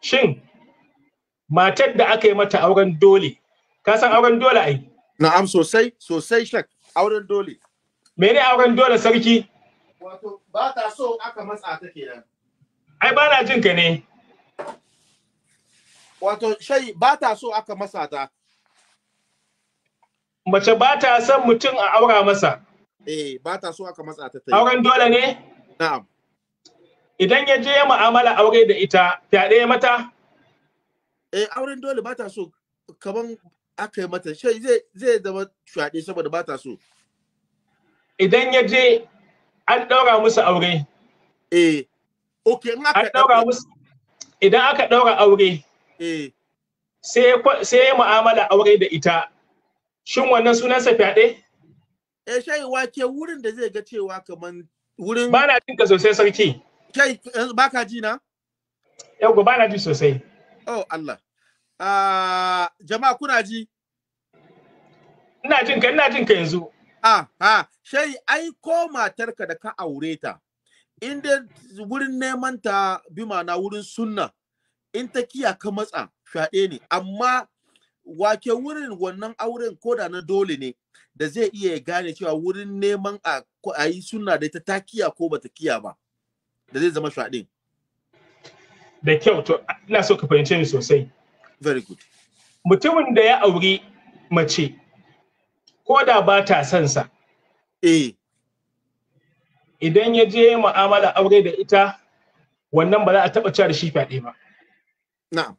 shin matar da aka yi mata auren dole ka san auren dole ai na'am sosai sosai shak auren dole mene auren dole sarki wato ba ta so aka matsa ta kenan ai ba na jin ka ne wato shai ba ta so aka matsa ta mace ba ta son mutum a aura masa Eh, ba ta so aka matsa ta ta Auren dole ne? Na'am. Idan ya je ya mu'amala aure da ita, fyaɗe mata? Eh, auren dole ba ta so kaman aka yi mata, shai zai zai zama fyaɗe saboda ba ta so. Idan ya je an ɗaura musu aure. Eh, okay, in aka ɗaura musu idan aka ɗaura aure. Eh. Sai sai mu'amala aure da ita. Shin wannan sunansa fyaɗe? eh shayi wake wurin da zai ga cewa kaman
wurin ba na jin ka sosai sarki
kai eh, baka ji na yau ba na ji sosai oh Allah ah jama'a kuna ji ina jin ka ina jin ka yanzu ah ha ah, shayi ai ko matarka da ka aure ta inda wurin neman ta bi ma'ana wurin sunna in ta kiya ka matsa fyaɗe ne amma wake wurin wannan auren koda na dole ne da zai iya gane cewa wurin neman a yi suna da ta takiya ko ba ta kiya ba da zai zama shaɗin. Da kyau to ina so ka fahimce ni sosai. Very good. Mutumin da ya auri mace ko da ba ta son sa. Eh. Idan ya je mu'amala aure da ita wannan ba za a taɓa cewa da shi fyaɗe ba. Na'am.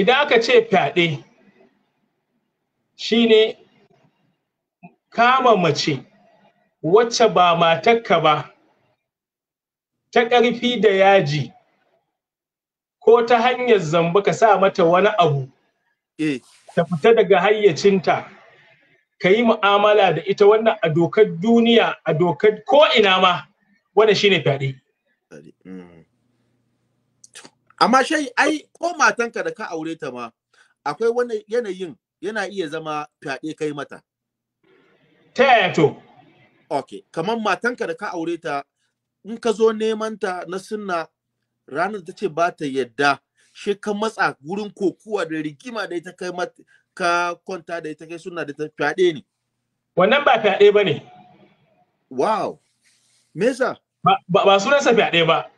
idan aka ce fyaɗe shi ne kama mace wacce ba matakka ba ta ƙarfi da yaji ko ta hanyar zamba ka sa mata wani abu eh. ta fita daga hayyacinta ka yi mu'amala da ita wannan a dokar duniya a dokar ko ina ma wannan ne fyaɗe. Mm. amma shai ai ko matanka da ka aure ta ma akwai wani yanayin yana iya zama fyaɗe kai mata ta yaya to okay kamar matanka da ka aure ta in ka zo neman ta na sunna ranar ta ce ba ta yadda shi ka matsa wurin kokuwa da rigima da ita kai ka kwanta da ita kai suna da ta fyaɗe ne wannan ba fyaɗe ba ne wow me ba sunansa fyaɗe ba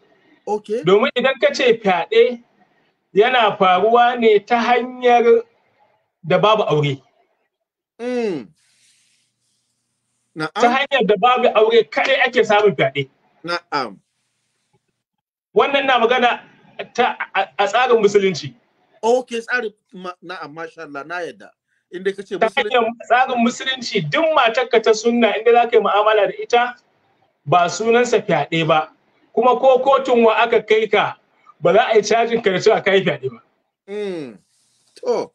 Okay. Domin idan ka ce fyaɗe yana faruwa ne ta hanyar da babu aure. Mm. Ta hanyar da babu aure kare ake samun fyaɗe. Na'am. Wannan na magana ta a tsarin musulunci. Ok, tsarin na'am, masha Allah, na yadda. Inda ka ce musulunci. Ta hanyar tsarin musulunci duk matakka ta sunna inda za ka yi mu'amala da ita ba sunansa fyaɗe ba. kuma ko kotun wa aka kai ka ba za a yi cajin ka da cewa ka yi fyaɗe ba. Hmm.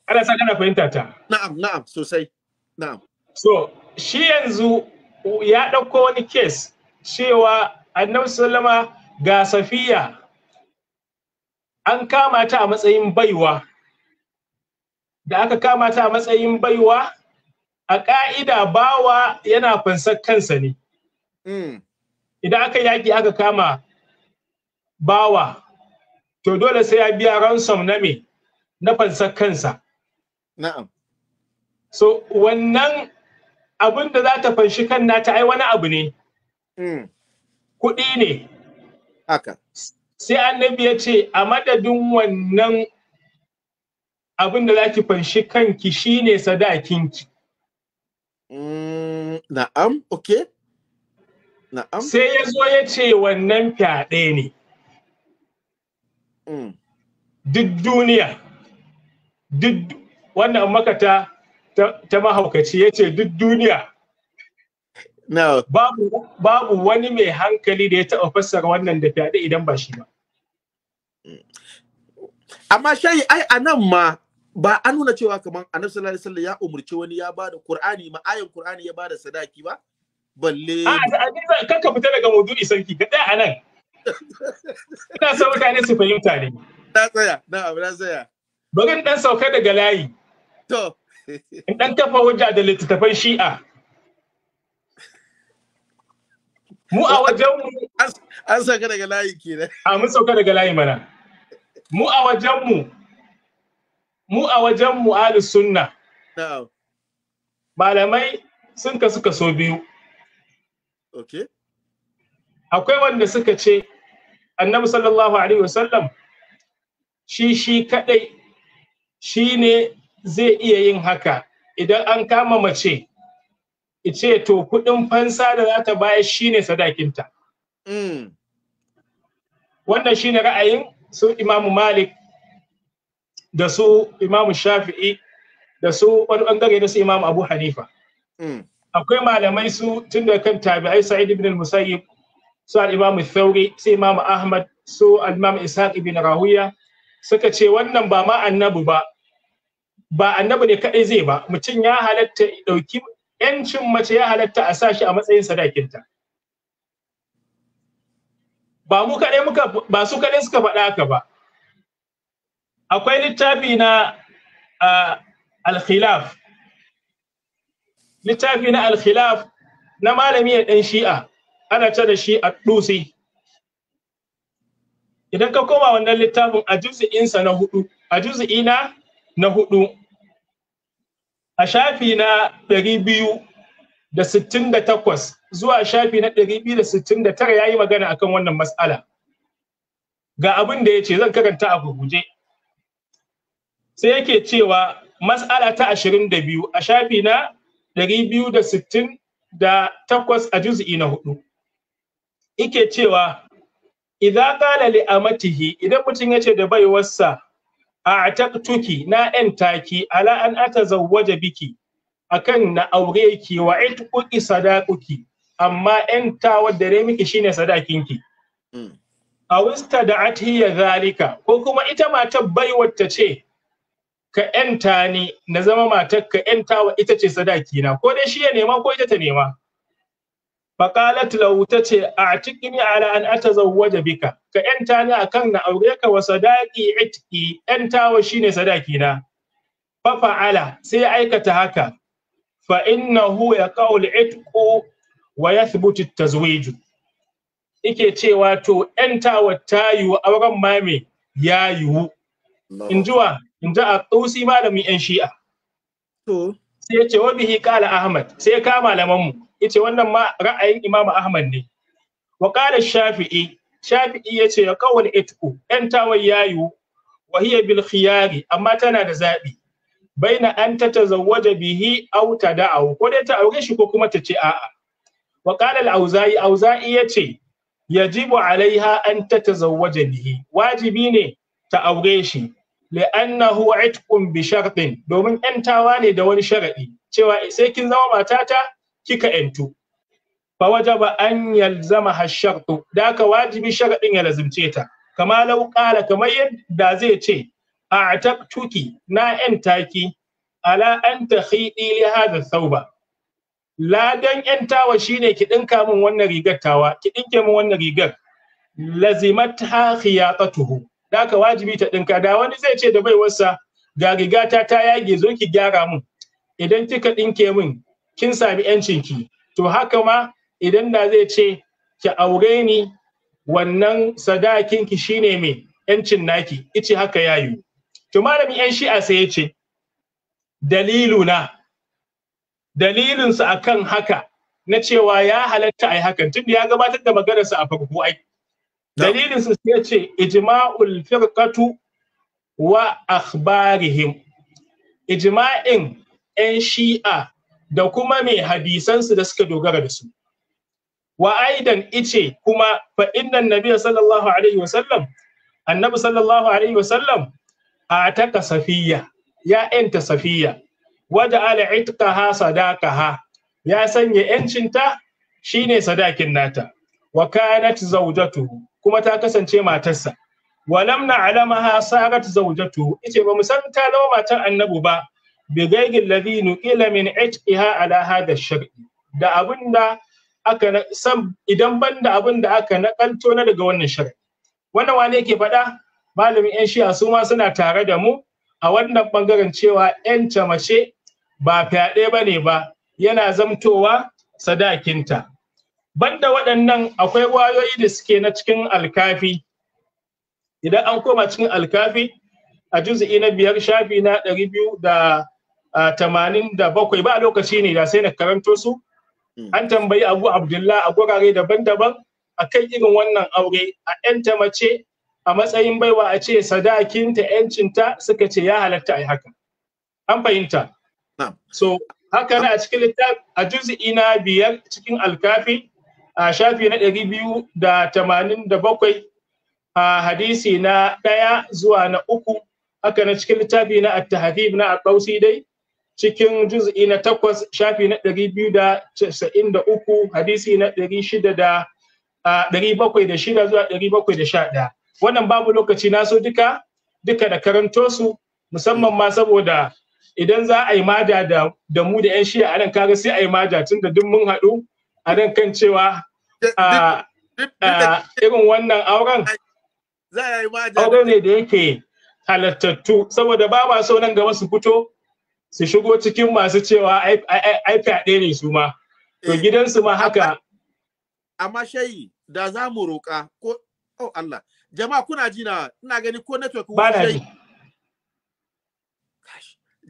Ana sa kana fahimta ta. Na'am, na'am, sosai. Na'am. So, shi yanzu ya ɗauko wani kes cewa annabi sallama ga safiya an kama ta a matsayin baiwa. Da aka kama ta a matsayin baiwa, a ƙa'ida bawa yana fansar kansa ne. Hmm. idan aka yaki aka kama bawa to dole sai ya biya ransom na me na fansar kansa na'am so wannan abin da za ta fanshi kan nata ai wani abu ne hmm. kuɗi ne haka sai annabi ya ce a madadin wannan abin da za ki fanshi kanki shine sadakinki hmm, na'am okay sai ya zo ya ce wannan fyaɗe ne mm. duk duniya duk wannan makata ta mahaukaci ya ce duk duniya No. Babu, babu wani mai hankali da ya taɓa fassara wannan da fyaɗe idan ba shi ba. Mm. Amma shayi ai a nan ma ba a nuna cewa kamar annabi sallallahu alaihi wasallam ya umurci wani ya bada Qur'ani ma ayan Qur'ani ya bada sadaki ba balle a kanka fita daga maudu'i sarki ka a nan. ina son mutane su fahimta ne na tsaya na abu na tsaya bari dan sauka daga layi to in dan kafa hujja da littattafan shi'a mu a wajen mu an sauka daga layi kenan a mun sauka daga layi mana mu a wajen mu mu a wajen mu ahlus sunna malamai sun kasu kaso biyu Akwai wanda suka ce annabi sallallahu alaihi wasallam shi shi kadai shi ne zai iya yin haka idan an kama mace ice to kudin fansa da za ta bayar ne sadakinta. Mm. Wannan ne ra'ayin su Imamu Malik da su Imamu Shafi'i da su wani bangare da su Imamu Abu Hanifa. Mm. akwai malamai su tun da kan tabi'ai sa'id ibn al-musayyib su al-imam thawri sai imam ahmad su al-imam ishaq ibn rahuya suka ce wannan ba ma annabi ba ba annabi ne kadai zai ba mutum ya halatta dauki yancin mace ya halatta a sashi a matsayin sadakinta ba mu kadai muka ba su kadai suka faɗa haka ba akwai littafi na ah, al-khilaf littafi na alkhilaf na malami ya dan shi'a ana ce da shi a dusi idan ka koma wannan littafin a juz'insa na hudu a juz'i na na hudu a shafi na 268 zuwa shafi na 269 yayi magana akan wannan matsala. ga abin da ya ce zan karanta a guje. sai yake cewa mas'ala ta 22 a shafi na ɗari biyu da sittin da takwas a juz'i na hudu ike cewa idan ƙala li amatihi idan mutum ya ce da baiwarsa a taktuki na yan taki ala an atazawwaja biki akan na aure ki wa itquki sadaquki amma yan tawa da re miki shine sadakinki A hmm. awista da atiya zalika ko kuma ita matar baiwar ce ka ‘yanta ni na zama matar ka wa ita ce sadaki na ko dai shi ya nema ko ita ta nema faqalat lahu tace a'tiqni ala an atazawwaja bika ka ‘yanta ni akan na aure ka wa sadaqi itqi ‘yantawa shine sadaki na fa fa'ala sai aikata haka fa innahu yaqul itqu wa yathbutu at yake cewa to ‘yantawa ta tayu auren ma me ya yiwu in ji a tausi malamin yan shi'a to sai ya ce wa bihi qala ahmad sai ka malaman mu ce wannan ma ra'ayin imamu ahmad ne wa qala shafi'i shafi'i yace ya qawl itku yan tawai yayu wa hiya bil khiyari amma tana da zaɓi baina an tatazawwaja bihi aw tada'u ko dai ta aure shi ko kuma ta ce a'a wa qala al auza'i auza'i yace yajibu alaiha an tatazawwaja bihi wajibi ne ta aure shi li'annahu itqun bi shartin domin tawa ne da wani sharaɗi. cewa sai kin zama matata kika yantu fa ba an yalzama hashartu da ka wajibi sharaɗin ya lazimce ta kama law kamar yadda zai ce a a'taqtuki na yantaki ala an takhidi li hadha thawba ladan yantawa shine ki dinka min wannan rigar tawa ki dinke min wannan rigar lazimat ha khiyatatuhu da wajibi ta ɗinka da wani zai ce da bai baiwarsa ga rigata ta yage zo ki gyara mun idan kika ɗinke mun kin sami yancin ki to haka ma idan da zai ce ki aure ni wannan sadakin ki shine mai yancin naki ice haka yayu to malamin yan shi'a sai ya ce daliluna dalilinsa akan haka na cewa ya halatta a yi hakan tun da ya gabatar da maganarsa a farko ai dalilin su sai ce ijma'ul firqatu wa akhbarihim ijma'in yan shi'a da kuma mai hadisansu da suka dogara da su wa aidan ice kuma fa innan nabiy sallallahu alaihi wa sallam annabi sallallahu alaihi wa sallam ataka safiya ya yanta safiya wada ala itqaha sadaqaha ya sanya yancinta shine sadakin nata wa kanat zawjatuhu kuma ta kasance matarsa walam na alamaha sarat zaujatu ice ba mu san ta zama matar annabi ba bi gaigin ladhi nuqila min itqiha ala hada shar'i da abinda aka san idan banda da aka nakalto na daga wannan shar'i wannan wane yake faɗa malamin yan shi'a su ma suna tare da mu a wannan bangaren cewa yan mace ba fyaɗe ba ne ba yana zamtowa sadakinta banda waɗannan akwai wayoyi da suke na cikin alkafi idan an koma cikin alkafi a juz'i na biyar shafi na ɗari biyu da tamanin da bakwai ba lokaci ne da sai na karanto su hmm. an tambayi abu abdullah a gurare daban-daban a kan irin wannan aure a 'yanta mace a matsayin baiwa a ce sadakinta 'yancinta suka ce ya halatta a yi haka an fahimta so haka na a cikin littafi a juz'i na biyar cikin alkafi a shafi na ɗari biyu da tamanin da bakwai a hadisi na ɗaya zuwa na uku haka na cikin littafi na at na al dai cikin juz'i na takwas shafi na ɗari biyu da casa'in da uku hadisi na ɗari shida da ɗari bakwai da shida zuwa ɗari bakwai da sha ɗaya wannan babu lokaci na so duka duka da karanto su musamman ma saboda idan za a yi mada da mu da 'yan shi'a a nan kaga sai a yi mada tunda duk mun haɗu a nan kan cewa ah, ah, irin wannan auren aure ne da yake halattattu saboda ba ma so nan gaba su fito su shigo cikin masu cewa ai fyaɗe ne su ma to eh, gidansu ma haka amma shayi da za mu roƙa ko oh Allah jama'a kuna ji na ina gani ko network ku shayi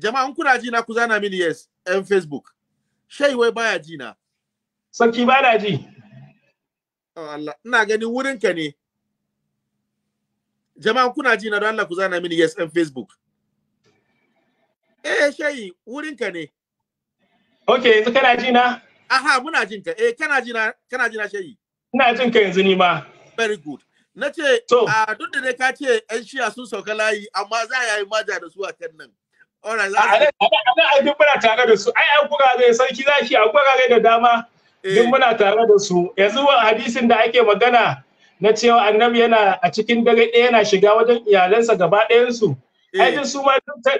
jama'a kuna ji na ku zana mini yes en facebook shayi wai baya ji na sarki ba na ji oh Allah ina ganin wurin ka ne jama'an kuna ji na don Allah ku zana mini yes facebook eh shayi wurin ka ne ok yanzu kana ji na aha muna jin ka eh kana ji na kana ji na shayi ina jin ka yanzu ni ma very good na ce a duk da dai ka ce yan shiya sun sauka layi amma za a yi maja da su a kan nan Ana nan a duk tare da su ai an kuka zai sarki zaki a kuka da dama Eh. duk muna tare da su yanzu wa hadisin da ake magana na cewa annabi yana a cikin dare ɗaya yana shiga wajen iyalansa gaba su eh. ai duk su ma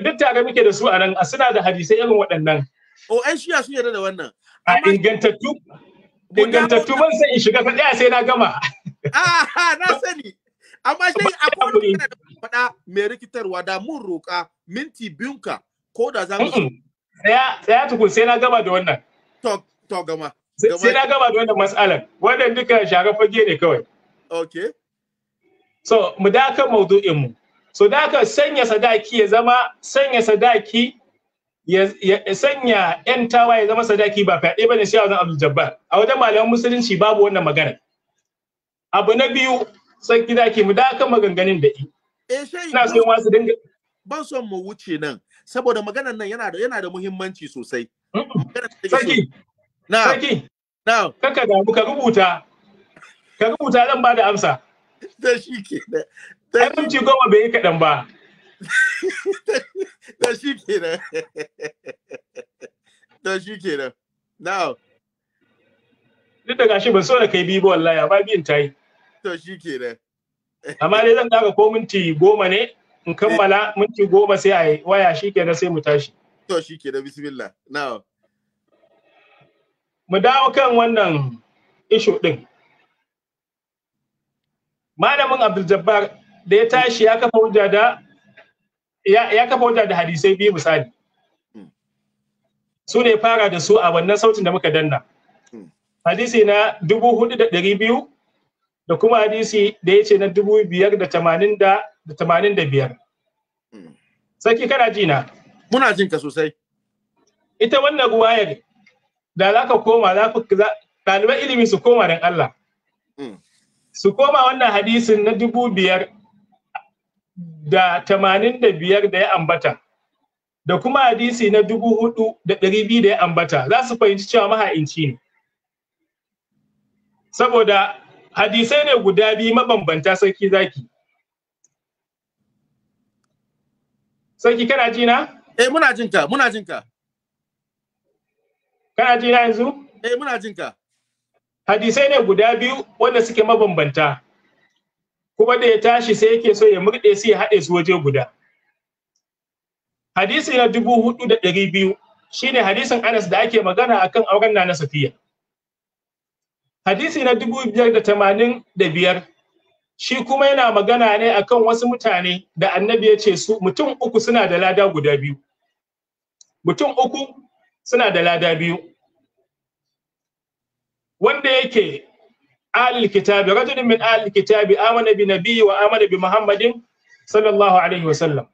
duk tare muke da su a nan suna da hadisai irin waɗannan o oh, ai shi ya su yarda da wannan a ingantattu ingantattu ban sai in shiga ka ɗaya sai na gama ah na sani amma shi a wani da faɗa mai rikitarwa da mun roƙa minti biyunka ko da za mu tsaya tsaya tukun sai na gama da wannan to to gama sai na gaba da wannan matsalar wannan duka shara fage ne kawai Ok. so mu daka maudu'in mu so daka sanya sadaki ya zama sanya sadaki ya sanya yan tawa ya zama sadaki ba fyaɗe shi a wani Abdul Jabbar a wajen malaman musulunci babu wannan magana abu na biyu san gida mu daka maganganun da i eh, ina so ma dinga ban son mu wuce nan saboda maganar nan yana da yana da muhimmanci sosai sarki Sarki. ka rubuta. Ka rubuta zan ba amsa. Da shi ke goma bai yi kaɗan ba. Da shi ke Duk da gashi ban so da kai biyu wallahi biyin ta yi. Amma dai zan daga ko minti goma ne in kammala minti goma sai a waya shi ke mu tashi. mu dawo kan wannan ishu ɗin malamin abdul-jabbar da ya tashi ya kafa hujja da ya kafa hujja da hadisai biyu misali hmm. su ne fara da su a wannan sautin da muka danna hmm. hadisi na dubu hudu da ɗari biyu da kuma hadisi da ya ce na dubu biyar da tamanin da tamanin da biyar hmm. sarki kana jina muna jin ka sosai ita wannan ruwayar da za ka koma za ɗaliban ilimi su koma don Allah hmm. su koma wannan hadisin na dubu biyar da tamanin da biyar da ya ambata da kuma hadisi na dubu hudu da ɗari biyu da ya ambata za su fahimci cewa maha'inci ne saboda hadisai ne guda biyu mabambanta sarki zaki sarki kana ji na eh muna jinka muna jinka kana jina yanzu eh muna jin hadisai ne guda biyu wanda suke mabambanta kuma da ya tashi sai yake so ya murɗe su ya haɗe su waje guda hadisi na dubu hudu da ɗari biyu shine hadisin Anas da ake magana akan auren Nana Safiya hadisi na dubu biyar da tamanin da biyar shi kuma yana magana ne akan wasu mutane da annabi ya ce su mutum uku suna da lada guda biyu mutum uku suna da lada biyu wanda yake ahlul kitabi rajulun min ahlul kitabi amana bi nabiyyi wa amana bi muhammadin sallallahu alaihi wa sallam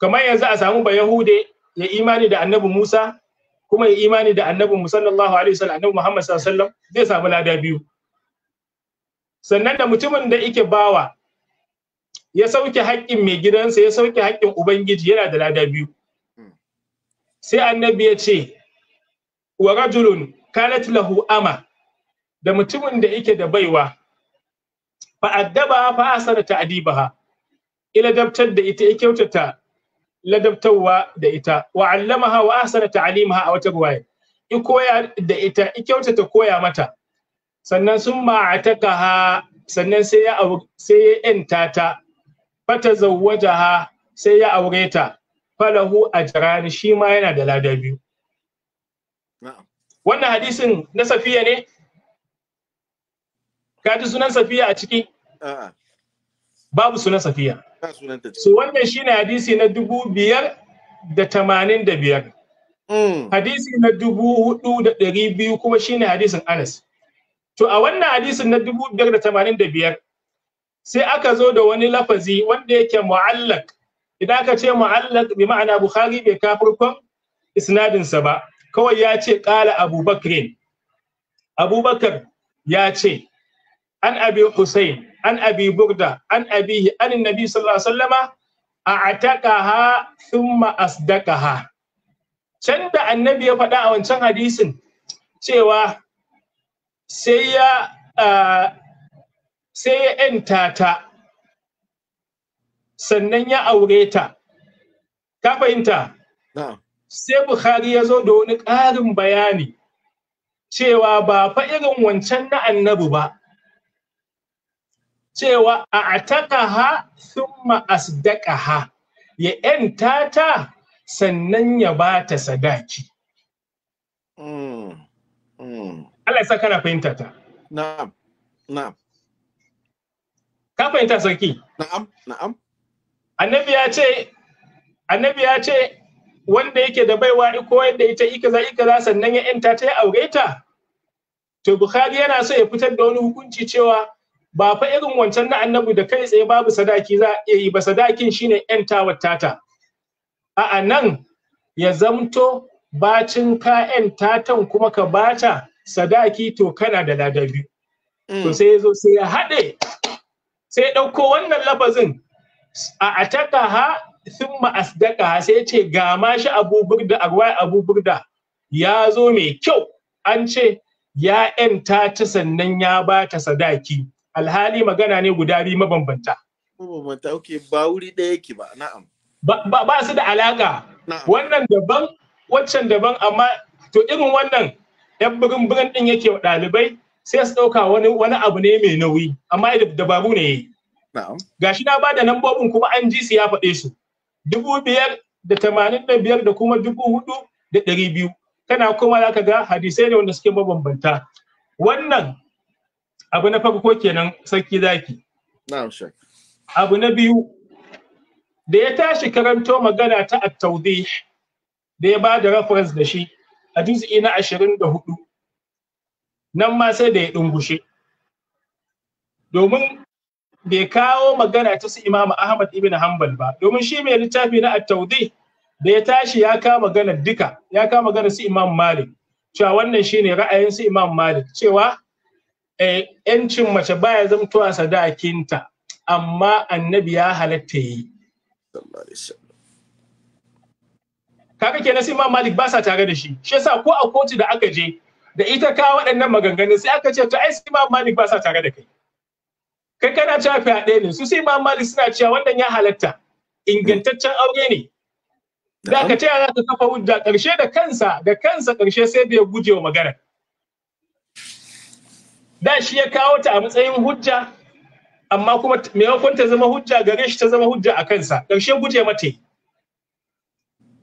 kamar yanzu a samu bayahude ya imani da annabi Musa kuma ya imani da annabi Musa sallallahu alaihi sallam, annabi Muhammad sallallahu alaihi wasallam zai samu lada biyu sannan da mutumin da yake bawa ya sauke haƙƙin mai gidansa ya sauke haƙƙin ubangiji yana da lada biyu sai annabi ya ce wa rajulun kanat lahu ama da mutumin da yake da baiwa fa addaba fa asara ta'dibaha ila dabtar da ita ya kyautata ladabtarwa da ita wa allamaha wa asara ta'limaha a wata ruwaya i koya da ita i kyautata koya mata sannan sun ha sannan sai ya sai ya enta ta fata ha sai ya aure ta falahu ajran shi ma yana da lada biyu wannan hadisin na safiya ne ka ji sunan safiya a ciki babu sunan safiya su wannan shi ne hadisi na dubu biyar da tamanin da biyar mm. hadisi na dubu hudu da ɗari biyu kuma shi ne hadisin anas to a wannan hadisin na dubu biyar da tamanin da biyar sai aka zo da wani lafazi wanda yake mu'allak idan aka ce mu'allaq bi ma'ana bukhari bai ka farkon isnadin sa ba kawai ya ce qala abubakrin abubakar ya ce an abi husayn an abi burda an abihi an annabi sallallahu alaihi wasallama a'taqaha thumma asdaqaha can da annabi ya faɗa a wancan hadisin cewa sai ya ah, sai ya ‘yanta ta sannan ya aure ta ka fahimta sai bukhari ya zo da wani ƙarin bayani cewa ba fa irin wancan na annabi ba cewa a ha thumma ha, ya yanta ta sannan ya ba ta sadaki mm, mm. Allah ya saka na fahimta ta na'am na'am ka fahimta sarki na'am na'am annabi ya ce annabi ya ce wanda yake da baiwa iko yadda ita yi kaza kaza sannan ya yanta ta ya aure ta to bukhari yana so ya fitar da wani hukunci cewa ba fa irin wancan na annabi da kai tsaye babu sadaki za a yi ba sadakin shine yantawar tata a nan ya zamto bacin ka tatan kuma ka bata sadaki to kana da ladabi mm. to sai ya zo sai ya haɗe sai ɗauko wannan lafazin a atakaha thumma asdaqaha sai ce ga ma shi Abu Burda arwai Abu ya zo mai kyau an ce ya enta ta sannan ya ba ta sadaki alhali magana ne guda biyu mabambanta.
Mabambanta ba wuri ɗaya yake ba na'am.
Ba su da alaka wannan daban waccan daban amma to irin wannan ‘yan birin birin ɗin yake wa ɗalibai sai su ɗauka wani abu ne mai nauyi amma da dabaru ne Gashi na bada lambobin kuma an ji su ya faɗe su. Dubu biyar da tamanin da biyar da kuma dubu hudu da ɗari biyu. Kana kuma za ka ga hadisai ne wanda suke mabambanta. Wannan abu na farko kenan sarki zaki. Abu na biyu da ya tashi karanto magana ta Attaudi da ya bada reference da shi a juz'i na hudu, nan ma sai da ya dungushe domin bai kawo magana ta su Imam Ahmad ibn Hanbal ba domin shi mai littafi na at tawdi da ya tashi ya kama magana duka ya kama magana su Imam Malik cewa wannan shine ra'ayin su Imam Malik cewa eh, yancin mace baya zamtowa sadakinta amma annabi ya halatta yi kaga kenan su Imam Malik ba sa tare da shi shi yasa ko a kotu da aka je da ita ka waɗannan maganganun sai aka ce to ai su Imam Malik ba sa tare da kai kai kana cewa fyaɗe ne su sai ma mali suna cewa wannan ya halatta ingantaccen aure ne da ka ce za ka kafa hujja ƙarshe da kansa da kansa ƙarshe sai da ya guje wa magana da shi ya kawo ta a matsayin hujja amma kuma maimakon ta zama hujja gare shi ta zama hujja a kansa ƙarshe guje mata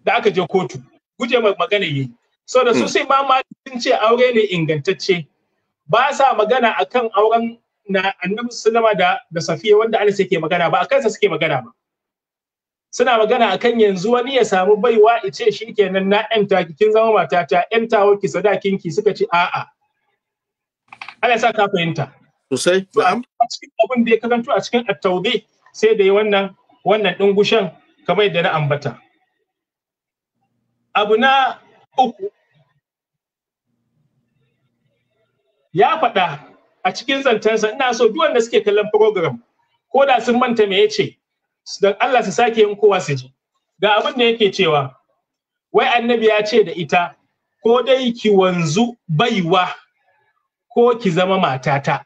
da aka je kotu guje mai magana yi so da su hmm. sai ma sun ce aure ne ingantacce ba sa magana akan auren na annabi sallama da da safiya wanda Anas yake magana ba a kansa suke magana ba suna magana akan yanzu wani ya samu baiwa ice shikenan na yanta ki kin zama matata yantawa ki sadakin ki suka ce a'a Allah sa ka fahimta sosai a cikin abin da ya karanto a cikin at-tawdi sai da wannan wannan gushan kamar yadda na ambata abu na uku ya faɗa a cikin zantansa, ina so duk wanda suke kallon program ko da sun manta me yace don Allah su sake yin kowa su ji ga abin da yake cewa wai annabi ya ce da ita ko dai ki wanzu baiwa ko ki zama matata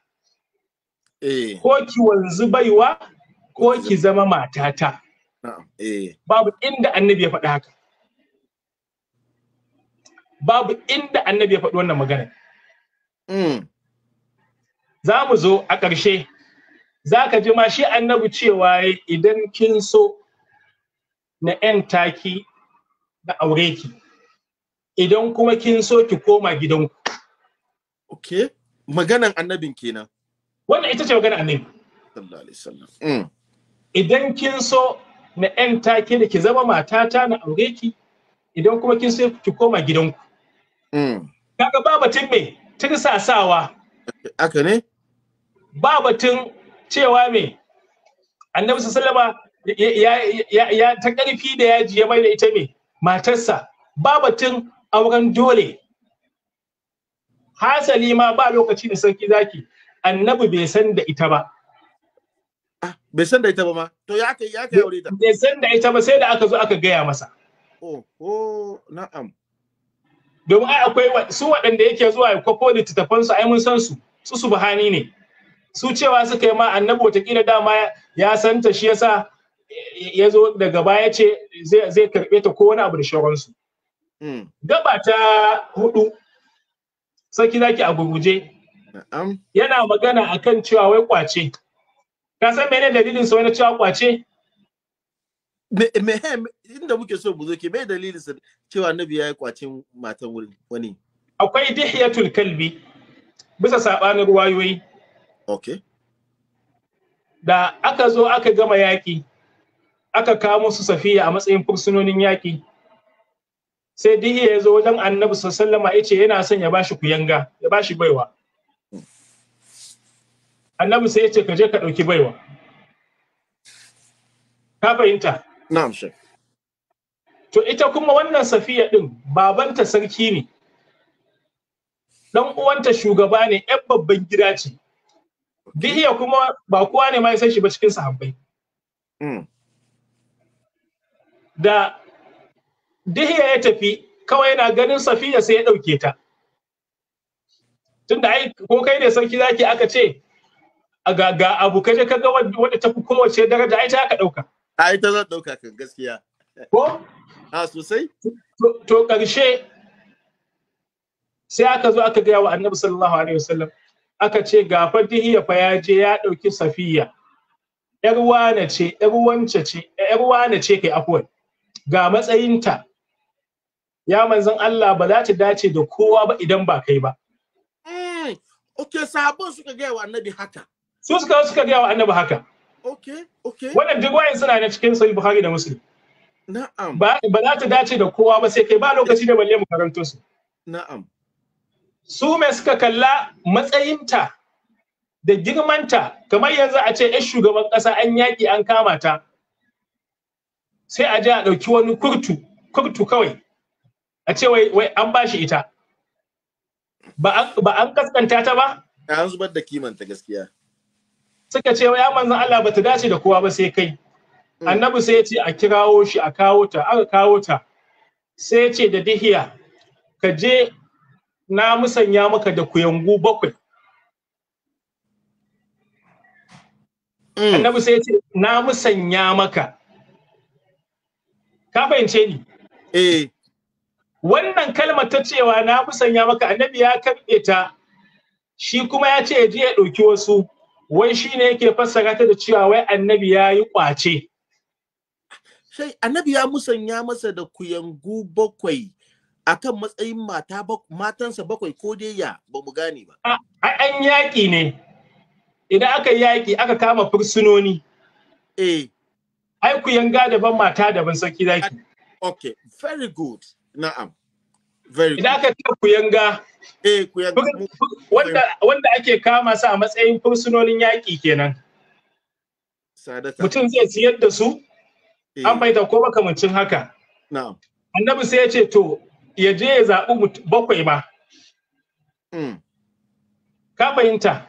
eh. ko ki wanzu baiwa ko ki zama matata eh. babu inda annabi ya faɗi haka babu inda annabi ya faɗi wannan magana hmm. za mu zo a ƙarshe za ka ji ma shi annabi cewa idan kin so na 'yan taki na aure ki idan kuma kin so ki koma gidanku. Ok, maganan annabin kenan. Wannan ita ce maganan annabi.
Sallallahu Alaihi Wasallam.
Mm. Idan kin so na 'yan taki da ki zama matata na aure ki, idan kuma kin so ki koma gidanku. Mm. Kaga ba batun tun sasawa. Aka ne? ba batun cewa me annabi sallama ya, ya, ta ƙarfi da yaji ya mai da ita me matarsa ba batun auren dole hasali ma ba lokaci da sarki zaki annabi bai san da ita ba ah, bai san da ita ba ma
to ya kai ya
kai aure ta bai san da ita ba sai da aka zo aka gaya masa
oh oh na'am
domin ai akwai su waɗanda yake zuwa ya kwafo da su ai mun san su su subhani ne su cewa suka yi ma annabi watakila dama ya santa shi yasa ya zo daga baya ce zai karɓe ta ko wani abu da shauransu. Hmm. Gaba ta hudu sarki zaki a guguje, yana magana akan cewa wai kwace. Ka san mene dalilin sa wani cewa kwace? Mehem inda muke so buzo ke mai dalilin sa cewa annabi ya yi kwacin matan wani. Akwai dihiyatul kalbi bisa saɓanin ruwayoyi. Ok. da aka zo aka gama yaƙi aka kawo musu safiya a matsayin fursunonin yaƙi sai dihi ya zo wajen annabi sallama ya ce yana son ya bashi kuyanga ya bashi baiwa annabi sai ya ce ka je ka ɗauki baiwa ka fahimta na'am shi to ita kuma wannan safiya ɗin babanta sarki ne dan uwanta shugaba ne yan babban gida ce dihiya kuma ba kowa ne ma ya san shi ba cikin sahabbai hmm. da dihiya ya tafi kawai yana ganin safiya sai ya ɗauke ta tunda ai ko kai ne sarki zaki aka ce ga ga abu kaje ga wanda tafi kowace daraja ai ta aka ɗauka ai ta zan ɗauka kan gaskiya ko a sosai to ƙarshe sai aka zo aka gaya wa annabi sallallahu alaihi wasallam aka ce ga fa fa ya je ya ɗauki safiya ‘yar wane ce ‘yar wance ce ‘yar wane ce kai afwan ga matsayinta ya manzon Allah ba za ta dace da kowa ba idan ba kai ba. Hmm, okay sabon suka ga wa annabi haka. Su suka suka gaya wa annabi haka. okay okay Wannan duk wayan suna ne cikin sahih bukhari da Muslim. Na'am. Ba za ta dace da kowa ba sai kai ba lokaci da balle mu karanto su. Na'am. su mai suka kalla matsayinta da girmanta kamar yanzu a ce 'yan shugaban ƙasa an yaƙi an kama ta sai a je a ɗauki wani kurtu kurtu kawai a ce wai an ba shi ita ba an kaskanta ta ba an zubar da kimanta gaskiya suka ce ya manzan Allah ba ta dace da kowa ba sai kai hmm. annabi sai ya ce a kirawo shi a kawo ta aka kawo ta sai ya ce da dihiya ka je na musanya maka da kuyangu bakwai mm. annabi sai ya ce na musanya maka ka fahimce ni eh wannan kalmar ta cewa na musanya maka annabi ya karɓe ta shi kuma ya ce je ya ɗauki wasu wai shi ne yake fassara ta da cewa wai annabi ya yi ƙwace. Shai annabi ya musanya masa da kuyangu bakwai akan matsayin mata matansa bakwai ko dai ya ba mu gane ba. A an yaƙi ne, idan aka yaƙi aka kama fursunoni. Eh. Ai ku yanga daban mata daban sarki zaki. Okay, very good. Na'am. Very idan aka ce ku yanga. Eh, ku yanga. Wanda, wanda ake kama su a matsayin fursunonin yaƙi kenan. Mutum zai siyar da su, an baita, eh. ko makamancin haka. Na'am. Annabi sai ya ce to ya je ya zaɓi bakwai ba. Hmm. Ka fahimta?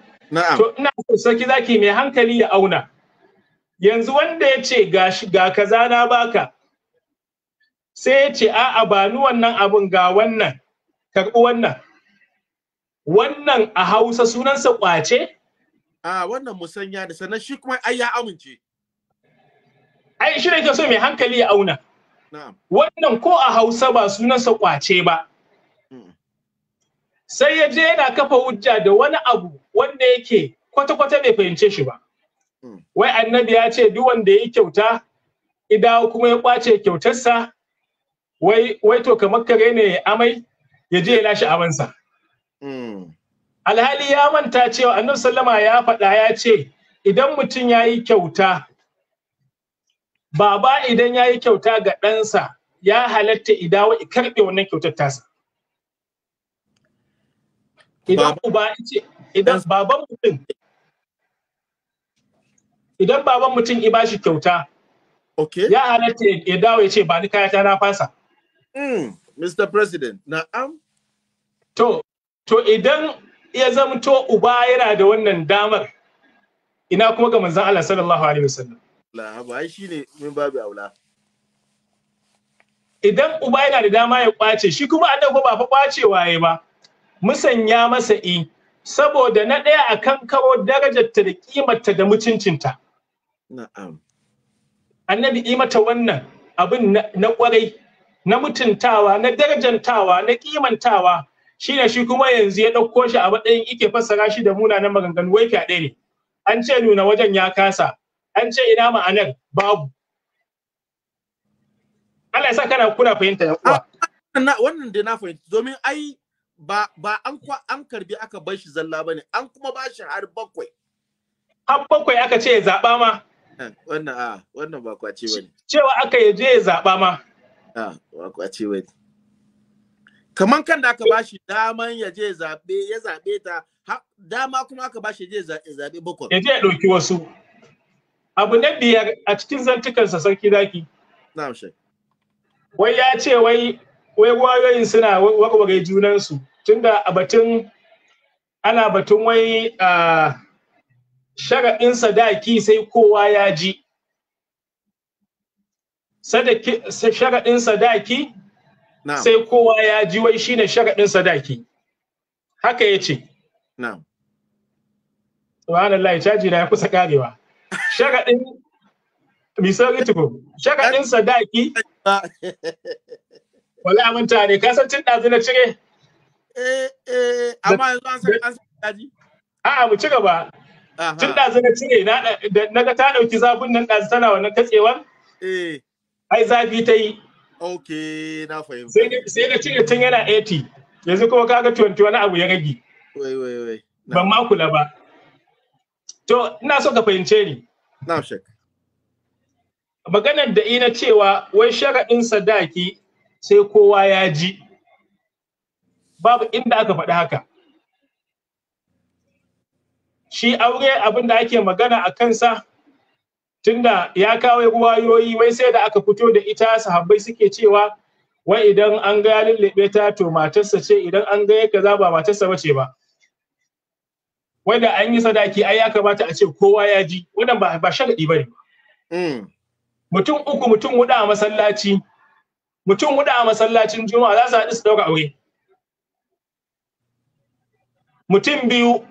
To ina so sarki zaki mai hankali ya auna. Yanzu wanda ya ce ga kaza na baka. Sai ya ce a'a ba ni wannan abun ga wannan. Karɓi wannan. Wannan a Hausa sunansa ƙwace? A wannan musanya da sannan shi kuma ai ya amince. Ai shi ne ke so mai hankali ya auna. wannan ko a hausa ba sunansa kwace ba mm. sai ya je yana kafa hujja da wani abu wanda yake kwata-kwata bai fahimce shi ba mm. wai annabi ya ce duk wanda ya kyauta Idan kuma ya kwace kyautarsa wai wai to kamar kare ne amai ya je ya lashe abansa mm. alhali ya manta cewa annabi sallama ya faɗa ya ce idan mutum ya yi kyauta baba idan ya yi kyauta ga ɗansa ya halatta idawa i karɓe wannan kyautar tasa idan uba ce idan baban mutum idan baban mutum i bashi kyauta okay. ya halatta ya dawo ya ce ba ni kayata na fasa mm, Mr. President na'am to to idan ya zamto uba yana da wannan damar ina kuma ga manzon Allah sallallahu alaihi wasallam
ai min babu aula.
Idan uba yana da dama ya kwace shi kuma annabi ba fa kwacewa yayi ba. Musanya masa i e, saboda na ɗaya akan karo darajarta da kimarta da mutuncinta. Na'am. Annabi mata wannan abin na kwarai na mutuntawa na darajantawa na kimantawa shine shi kuma yanzu ya ɗauko shi a matsayin ike fassara shi da munanan maganganu wai fyaɗe ne an ce nuna wajen ya kasa an ce ina ma'anar babu Allah ya sa kana kuna fahimta uwa ah, wannan dai na fahimta domin ai ba ba an kwa an karbi aka bar shi zalla bane an kuma ba shi har bakwai har bakwai aka ce ya zaba ma eh, wannan a ah, wannan ba kwace bane cewa aka yaje ya zaba ma a ah, ba kwace bane kaman kan da aka shi daman ya je zabe ya zabe ta dama kuma aka shi je zabe bakwai ya je ya dauki wasu abu na biyar a cikin zantukansa sarki zaki wai ya ce wai wai wayoyin suna warware junansu tunda a batun ana batun wai a sharaɗin sadaki sai kowa ya ji sharaɗin sadaki sai kowa ya ji wai shine sharaɗin sadaki haka ya ce subhanallah caji na ya kusa karewa sharaɗin misali tuku sharaɗin sadaki wala manta ne ka san cin ɗazu na cire eh eh amma yanzu an san an san daji a'a mu ci gaba Cin ɗazu na cire na ga ta ɗauki zafin nan ɗazu tana wannan katsewar eh ai zafi ta yi
ok na fahimta
sai na cire tun yana 80 yanzu kuma kaga 20 wani abu ya rage ban ma kula ba To, ina so ka fahimce ni. Na'am shek. Maganar da ina cewa wai sharaɗin sadaki sai kowa ya ji. Babu inda aka faɗi haka. Shi aure abin da ake magana a kansa tunda ya kawo ruwayoyi wai sai da aka fito da ita sahabbai suke cewa wai idan an ga ya lullube ta to matarsa ce idan an ga kaza ba matarsa bace ba wanda an yi sadaki ai ya kamata a ce kowa ya ji wannan ba ba shagadi bane hmm. mutum uku mutum huɗu a masallaci mutum huɗu a masallacin juma'a za su haɗu su ɗauka aure mutum biyu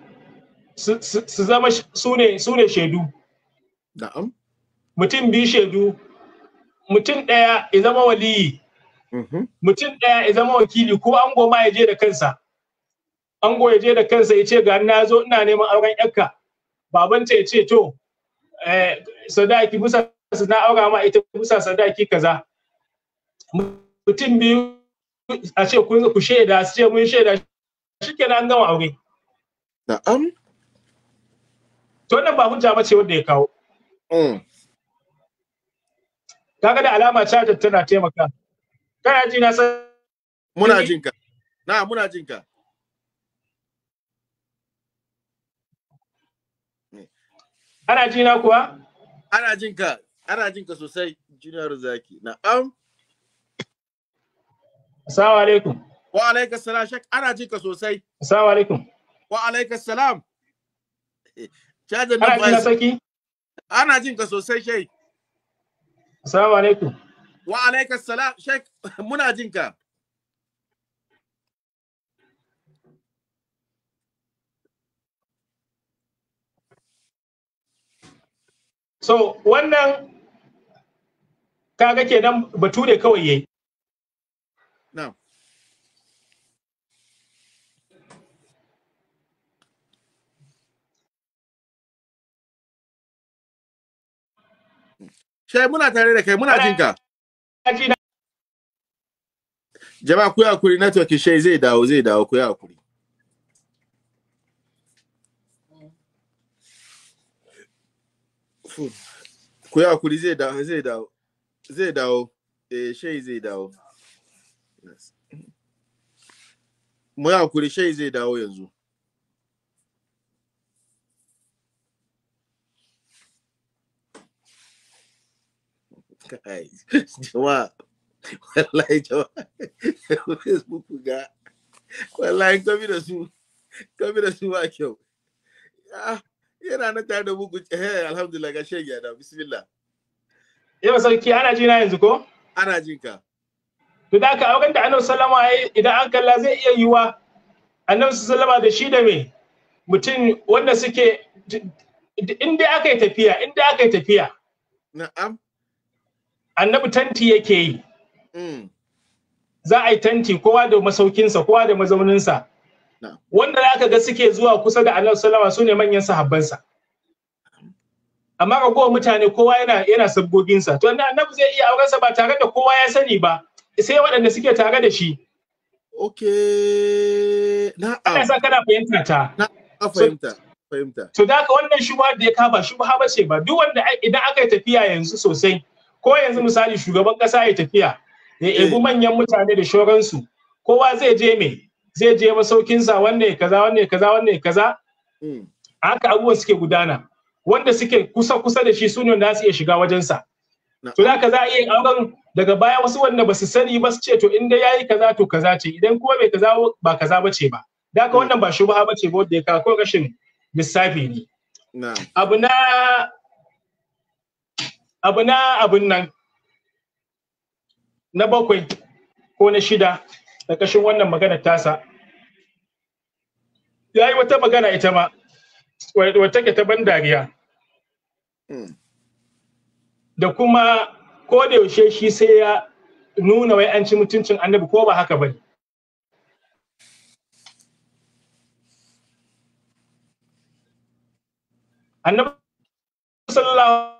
su zama su ne shaidu na'am mutum biyu shaidu mutum ɗaya ya zama waliyi mm-hmm. mutum ɗaya ya zama wakili ko an goma ya je da kansa ango ya je da kansa ya ce ga na zo ina neman auren yakka baban ta ya ce to eh, sadaki bisa na aura ma ita bisa sadaki kaza mutum biyu a ce kun ku shaida su ce mun shaida shikenan an gama aure na'am to wannan ba hujja bace wanda ya kawo mm. kaga da alama charger tana taimaka kana ji na san muna jinka na muna jinka Ana ji na kuwa? Ana jin ka, ana jin ka sosai Junior Zaki. Na'am. Assalamu alaikum. Wa alaikum salam shek ana jin ka sosai. Assalamu alaikum. Wa alaikum salam. Cajan na ba Ana jin ka sosai shek. Assalamu alaikum. Wa alaikum salam shek muna jin ka. so wannan kaga kenan batu ne kawai yayi na'am
Shai muna tare da kai muna jin ka. Jama'a ku yi hakuri network shai zai dawo zai dawo ku yi hakuri. food ku yi hakuri zai dawo zai dawo zai dawo
eh shai zai dawo mu yi hakuri shai zai dawo yanzu Kai, jama'a
wallahi jama'a facebook ga wallahi
kami da su kami da su ba kyau ah.
yana na tare da muku eh alhamdulillah ga shege ya da bismillah yau sarki ana ji na yanzu ko ana jin ka to da ka aukan da annabi sallama ai idan an kalla zai iya yiwa annabi sallama da shi da me mutum wanda suke in dai aka yi tafiya in dai aka yi tafiya na'am annabi tanti yake yi mm. za a yi tanti kowa da masaukinsa kowa da mazauninsa wanda za ka ga suke zuwa kusa da annabi sallama su ne manyan sahabbansa amma ragowar mutane kowa yana yana sabgoginsa to annabi zai iya aurensa ba tare da kowa ya sani ba sai waɗanda suke tare da shi Okay. Na'am. Ina sa kana fahimta ta. Na
fahimta.
To da wannan shubha da ya kaba shubha ba ce ba. Duk wanda idan aka yi tafiya yanzu sosai ko yanzu misali shugaban kasa ya tafiya ya eh. ebu manyan mutane da shoransu kowa zai je me zai je sa wanne kaza wanne kaza wanne kaza hmm. haka abubuwan suke gudana wanda suke kusa kusa da shi sunan da su iya shiga wajensa to da ka za a iya auren daga baya wasu wanda ba su sani ba su ce to inda yayi kaza to kaza ce idan kuma bai kaza ba kaza ba ce ba da ka hmm. wannan ba shubha ba ce ba wanda ya kawo rashin lissafi ne abu na abu na abun nan na bakwai ko na shida ƙarƙashin wannan magana tasa ya yi wata magana ita ma wata ke ta ban dariya hmm. da kuma ko da yaushe shi sai ya nuna wai an ci mutuncin annabi ko ba haka ba annabi sallallahu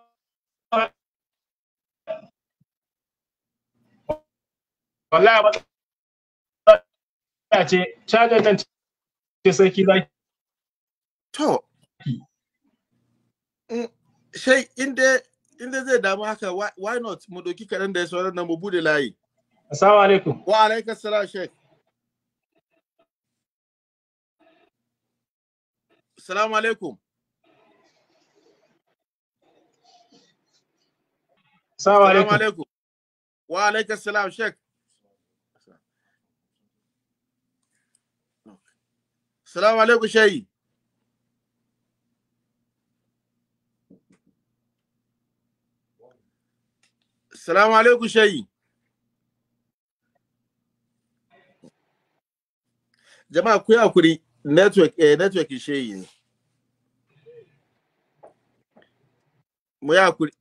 wasallam ce cajar nan ce sarki to shai inda inda zai damu haka why not mu doki kaɗan da ya sauran nan mu bude layi assalamu alaikum wa alaikum salam shek assalamu alaikum assalamu alaikum wa alaikum salam shek Salamu alaikum shayi. Salamu alaikum shayi. Jama'a
ku yi Akuri, network eh network shayi ne. Mu yi hakuri.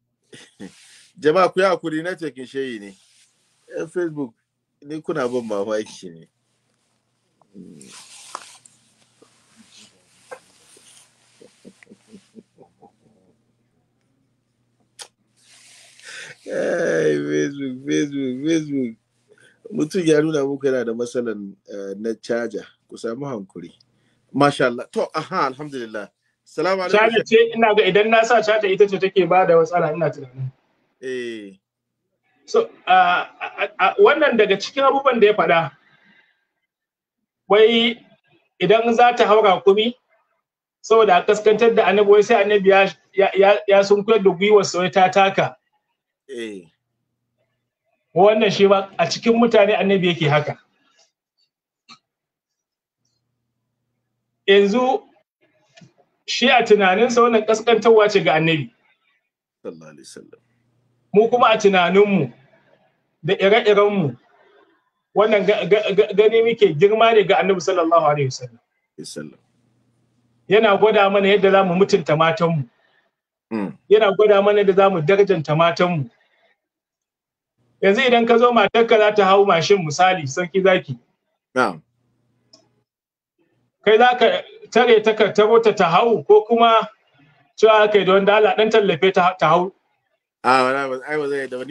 Jama'a ku yi hakuri network eh, shayi ne. Eh, Facebook ni kuna bin mamaki ne. Hmm.
facebook facebook
facebook mutum ya nuna muku yana da matsalan eh, na caja ku samu hankuri masha Allah to aha alhamdulillah salamu alaikum caja ce
ina ga idan na sa caja ita ce take ba da matsala ina tunanin eh so wannan daga cikin abubuwan da ya faɗa wai idan za ta haura kumi saboda a kaskantar da annabi wai sai annabi ya sun kula da gwiwar sai ta taka Eh. wannan shi ba a cikin mutane annabi yake haka yanzu shi a tunaninsa wannan kaskantarwa ce ga annabi mu kuma a tunaninmu da ire-irenmu wannan gani muke girma ne ga annabi sallallahu alaihi wasallam yana gwada mana yadda za mu mutunta matanmu hmm. yana gwada mana yadda za mu darjanta matanmu yanzu idan ka zo matarka za ta hau mashin misali sarki zaki kai za ka tare ta ka ta ta hau ko kuma cewa yi don dala dan tallafe ta hau a ai ba zai da da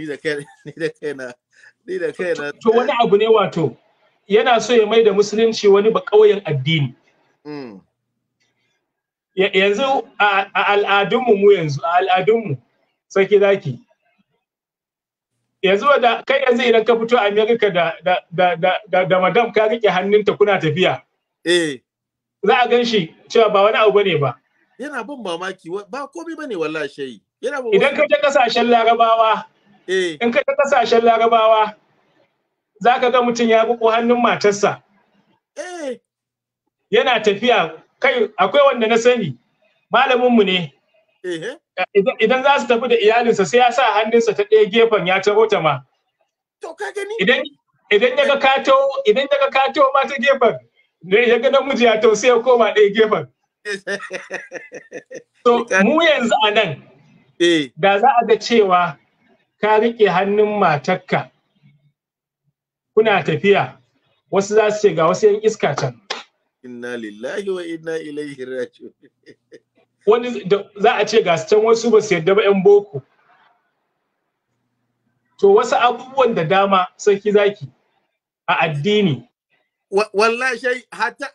ni da to wani abu ne wato yana so ya mai da musulunci wani ba kauyen addini hmm. yanzu a al'adunmu mu yanzu a al'adunmu sarki zaki yanzu da kai yanzu idan ka fito Amerika da da da da da, madam ka rike hannunta kuna tafiya eh za a gan shi cewa ba wani abu bane ba yana bin mamaki ba komai bane wallahi shayi yana idan ka je kasashen larabawa eh in ka je kasashen larabawa zaka ga mutum ya buko hannun matarsa eh yana tafiya kai akwai wanda na sani malaminmu ne eh idan za su tafi da iyalinsa sai ya sa hannunsa ta ɗaya gefen ya taro ta ma to ka gani idan idan ya ga kato idan ya ga kato ma ta gefen ne ya ga namiji ya to sai ya koma ɗaya gefen so mu yanzu a nan eh. da za a ga cewa ka riƙe hannun matakka kuna tafiya wasu za su ce ga wasu yan iska can inna lillahi wa inna ilaihi raji'un wani za a ce ga can wasu ba su yadda ba 'yan boko to wasu abubuwan da dama sarki zaki a addini wallahi shai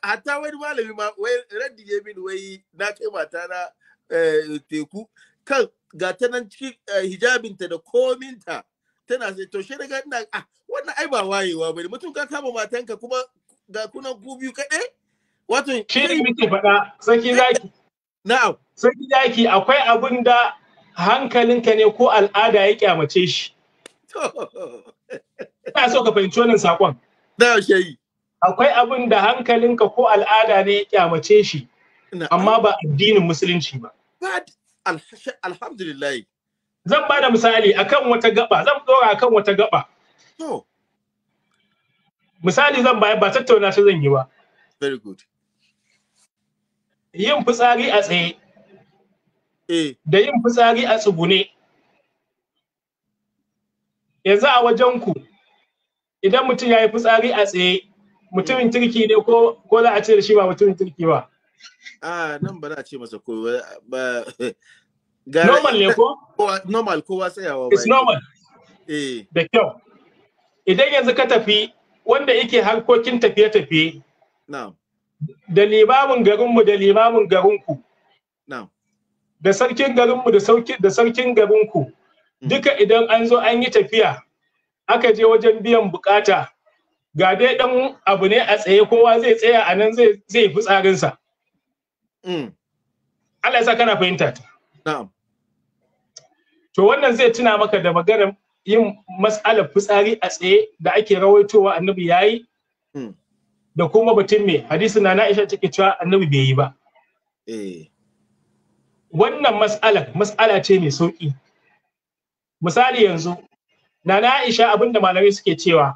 hatta wani malami ma wai raddi ya min wai na kai mata na eh, teku kan ga ta nan cikin eh, hijabinta da kominta tana sai to shi ga ina ah wannan ai ba wayewa bane mutum ka kama matanka kuma ga kuna ku biyu kaɗai wato shi ne muke faɗa sarki zaki na'am sai daki akwai abin da hankalinka ne ko al'ada ya kyamace shi ina so ka fahimci wannan sakon da shayi akwai abin da hankalinka ko al'ada ne ya kyamace shi amma ba addinin musulunci ba alhamdulillah zan ba da misali akan wata gaba zan dora akan wata gaba misali zan bayar ba tattauna ta zan yi ba very good yin fitsari a tsaye eh. da yin fitsari a tsugune yanzu a wajen ku idan mutum ya yi fitsari a tsaye mutumin turki eh. ne ko ko za a ce da shi ba mutumin turki ba
a nan ba za a ce masa ko ba
normal ne ko normal kowa tsayawa ba it's normal eh da kyau idan yanzu ka tafi wanda yake harkokin tafiye-tafiye na'am da limamin garinmu da limamin garinku da sarkin garinmu da sarkin garinku hmm. duka idan an zo an yi tafiya aka je wajen biyan bukata ga dai dan abu ne a tsaye kowa zai tsaya a nan zai fi tsarinsa hmm. Allah ya sa kana fahimta ta to wannan zai tuna maka da maganar yin matsalar fitsari a tsaye da ake rawaitowa annabi yayi hmm. da kuma batun mai. hadisi na Na'isha take cewa annabi bai yi ba eh. wannan mas'ala matsala ce mai sauƙi. misali yanzu na abin abinda malamai suke cewa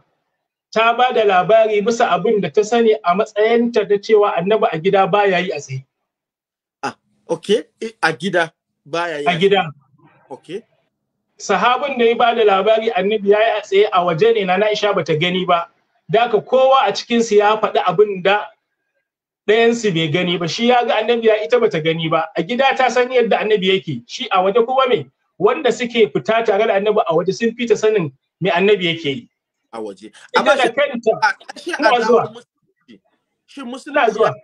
ta ba da labari bisa abin da ta sani a matsayinta ta cewa annabi a gida ba ya yi a tsaye ah ok, eh, a gida ya yi a gida Ok. sahabin da ya ba da labari annabi ya yi a tsaye a waje ne na Na'isha ba ta gani ba daga kowa a cikinsu ya faɗi abin da ɗayansu bai gani ba shi ya ga annabi ya ita bata gani ba a gida ta san yadda annabi yake shi a waje kuma me wanda suke fita tare da annabi a waje sun fita sanin me annabi yake yi a waje amma da kanta zuwa shin musulmi zuwa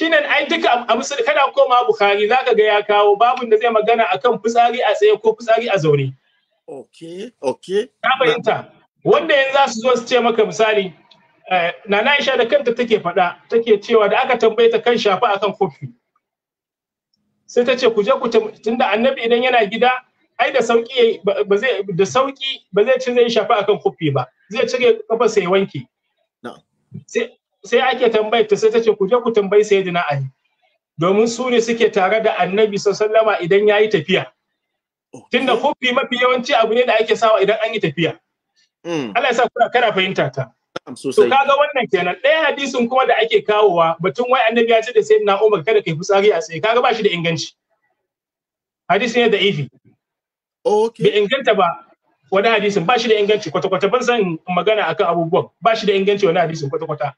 nan ai duka a musulmi kana koma bukhari zaka ga ya kawo babun da zai magana akan fitsari a tsaye ko fitsari a zaune okay okay ka fahimta wanda yanzu za su zo su ce maka misali eh, nana Aisha da kanta take faɗa take cewa da aka tambaye ta kan shafa akan kofi sai ta ce ku je ku tunda annabi idan yana gida ai da sauki ba zai da sauki ba zai ci zai shafa akan kofi ba zai cire kafa sai wanke sai ake tambaye ta sai ta ce ku je ku tambayi sayyidina Ali domin su ne suke tare da annabi sallama idan yayi tafiya oh. tunda kofi mafi yawanci abu ne da ake sawa idan an yi tafiya Mm. Allah ya sa kana fahimta ta to kaga wannan kenan ɗaya hadisin kuma da ake kawowa batun wai annabi ya ce da sayyidina Umar kada kai fitsari a tsaye kaga ba shi da inganci hadisin ne da ifi okay bai inganta ba wani hadisin ba shi da inganci kwata-kwata ban san magana akan abubuwan ba shi da inganci wani hadisin kwata-kwata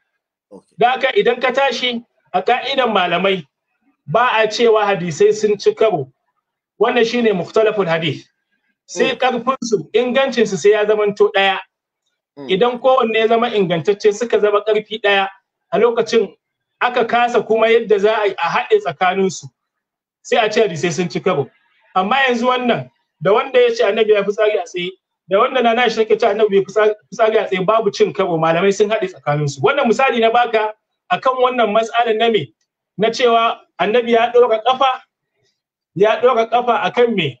da haka idan ka tashi a ka'idan malamai ba a cewa hadisai sun ci karo wannan shine mukhtalaful hadith sai karfinsu mm. ingancinsu sai ya zamanto ɗaya mm. idan kowanne ya zama ingantacce suka zama ƙarfi ɗaya a lokacin aka kasa kuma yadda za a haɗe tsakaninsu sai a ce sai sun ci karo amma yanzu wannan da wanda ya ce annabi ya fitsari a tsaye da wanda na nashi take ce annabi ya fitsari a tsaye babu cin karo malamai sun haɗe tsakaninsu wannan misali na baka akan wannan matsalar na me na cewa annabi ya ɗora ƙafa ya ɗora ƙafa akan me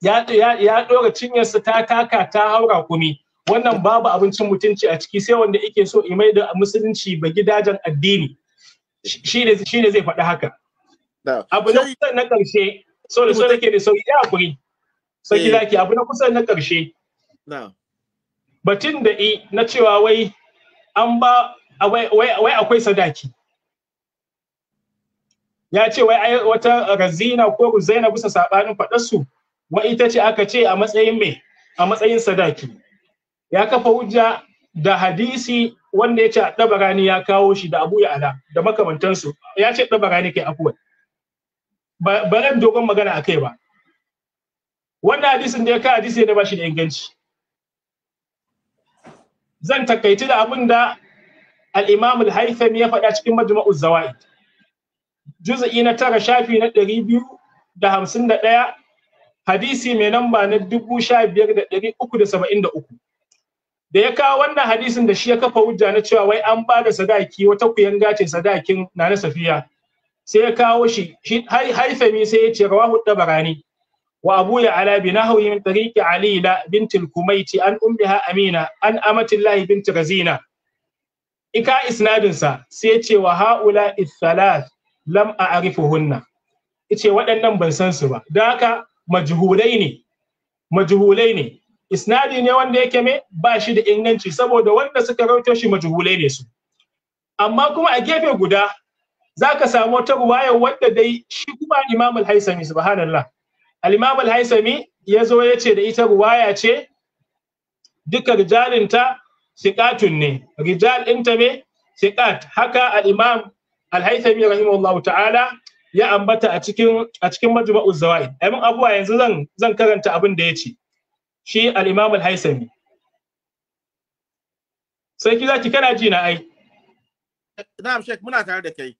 ya ɗora cinyarsa ta taka ta haura kumi wannan babu abincin mutunci a ciki sai wanda yake so imai da musulunci ba gidajen addini shi ne zai faɗi haka abu na kusan na ƙarshe so da so da ke da sauki ya kuri sauki eh. zaki abu na kusan na ƙarshe batun da i na cewa wai an ba wai akwai sadaki ya ce wai wata razina ko ruzaina bisa saɓanin faɗarsu wa ita ce aka ce a matsayin mai a matsayin sadaki ya kafa hujja da hadisi wanda ya ce dabarani ya kawo shi da abu ya'ala da makamantansu ya ce dabarani kai afuwa ba ran dogon magana a kai ba wannan hadisin da ya ka hadisi da ba shi da inganci zan takaici da abin da al-imam al-haythami ya faɗa cikin majma'u zawaid juz'i na tara shafi na ɗari biyu da hamsin da ɗaya hadisi mai namba na dubu sha biyar da ɗari uku da saba'in da uku da ya kawo wannan hadisin da shi ya kafa hujja na cewa wai an ba da sadaki wata kuyanga ce sadakin na na safiya sai ya kawo shi haifami sai ya ce rawahu dabarani wa abu ya ala bi nahwi min tariqi alila bint kumaiti an ummiha amina an amatillahi bint razina ika isnadin sa sai ya ce wa haula ithalath lam a'rifuhunna ice waɗannan ban san su ba Da haka majhulai ne majhulai ne isnadi ne wanda yake me ba shi da inganci saboda wanda suka rauto shi majhulai ne su amma kuma a gefe guda zaka samu ta ruwaya wanda dai shi kuma Imam Al-Haisami subhanallah Al-Imam Al-Haisami ya yace da ita ruwaya ce duka rijalinta siqatun ne rijal ɗinta me siqat haka al-Imam Al-Haisami rahimahullahu ta'ala ya ambata a cikin a cikin majmu'u zawaid amin abuwa yanzu zan zan karanta abin da yace shi al-imam al-haisami sai ki zaki kana ji na ai na'am sheik muna tare da kai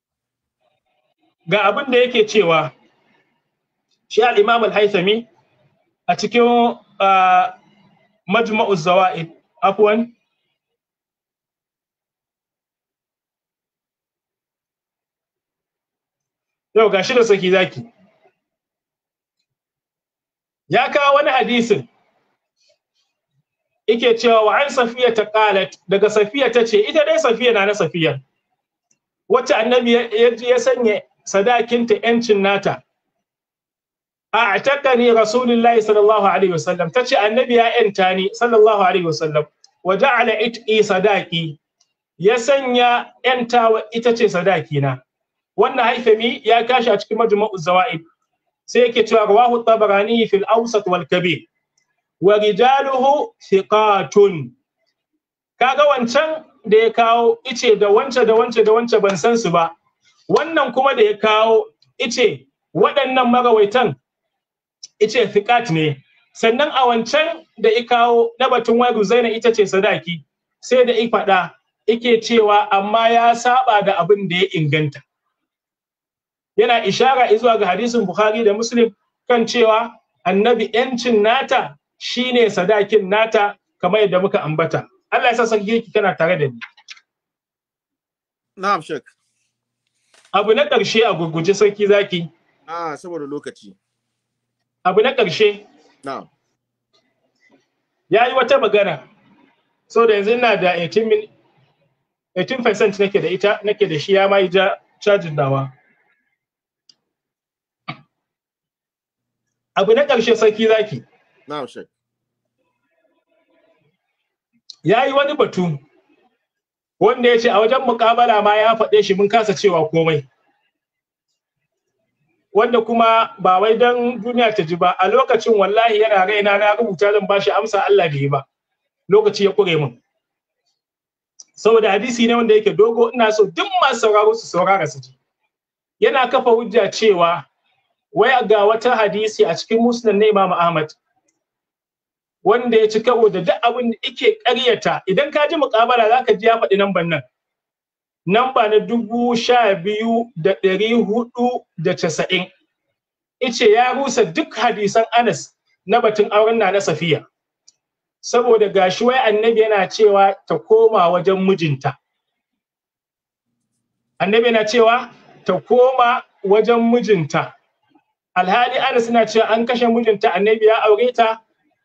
ga abin da yake cewa shi al-imam al-haisami a cikin ah, majmu'u zawaid afwan yau gashi da saki zaki ya kawo wani hadisin yake cewa wa an safiya ta qalat daga safiya ta ce ita dai safiya na na safiya wacce annabi ya sanya sadakinta yancin nata a atakani rasulullahi sallallahu alaihi wasallam ta ce annabi ya yanta ni sallallahu alaihi wasallam wa ja'ala itqi sadaqi ya sanya 'yanta ita ce sadaki na wannan haifami ya kashi a cikin majmu'uz zawaid sai yake cewa rawahu tabarani fil awsat wal kabir wa rijaluhu thiqatun kaga wancan da ya kawo ice da wance da wance da wance ban san su ba wannan kuma da ya kawo ice waɗannan marawaitan ice thiqat ne sannan a wancan da ya kawo na batun wani zaina ita ce sadaki sai da i faɗa ike cewa amma ya saba da abin da ya inganta yana ishara izuwa ga hadisin bukhari da muslim kan cewa annabi yancin nata shine sadakin nata kamar yadda muka ambata Allah ya sa sarki kana tare da ni na'am shek abu na ƙarshe a gurguje sarki zaki a ah, saboda lokaci abu na ƙarshe na'am yayi wata magana so da yanzu ina da 18 min 18% nake da ita nake da shi ya mai ja charging dawa abu na ƙarshe sarki zaki Ya yi wani batu wanda ya ce a wajen mukabala ma ya faɗe shi mun kasa cewa komai wanda kuma ba wai don duniya ta ji ba a lokacin wallahi yana raina na rubuta zan bashi amsa Allah bai ba lokaci ya kure min saboda hadisi ne wanda yake dogo ina so duk masu sauraro su saurara su ji yana kafa hujja cewa wai ga wata hadisi a cikin musulun na Imam Ahmad wanda ya ci kawo da duk abin da ike ƙaryata idan ka ji mukabala za ka ji ya faɗi namban nan Nan ba na dubu sha biyu da ɗari hudu da casa'in ice ya rusa duk hadisan Anas na batun auren na na Safiya saboda gashi wai annabi yana cewa ta koma wajen mijinta annabi yana cewa ta koma wajen mijinta alhali ana suna cewa an kashe mijinta annabi ya aure ta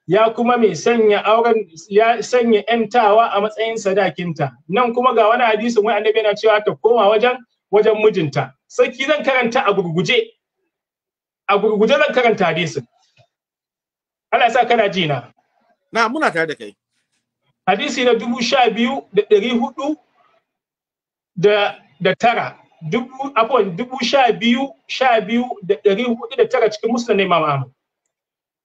ya kuma mai sanya auren ya sanya ‘yantawa a matsayin sadakinta nan kuma ga wani hadisin wani annabi yana cewa ta koma wajen wajen mijinta sarki zan karanta a gurguje a gurguje zan karanta hadisin Allah ya sa kana ji na na muna tare da kai hadisi na dubu sha biyu da ɗari hudu da da tara dubu sha cikin musulun imam ahmad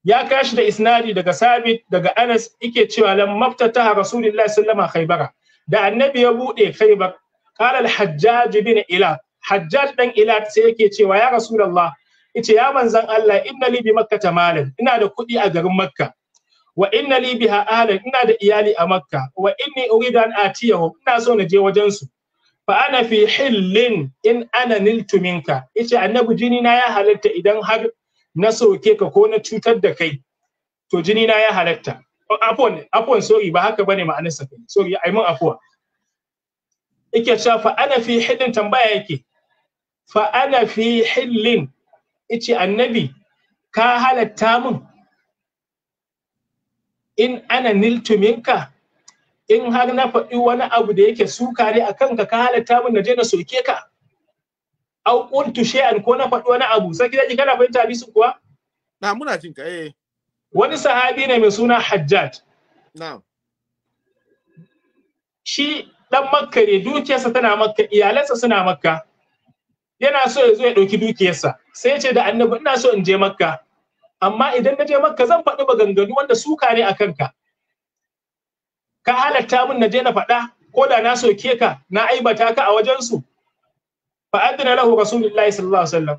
ya kashi da isnadi daga sabit daga anas ike cewa lam maftataha rasulullahi sallama khaybara da annabi ya bude khaybar qala al hajjaj bin ila hajjaj dan ila sai yake cewa ya rasulullah yace ya manzan Allah inna li bi makkah malan ina da kuɗi a garin makka wa inna li biha ahlan ina da iyali a makka wa inni uridu an atiyahu ina so na je wajen su fa ana fi hillin in ana niltu minka yace annabi jini na ya halatta idan har na soke ka ko na cutar da kai to jini na ya halatta afon afon sorry ba haka bane ma'anar sa kai sorry ai mun afuwa yake cewa fa ana fi hillin tambaya yake fa ana fi hillin yace annabi ka halatta min in ana niltu minka in har na faɗi wani abu da yake suka ne a kanka ka halatta min na je na soke ka au qultu shay'an ko na faɗi wani abu sai kiji kana fahimta su kuwa na muna jin ka eh wani sahabi ne mai suna Hajjaj na'am shi dan Makka ne dukiyarsa tana Makka iyalansa suna Makka yana so ya zo ya ɗauki dukiyarsa sai ya ce da annabi ina so in je Makka amma idan na je Makka zan faɗi maganganu wanda suka ne a kanka ka halatta min na je na faɗa ko da na soke ka na aibata ka a wajensu fa adana lahu rasulullahi sallallahu alaihi wasallam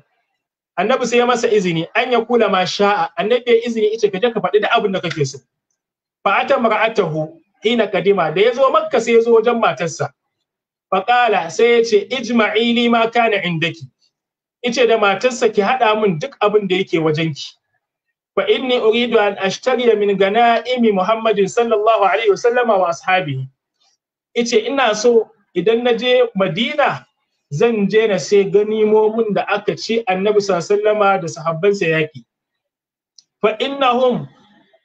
annabi sai ya masa izini an ya kula ma sha'a annabi ya izini yace ka je ka faɗi da abin da kake so fa ata hina kadima da yazo makka sai yazo wajen matarsa Baƙala sai yace ijma'i li ma kana indaki Ice da matarsa ki haɗa min duk abin da yake wajenki fa inni uridu an ashtariya min ganaimi Muhammadin sallallahu alaihi wasallama wa ashabihi ice ina so idan na je Madina zan je na sai ganimomin da aka ci annabi sallama da sahabbansa yaki fa innahum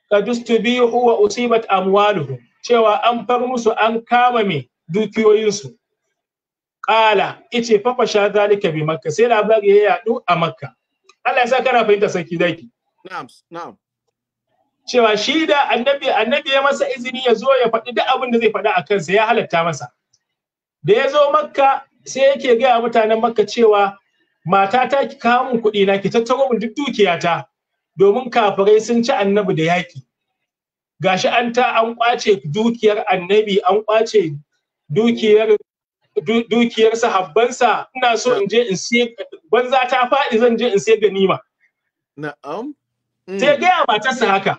qad ustubihu wa usibat amwaluhum cewa an far musu an kama me dukiyoyinsu qala ice fa fasha zalika bi makka sai labari ya yadu a makka Allah ya sa kana fahimta sarki zaki Na'am, na'am. Cewa shi da annabi annabi ya masa izini ya zo ya faɗi duk abin da zai faɗa a kansa ya halatta masa. Da ya zo Makka sai yake gaya mutanen Makka cewa matata ki kawo min kuɗi na ki tattaro min duk dukiyata domin kafirai sun ci annabi da yaƙi. Gashi an ta an kwace dukiyar annabi an kwace dukiyar dukiyar sahabbansa ina so in je in sai banza ta faɗi zan je in sai ganima. Na'am. sai mm. gaya matarsa haka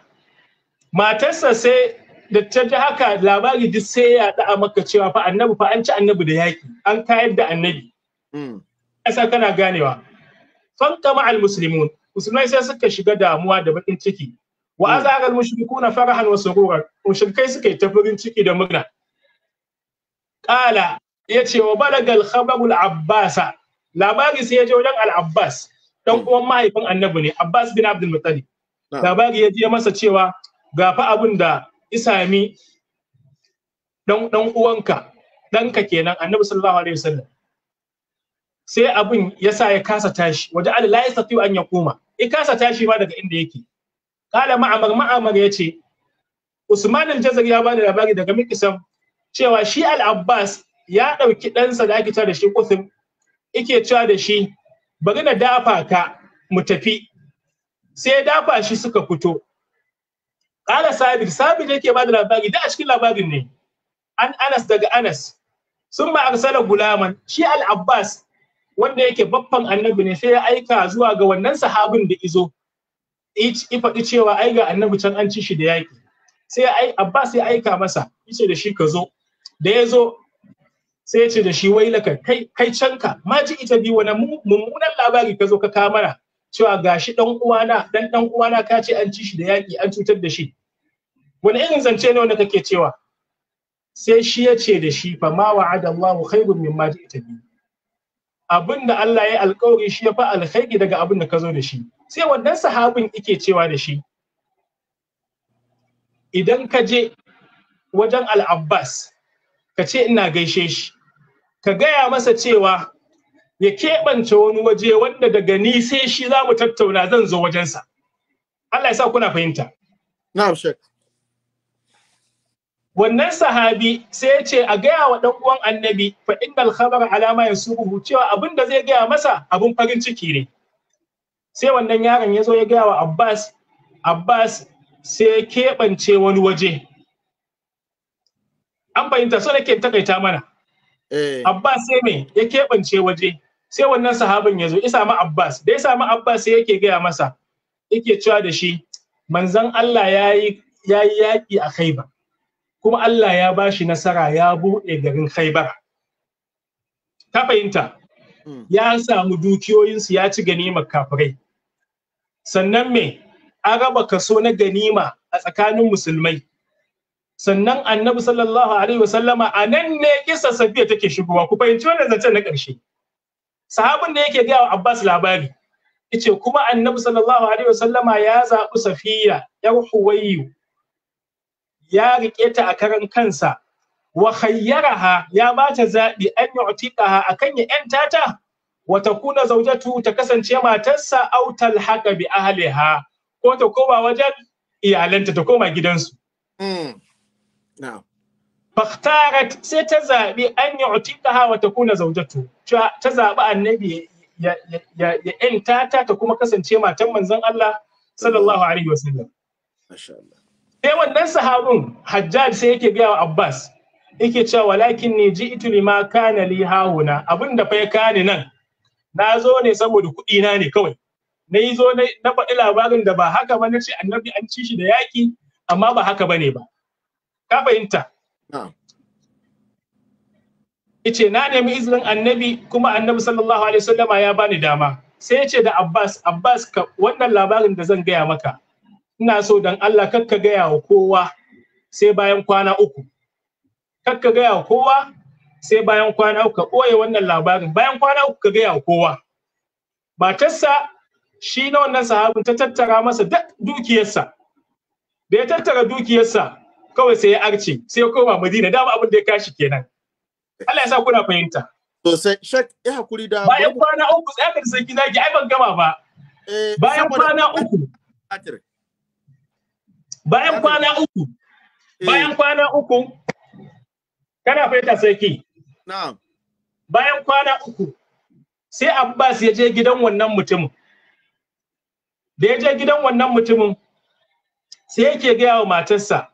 matarsa sai da ta ji haka labari duk sai ya da maka cewa fa annabi fa an ci annabi da yaki an kayar da annabi kasa mm. kana ganewa fan kama al muslimun musulmai sai suka shiga damuwa da bakin ciki wa mm. azaga al mushrikuna farahan wa surura mushrikai suka yi ta farin ciki da murna qala yace wa balagal khabarul abbasa labari sai ya je wajen al abbas dan uwan mahaifin annabi ne abbas bin abdul muttalib labari ya je masa cewa ga fa abin da isami dan dan uwanka ɗanka kenan annabi sallallahu alaihi wasallam sai abin ya sa ya kasa tashi waje al la yastati an yaquma ya kasa tashi ma daga inda yake kala ma'amar ma'amar yace Usman al-Jazari ya bani labari daga Mikisam cewa shi al-Abbas ya ɗauki ɗansa da ake cewa da shi Quthum yake cewa da shi bari na dafa ka mu tafi sai dafa shi suka fito kala sabir sabir yake ba da labari da a cikin labarin ne an anas daga anas sun ma arsala gulaman shi al abbas wanda yake babban annabi ne sai ya aika zuwa ga wannan sahabin da izo i faɗi cewa ai ga annabi can an ci shi da yaƙi sai ai abbas ya aika masa yace da shi ka zo da ya zo sai ya ce da shi wailaka kai kai canka ma ji ita bi wani mummunan labari ka zo ka kamara cewa gashi dan uwana dan dan uwana ka ce an ci shi da yaki an cutar da shi wani irin zance ne wanda kake cewa sai shi ya ce da shi fa ma wa'ada Allahu khairun mimma ta'ta bi abin da Allah ya alƙawari shi ya fa alkhairi daga abin da ka zo da shi sai wannan sahabin yake cewa da shi idan ka je wajen al-Abbas ka ce ina gaishe shi ka gaya masa cewa ya keɓance wani waje wanda daga ni sai shi za mu tattauna zan zo wajensa Allah ya sa kuna fahimta Na wannan sahabi sai ya ce a gaya wa ɗan uwan annabi fa khabar khabara alama yasubuhu cewa abin da zai gaya masa abin farin ciki ne sai wannan yaron ya zo ya gaya wa Abbas Abbas sai ya keɓance wani waje an fahimta so nake takaita mana eh. Abbas sai me ya keɓance waje sai wannan sahaban ya zo ya samu abbas da ya samu abbas sai yake gaya masa yake cewa da shi manzon allah ya yi yaƙi a khaibar kuma allah ya ba shi nasara ya buɗe garin khaibar ta fahimta hmm. ya samu dukiyoyinsu ya ci ganimar kafirai sannan me an raba kaso na ganima a tsakanin musulmai sannan annabi sallallahu alaihi wasallama a nan ne kisa safiya take shigowa ku fahimci wannan zance na ƙarshe sahabin da yake gaya wa Abbas labari yace kuma annabi sallallahu alaihi wasallama ya zaɓi safiya yar huwayyu ya rike ta a karan kansa wa khayyaraha ya ba ta zaɓi an yu'tiqaha akan ya yanta ta wa takuna zawjatu ta kasance matarsa aw talhaqa bi ahliha ko ta koma wajen iyalanta ta koma gidansu mm. no. فاختارت ستزابي أن يعتقها وتكون ta تزابي Annabi ya ‘yanta ta kuma kasance matan manzon Allah sallallahu Alaihi wasallam. Sai wannan sahabin Hajjaj sai yake biya wa Abbas, yake cewa walakin ne ji ituli ma kana li hahuna abin da fa ya kani nan, na zo ne saboda na ne kawai. Na yi zo na faɗi labarin da ba haka ba na ce annabi an ci shi da yaƙi, amma ba haka ba ne ba. Ka fahimta, yace na nemi izinin annabi kuma annabi sallallahu alaihi wasallama ya bani dama sai yace da Abbas Abbas ka wannan labarin da zan gaya maka ina so dan Allah kakka gaya wa kowa sai bayan kwana uku kakka gaya wa kowa sai bayan kwana uku ka ɓoye wannan labarin bayan kwana uku ka gaya wa kowa matarsa shi na wannan sahabin ta tattara masa duk dukiyarsa da ya tattara dukiyarsa kawai sai ya arci sai ya koma madina dama abin da ya kashi kenan Allah ya sa kuna fahimta sai shek ya hakuri da bayan kwana uku sai ka sarki zaki ai ban gama ba eh, bayan kwana uku bayan kwana uku eh. bayan kwana uku kana fahimta sarki na'am bayan kwana uku sai Abbas ya je gidan wannan mutumin da ya je gidan wannan mutumin sai yake gaya wa matarsa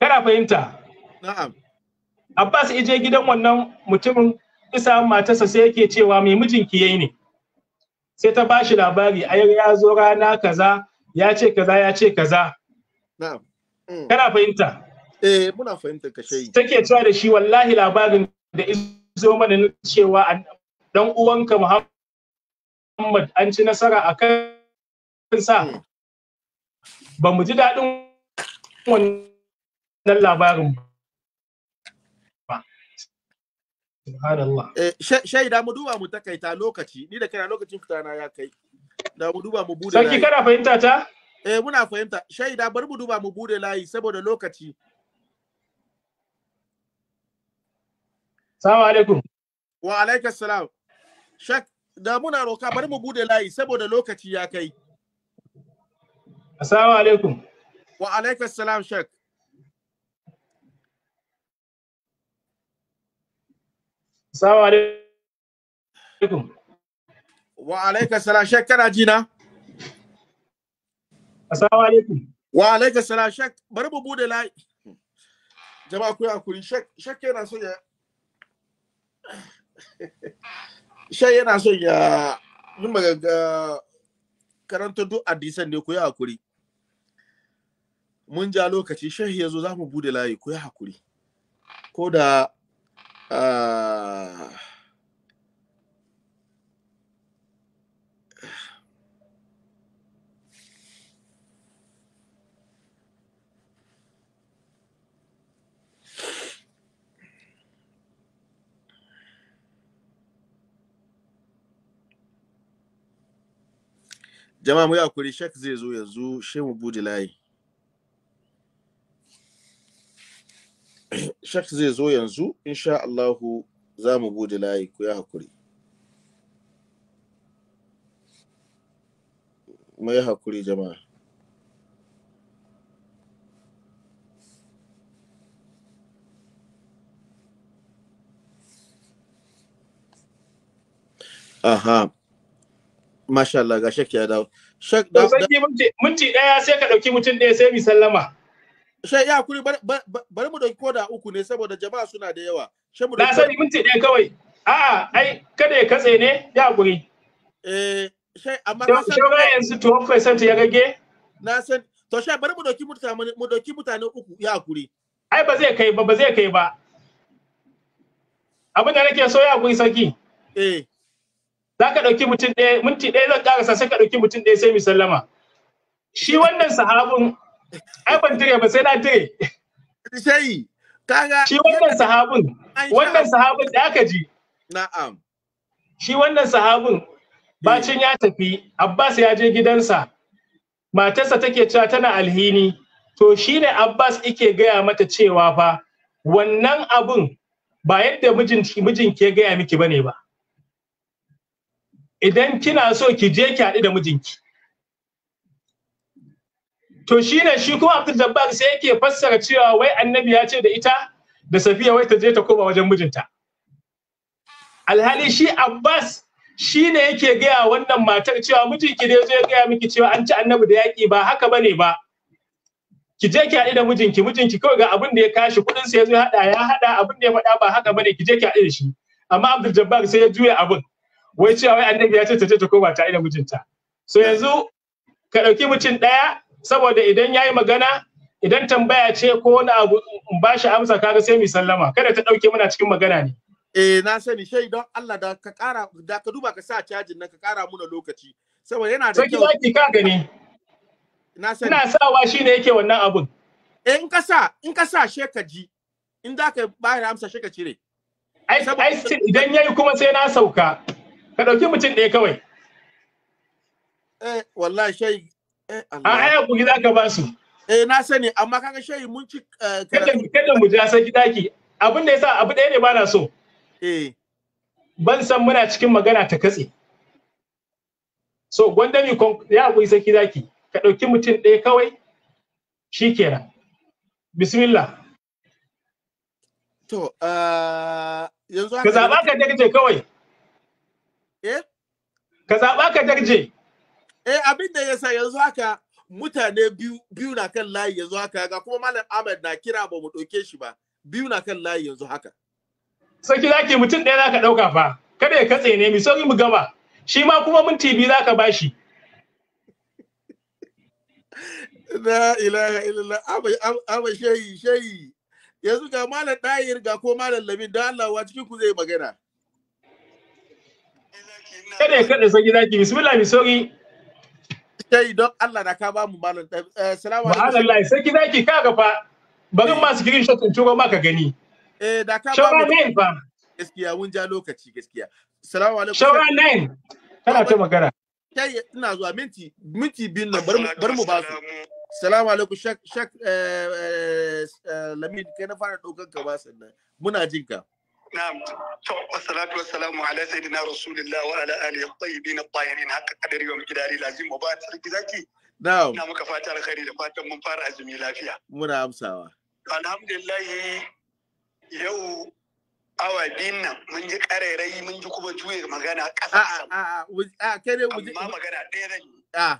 kana fahimta na'am Abbas ije gidan wannan mutumin isa matarsa sai yake cewa mai mijinki yayi ne sai ta bashi labari ayar ya zo rana kaza ya ce kaza ya ce kaza
na'am mm.
kana fahimta eh
muna fahimta ka shayi
take cewa da shi wallahi labarin da izo mana cewa dan uwanka Muhammad an ci nasara akan sa mm. ba mu ji daɗin wannan wannan labarin ba. Subhanallah. Eh, Shaida mu duba mu takaita lokaci, ni da kana lokacin fita na ya kai. Da mu duba mu bude layi. Sarki kana fahimta ta? Eh muna fahimta. Shaida bar mu duba mu bude layi saboda lokaci. Salamu alaikum. Wa alaikas salam. Shak da muna roka bar mu bude layi saboda lokaci ya kai. Assalamu alaikum. Wa alaikas salam Shak. Salamu alaikum. Wa alaika salam shek kana jina? na? Assalamu alaikum. Wa alaika salam shek bari mu bude layi. Jama'a ku hakuri shek shek yana son ya shek yana son ya mun ga karanta duk addisan ne ku yi hakuri. Mun ja lokaci shek yazo za mu bude layi ku yi hakuri. Ko da Ah.
jama'a mu yi hakuri shek zai zo yanzu shi shek zai zo yanzu insha Allahu za mu bude layi ku ya hakuri mu yi hakuri jama'a aha masha Allah ga shek ya dawo Shek da
minti minti daya sai ka dauki mutum ɗaya, sai mi sallama sai ya kuri bari mu dauki koda uku ne saboda jama'a suna da yawa sai mu na sani minti ɗaya kawai a'a ai kada ya katse ne ya kuri eh sai amma na san shawara yanzu 12% ya gage. na san to sai bari mu dauki mutane mu dauki mutane uku ya kuri ai ba zai kai ba ba zai kai ba abin da nake so ya kuri sarki eh za ka ɗauki mutum ɗaya minti ɗaya zan ƙarasa sai ka ɗauki mutum ɗaya sai mu sallama shi wannan sahabin ai ban sai na dire. shi wannan sahabin da aka ji shi wannan sahabin bacin ya tafi Abbas ya je gidansa matarsa take cewa tana alhini to shine Abbas yake gaya mata cewa fa wannan abun ba yadda mijin mijin ke gaya miki ne ba idan kina so ki je ki haɗu da mijinki to shine shi kuma Abdul Jabbar sai yake fassara cewa wai annabi ya ce da ita da Safiya wai ta je ta koma wajen mijinta alhali shi Abbas shine yake gaya wannan matar cewa mijinki ne zai gaya miki cewa an ci annabi da yaƙi ba haka bane ba ki je ki haɗu da mijinki mijinki kawai ga abin da ya kashi kuɗin sa ya zo haɗa ya haɗa abin da ya faɗa ba haka bane ki je ki haɗu da shi amma Abdul Jabbar sai ya juya abin wai cewa wai annabi ya ce ta je ta koma ta da mijinta so yanzu ka ɗauki mutum ɗaya saboda idan yayi magana idan tambaya ce ko wani abu in ba shi amsa kaga sai mu sallama kada ta dauke muna cikin magana ne eh na sani shai don Allah da ka kara da ka duba ka sa cajin nan ka kara muna lokaci saboda yana da kyau sai ka gani na sani ina sawa shine yake wannan abun eh in ka sa in ka sa she ka ji in da ka ba amsa she ka cire ai ai idan yayi kuma sai na sauka ka dauki mutum ɗaya kawai eh wallahi shai a haya ku gida ka ba su eh na sani amma kaga shehi mun ci kada eh, kada mu ja sai gidaki abin da yasa abu ɗaya ne ba na so eh ban san muna cikin magana ta katse so gwandami ya akwai sai ki? ka ɗauki mutum ɗaya kawai shikenan bismillah to eh, yanzu ka zaba ka darje kawai eh ka zaba ka darje eh abin da yasa yanzu haka mutane biyu na kan layi yanzu haka ga kuma malam Ahmed na kira ba mu ɗauke shi ba biyu na kan layi yanzu haka saki zaki mutum ɗaya zaka ɗauka fa kada ya katse ne mi sauri mu gama shi ma kuma mun TV zaka bashi la ilaha illallah abai shayi shayi yanzu ga malam dayir ga ko malam lamin da Allah wa cikin ku zai magana kada ya kada saki zaki bismillah mi sauri sai don Allah da ka ba mu malam eh, salamu alaikum Allah sai ki zaki ka gafa bari eh. ma girin shot in turo ka gani eh da ka ba mu fa gaskiya mun ja lokaci gaskiya salamu alaikum shawara nine kana ta magana kai ina zuwa minti minti bin nan bar mu ba su salamu alaikum shak shak
eh, eh lamin kai na fara ɗaukan ka ba sannan
muna jin ka
na'am to wassalatu wassalamu ala sayyidina rasulillah wa ala alihi haka lazim sarki zaki na'am ina muka fata fatan
mun fara azumi lafiya muna
yau mun ji mun ji kuma magana ƙasa a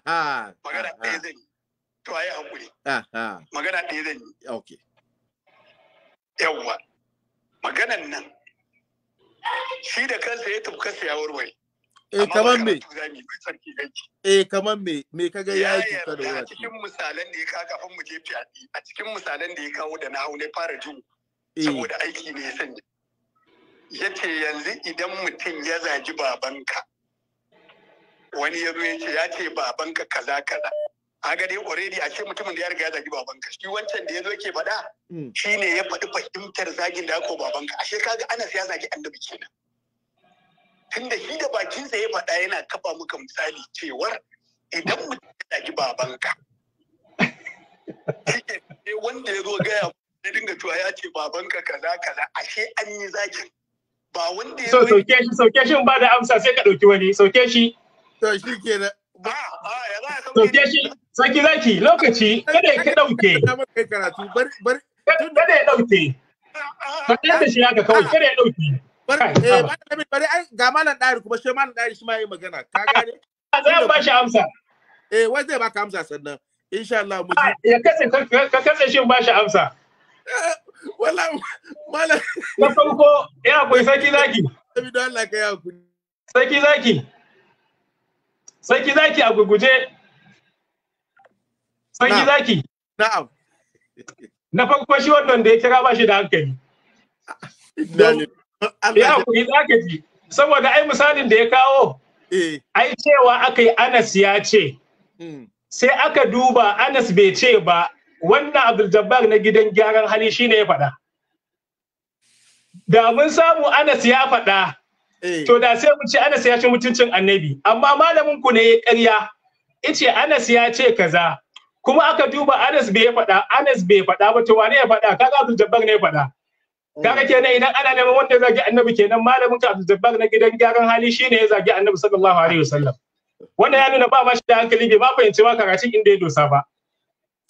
a amma magana ɗaya zan yi magana ɗaya zan yi
to maganan nan shi da kansa ya tufka ya warware eh kaman me eh kaman me me ga ya yi tuka da wani cikin misalan da ya kawo kafin
mu je fiyaɗi a cikin misalan da ya kawo da nahu ne fara ju eh. saboda aiki ne ya sanya yace yanzu idan mutum ya zagi babanka wani ya zo ya ce ya ce babanka kaza kaza a dai already ashe mutumin da ya riga ya zagi babanka shi wancan da ya zo yake faɗa hmm. shine ya faɗi fahimtar zagin da ko babanka ashe kaga Anas ya zagi annabi kenan tunda shi da bakinsa ya faɗa yana kafa muka misali cewar idan mutum ya zagi babanka shi wanda ya zo gaya na dinga cewa ya ce babanka kaza kaza ashe an yi zagin
ba wanda ya so sauke shi sauke shi ba da amsa sai ka ɗauki wani sauke shi to shi kenan ba a ya za a sauke shi Saki zaki lokaci kada ka dauke. Kada ya dauke. Faɗin da shi haka kawai kada ya dauke. Bari eh, ga malam ɗari kuma shi malam ɗari shi ma yi magana. Ka gane? Ah, Zan ba shi amsa. Eh wai zai baka amsa sannan. Insha Allah mu ah, Ya kasa ka kasa shi ba shi amsa. Wala malam. Ka farko ya akwai sarki zaki. Sabi don Allah ka yi hakuri. Saki zaki. Saki zaki a guguje. Sarki zaki. Na'am. Na farko shi wannan da ya kira ba shi da hankali. Ya hakuri zaka ji. Saboda ai misalin da ya kawo. Eh. Ai cewa aka yi Anas ya ce. Hmm. Sai aka duba Anas bai ce ba wannan Abdul Jabbar na gidan gyaran hali shine ya faɗa. Da mun samu Anas ya faɗa. Eh. To da sai mu ce Anas ya ci mutuncin annabi, amma malamin ku ne ya ƙarya, ice Anas ya ce kaza, kuma aka duba Anas bai ya faɗa Anas bai faɗa ba to wane ya faɗa kaga Abdul Jabbar ne ya faɗa kaga eh. kenan idan ana neman wanda ya zagi Annabi kenan malamin ka Abdul Jabbar na gidan gyaran hali shine ya zagi Annabi sallallahu alaihi wasallam wannan ya nuna ba ma shi da hankali bai ba fahimci ba karatun inda ya dosa ba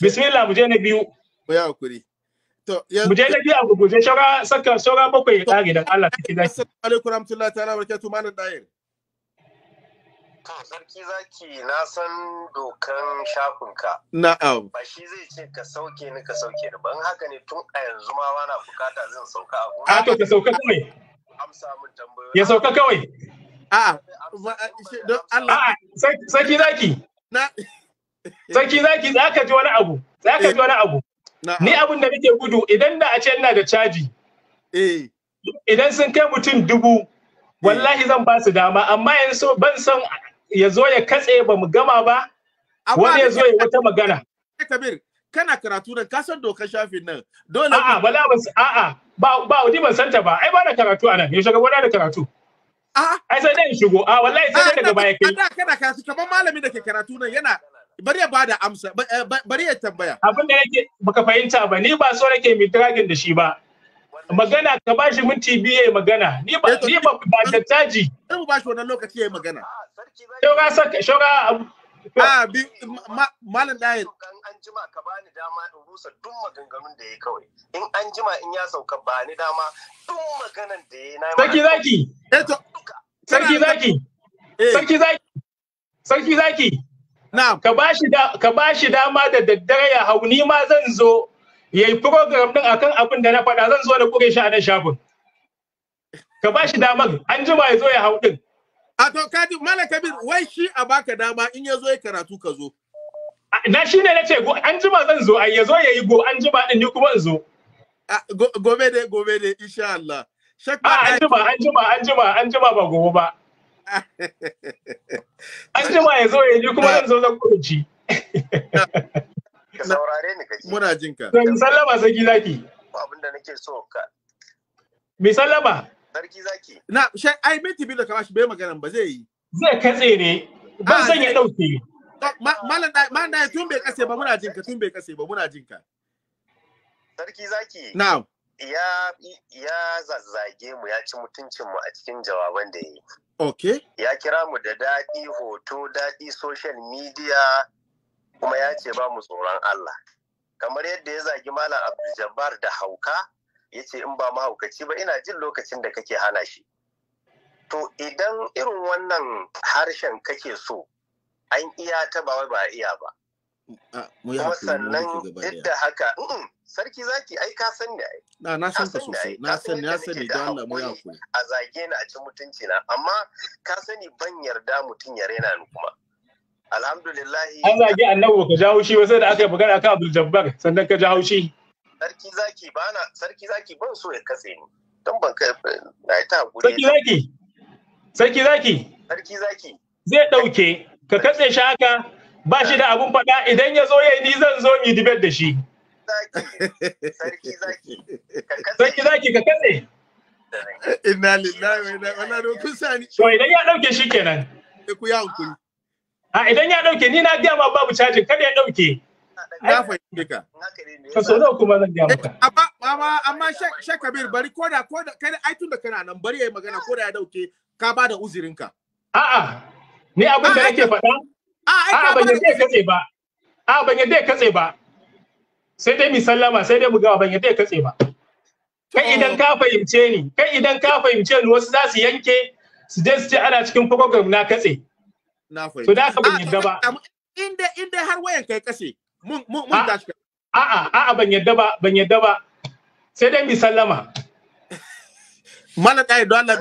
bismillah mu je na biyu ku ya hakuri to mu je na biyu a gurguje shora saka shora bakwai ya kare dan Allah cikin dai assalamu alaikum warahmatullahi ta'ala barakatuh malam
To sarki zaki na san dokan
shafinka. Na'am. Ba shi zai
ce ka sauke ni ka sauke ni ban haka ne tun a yanzu ma
na bukata zan sauka a gurin.
A to ka sauka kawai. Amsa mun tambayoyi. Ya sauka kawai. A'a. Don Allah. Sarki zaki. Na. Sarki zaki za ka ji wani abu. Za ka ji wani abu. Ni abin da nake gudu idan da a ce ina da caji. Eh. Idan sun kai mutum dubu wallahi zan ba su dama amma yanzu ban san ya zo ya katse ba mu gama ba wani ya zo ya wata magana kabir kana karatu da ka dokar shafin nan dole a'a bala ba a'a ba ba wani ban santa ba ai ba da karatu anan ah. ya shiga wani da karatu a'a ai sai dai shigo a ah, wallahi sai dai ah, daga baya kai a kana karatu kamar malami da ke karatu nan yana bari ya bada amsa eh, bari ya tambaya abin da yake baka fahimta ba ni ba so nake mi tragin da shi ba magana ka bashi minti biyu magana ni ba eh, ni ba da taji ba shi wannan lokaci yayi magana shoga saka shoga a ah, bi malam dayin kan an jima ka bani
dama in rusa duk maganganun da yayi kawai in an jima in ya sauka bani dama duk maganan da ya na sarki
zaki eh to sarki zaki eh. sarki zaki sarki zaki na'am ka bashi da ka bashi dama da daddare ya hau ni ma zan zo yayi program din akan abin da na faɗa zan zo da kure shi a nan shafin ka bashi damar an jima ya zo ya hau din A to kaji Malam Kabir wai shi a baka dama in yazo ya karatu ka zo. Na shi ne na ce an jima zan zo ai ya yayi yi go an jima din ni kuma in zo. Gobe dai gobe dai insha Allah. Shakka an jima an jima an jima an jima ba gobe ba. An jima ya zo ya kuma zan zo zan kuruci. Ka saurare ni kaji. Muna jinka. Zan sallama sai zaki.
Abin da nake so ka.
Mi sallama.
sarki zaki
na shai ai minti biyu da ka shi bai magana ba zai yi zai katse ne Ba zan yi dauke malam da malam da tun bai kase ba muna jinka tun bai kase ba muna jinka
sarki zaki Na. ya ya zazzage mu ya ci
mutuncin mu a cikin jawaban da yi okay
ya kira mu da daɗi hoto daɗi social media kuma ya ce ba mu tsoron Allah kamar yadda ya zagi malam Abdul Jabbar da hauka ya ce in ba mahaukaci ba ina jin lokacin da kake hana shi to idan irin wannan harshen kake so an iya ta ba ba iya ba
kuma sannan duk da haka
sarki zaki ai ka san da
na na san ka sosai na san na sani da Allah mu yaku
a zage na a ci mutunci na amma ka sani ban yarda mutun ya rena ni kuma alhamdulillah
an zage annabi ka jawo shi ba sai da aka yi magana akan Abdul Jabbar sannan ka jawo shi
sarki zaki ba na sarki zaki ban so ya katse ni
don ban kai na ta hakuri sarki zaki sarki zaki
sarki zaki
zai dauke ka katse shi haka ba shi da abun faɗa idan ya zo ya ni zan zo mi dibet da shi sarki zaki sarki zaki ka katse inna lillahi wa inna
ilaihi raji'un sani
to idan ya dauke shi kenan ku ya hankuri a idan ya dauke ni na biya ma babu cajin kada ya dauke na fahimce ka so nawa kuma zan ga maka eh, amma amma amma kabir bari ko da ko da kai ai tun da kana nan bari yayi magana ko da ya dauke ka ba da uzurin ka a'a ni abin da yake faɗa a'a ban yadda ya katse ba a'a ban yadda ya katse ba sai dai mi sallama sai dai mu gawa, ban yadda ya katse ba kai idan ka fahimce ni kai idan ka fahimce ni wasu za su yanke su je su ce ana cikin program na katse na fahimce to da ka ban yadda ba inda inda har wayan kai kashe mun mun mun ah, tashi a'a a'a ban yadda ba ban yadda ba sai dai mi sallama mana dai don Allah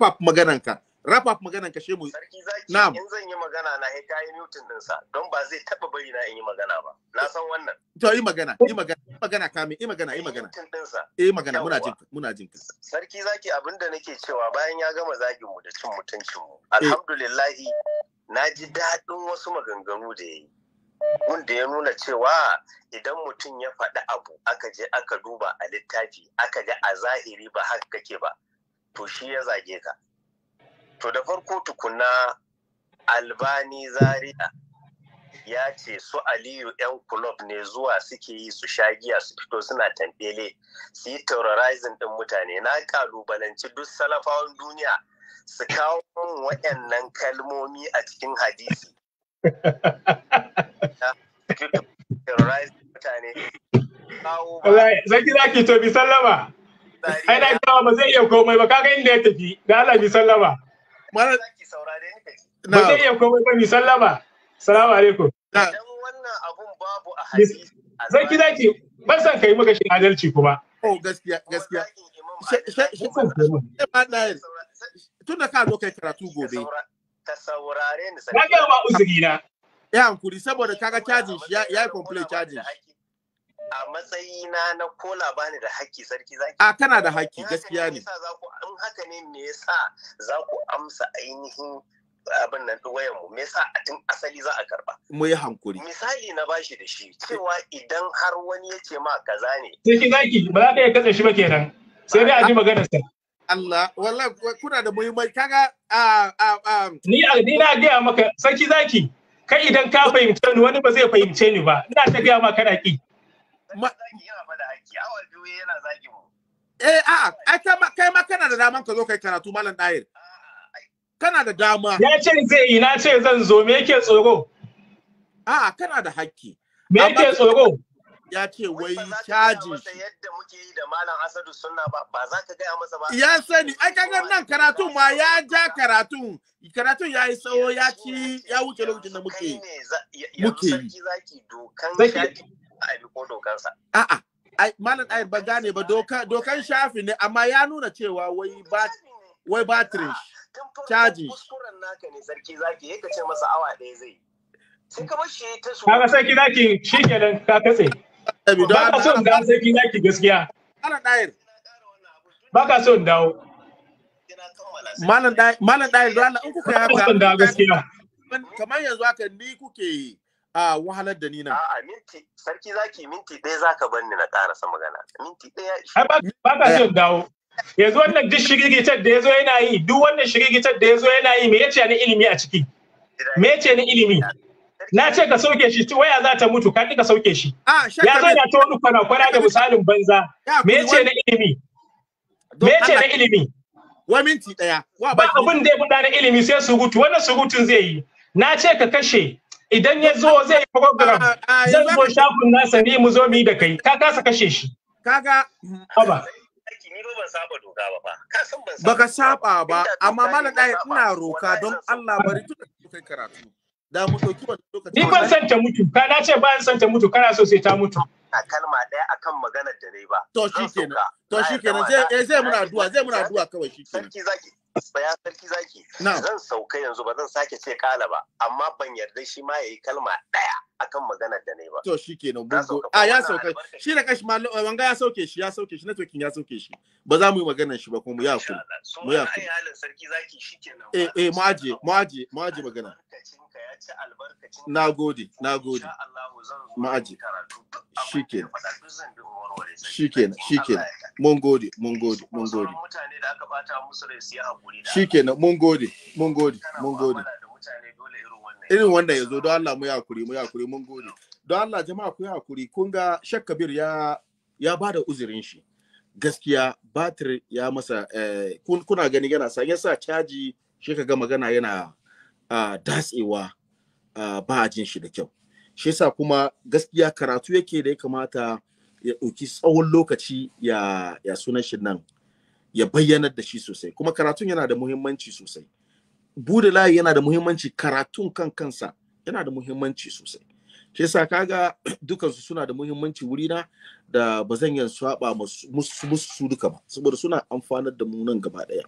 wrap maganan ka wrap up maganan ka shemu sarki zaki na'am in zan yi
magana na he kai mutin din sa don ba zai taba bari na in yi magana ba na san wannan
to yi magana yi magana yi magana kame yi magana yi magana eh magana muna jin muna jin
sarki zaki abinda nake cewa bayan ya gama zagin mu da cin mutuncin mu eh. alhamdulillah na ji daɗin wasu maganganu da yayi wanda ya nuna cewa idan mutum ya faɗi abu aka je aka duba a littafi aka ga a zahiri ba haka kake ba to shi ya zage ka to da farko tukuna albani zaria ya ce su aliyu yan kulob ne zuwa suke yi su shagiya su fito suna tambele su yi terrorizing din mutane na kalubalanci duk salafawan duniya su kawo waɗannan kalmomi a cikin hadisi
zan zaki zaki to bi sallama ai da, gawa ba zai iya komai ba kaga inda ya tafi da Allah bi sallama mana zaki saurare ni ba zai iya komai ba bi sallama assalamu alaikum dan wannan abun babu a hadisi zaki zaki ban san kai maka shi adalci kuma oh gaskiya gaskiya tun da ka zo kai karatu gobe ka saurare ni sai ba uzuri na ya hankuri saboda kaga cajin shi ya yi complete cajin a matsayina na kola bani da haƙƙi sarki zaki a kana da haƙƙi gaskiya ne in haka ne me yasa za ku amsa ainihin abin nan wayan mu
me yasa a tun asali za a karba mu yi hankuri misali na bashi da shi cewa idan har wani
ya ce ma kaza ne
sarki zaki ba za ka iya katse shi ba kenan sai dai a ji maganar sa
Allah wallahi kuna da muhimmai kaga a a
ni ni na ga maka sarki zaki kai idan ka fahimce ni wani ba zai fahimce ni ba ina ta gaya ma kana ki eh a a kai ma kana da daman ka zo kai karatu malam dair kana da dama ya ce zai yi na ce zan zo me yake tsoro a kana da hakki me yake tsoro ya ce wai cajin shi yadda muke
yi da malam Asadu sunna ba ba za ka
gaya masa ba ya sani ai kaga nan karatun ma ya ja karatun karatun ya yi tsawo ya ci ya wuce lokacin da muke
muke yi zaki
dokan shafi
a bi ko dokan
sa a'a ai malam ayar ba gane ba dokan dokan shafi ne amma ya nuna cewa wai ba wai batirin caji kuskuren
naka ne sarki zaki yadda ce masa awa
ɗaya zai sai kamar shi ta su
kaga sarki zaki shi kenan ka katse Ba ka so in dawo sarki gaskiya. Malam Dayir. Ba ka so in dawo. Malam Dayir, don Allah in kai, haka. gaskiya. Kamar yanzu haka ni kuke a wahalar da ni nan. minti sarki zaki minti
zaka na magana. Minti
Ba ka so dawo. Yanzu wannan duk shiriritar da yazo yana yi duk wannan shiriritar da yazo yana yi me yace ni ilimi a ciki? Me yace ni ilimi? na ce ka sauke shi waya za ta mutu ka ka sauke shi ah, ya zo ya ta wani kwana-kwana da misalin banza me yace na ilimi me ce na ilimi wa minti daya ba abin da ya buɗa na ilimi sai surutu wannan surutun zai yi na ce ka kashe idan ya zo zai yi program ah, ah, zan zo shafin nasa ni mu zo mu yi da kai ka kasa kashe shi kaga haba baka saba ba amma mana ɗaya ina roka don Allah bari tun kai karatu da mu ɗauki wannan lokaci. Ni ban san ta mutu, ka na ce ban san ta mutu, kana so sai ta mutu.
A
kalma ɗaya akan maganar da nayi ba.
To shi kenan, to shi kenan, zai
eh,
zai
muna addu'a, zai muna addu'a
kawai shi kenan.
Sarki zaki, bayan sarki zaki. Zan sauka yanzu ba zan sake ce kala ba, amma ban yarda shi ma yayi kalma ɗaya akan maganar da nayi
ba. To shi kenan, bungo. A ah, ya sauka, shi da kashi ma wanga ya sauke shi, ya sauke shi, na tokin ya sauke shi. Ba za mu yi maganar shi ba kuma mu ya kuri. Mu ya kuri. Eh eh mu aje, mu aje, mu aje magana. ci albarkacin na gode na gode ma'aji shikenan shikenan shikenan mun gode mun gode mun gode mutane da aka bata musu rai su yi hakuri mun gode mun gode mun gode irin wannan ya zo don Allah mu ya hakuri mu ya hakuri mun gode don Allah jama'a ku ya hakuri kun ga Shek Kabir ya ya bada uzurin shi gaskiya batir ya masa eh, kuna gani yana sa yasa caji shi ka ga magana yana uh, datsewa ba a jin shi da kyau shi yasa kuma gaskiya karatu yake da ya kamata ya ɗauki tsawon lokaci ya ya sunan shi nan ya bayyanar da shi sosai kuma karatun yana da muhimmanci sosai bude layi yana da muhimmanci karatun kan kansa yana da muhimmanci sosai shi yasa kaga dukansu suna da muhimmanci na da ba zan saba musu duka ba saboda suna amfanar da mu nan gaba ɗaya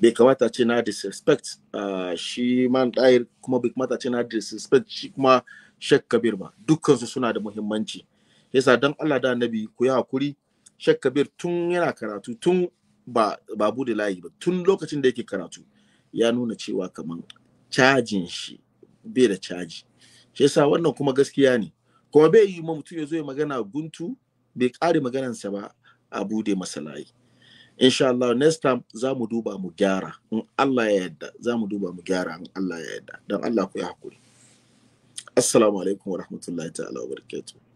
bai kamata ce na disrespect ah, shi man ɗayar kuma bai kamata ce na disrespect shi kuma shek kabir ba dukkansu suna da muhimmanci yasa don allah da annabi ku yi hakuri shek kabir tun yana karatu tun ba bude layi ba tun lokacin da yake karatu ya nuna cewa kaman cajin shi bai da caji shi yasa wannan kuma gaskiya ne kuma bai yi mutum ya zo ya magana guntu bai ƙare maganansa ba a bude layi insha Allah next time za mu duba mu gyara in Allah ya yarda za mu duba mu gyara in Allah ya yarda dan Allah ku yi hakuri assalamu alaikum wa rahmatullahi ta'ala wa barakatuh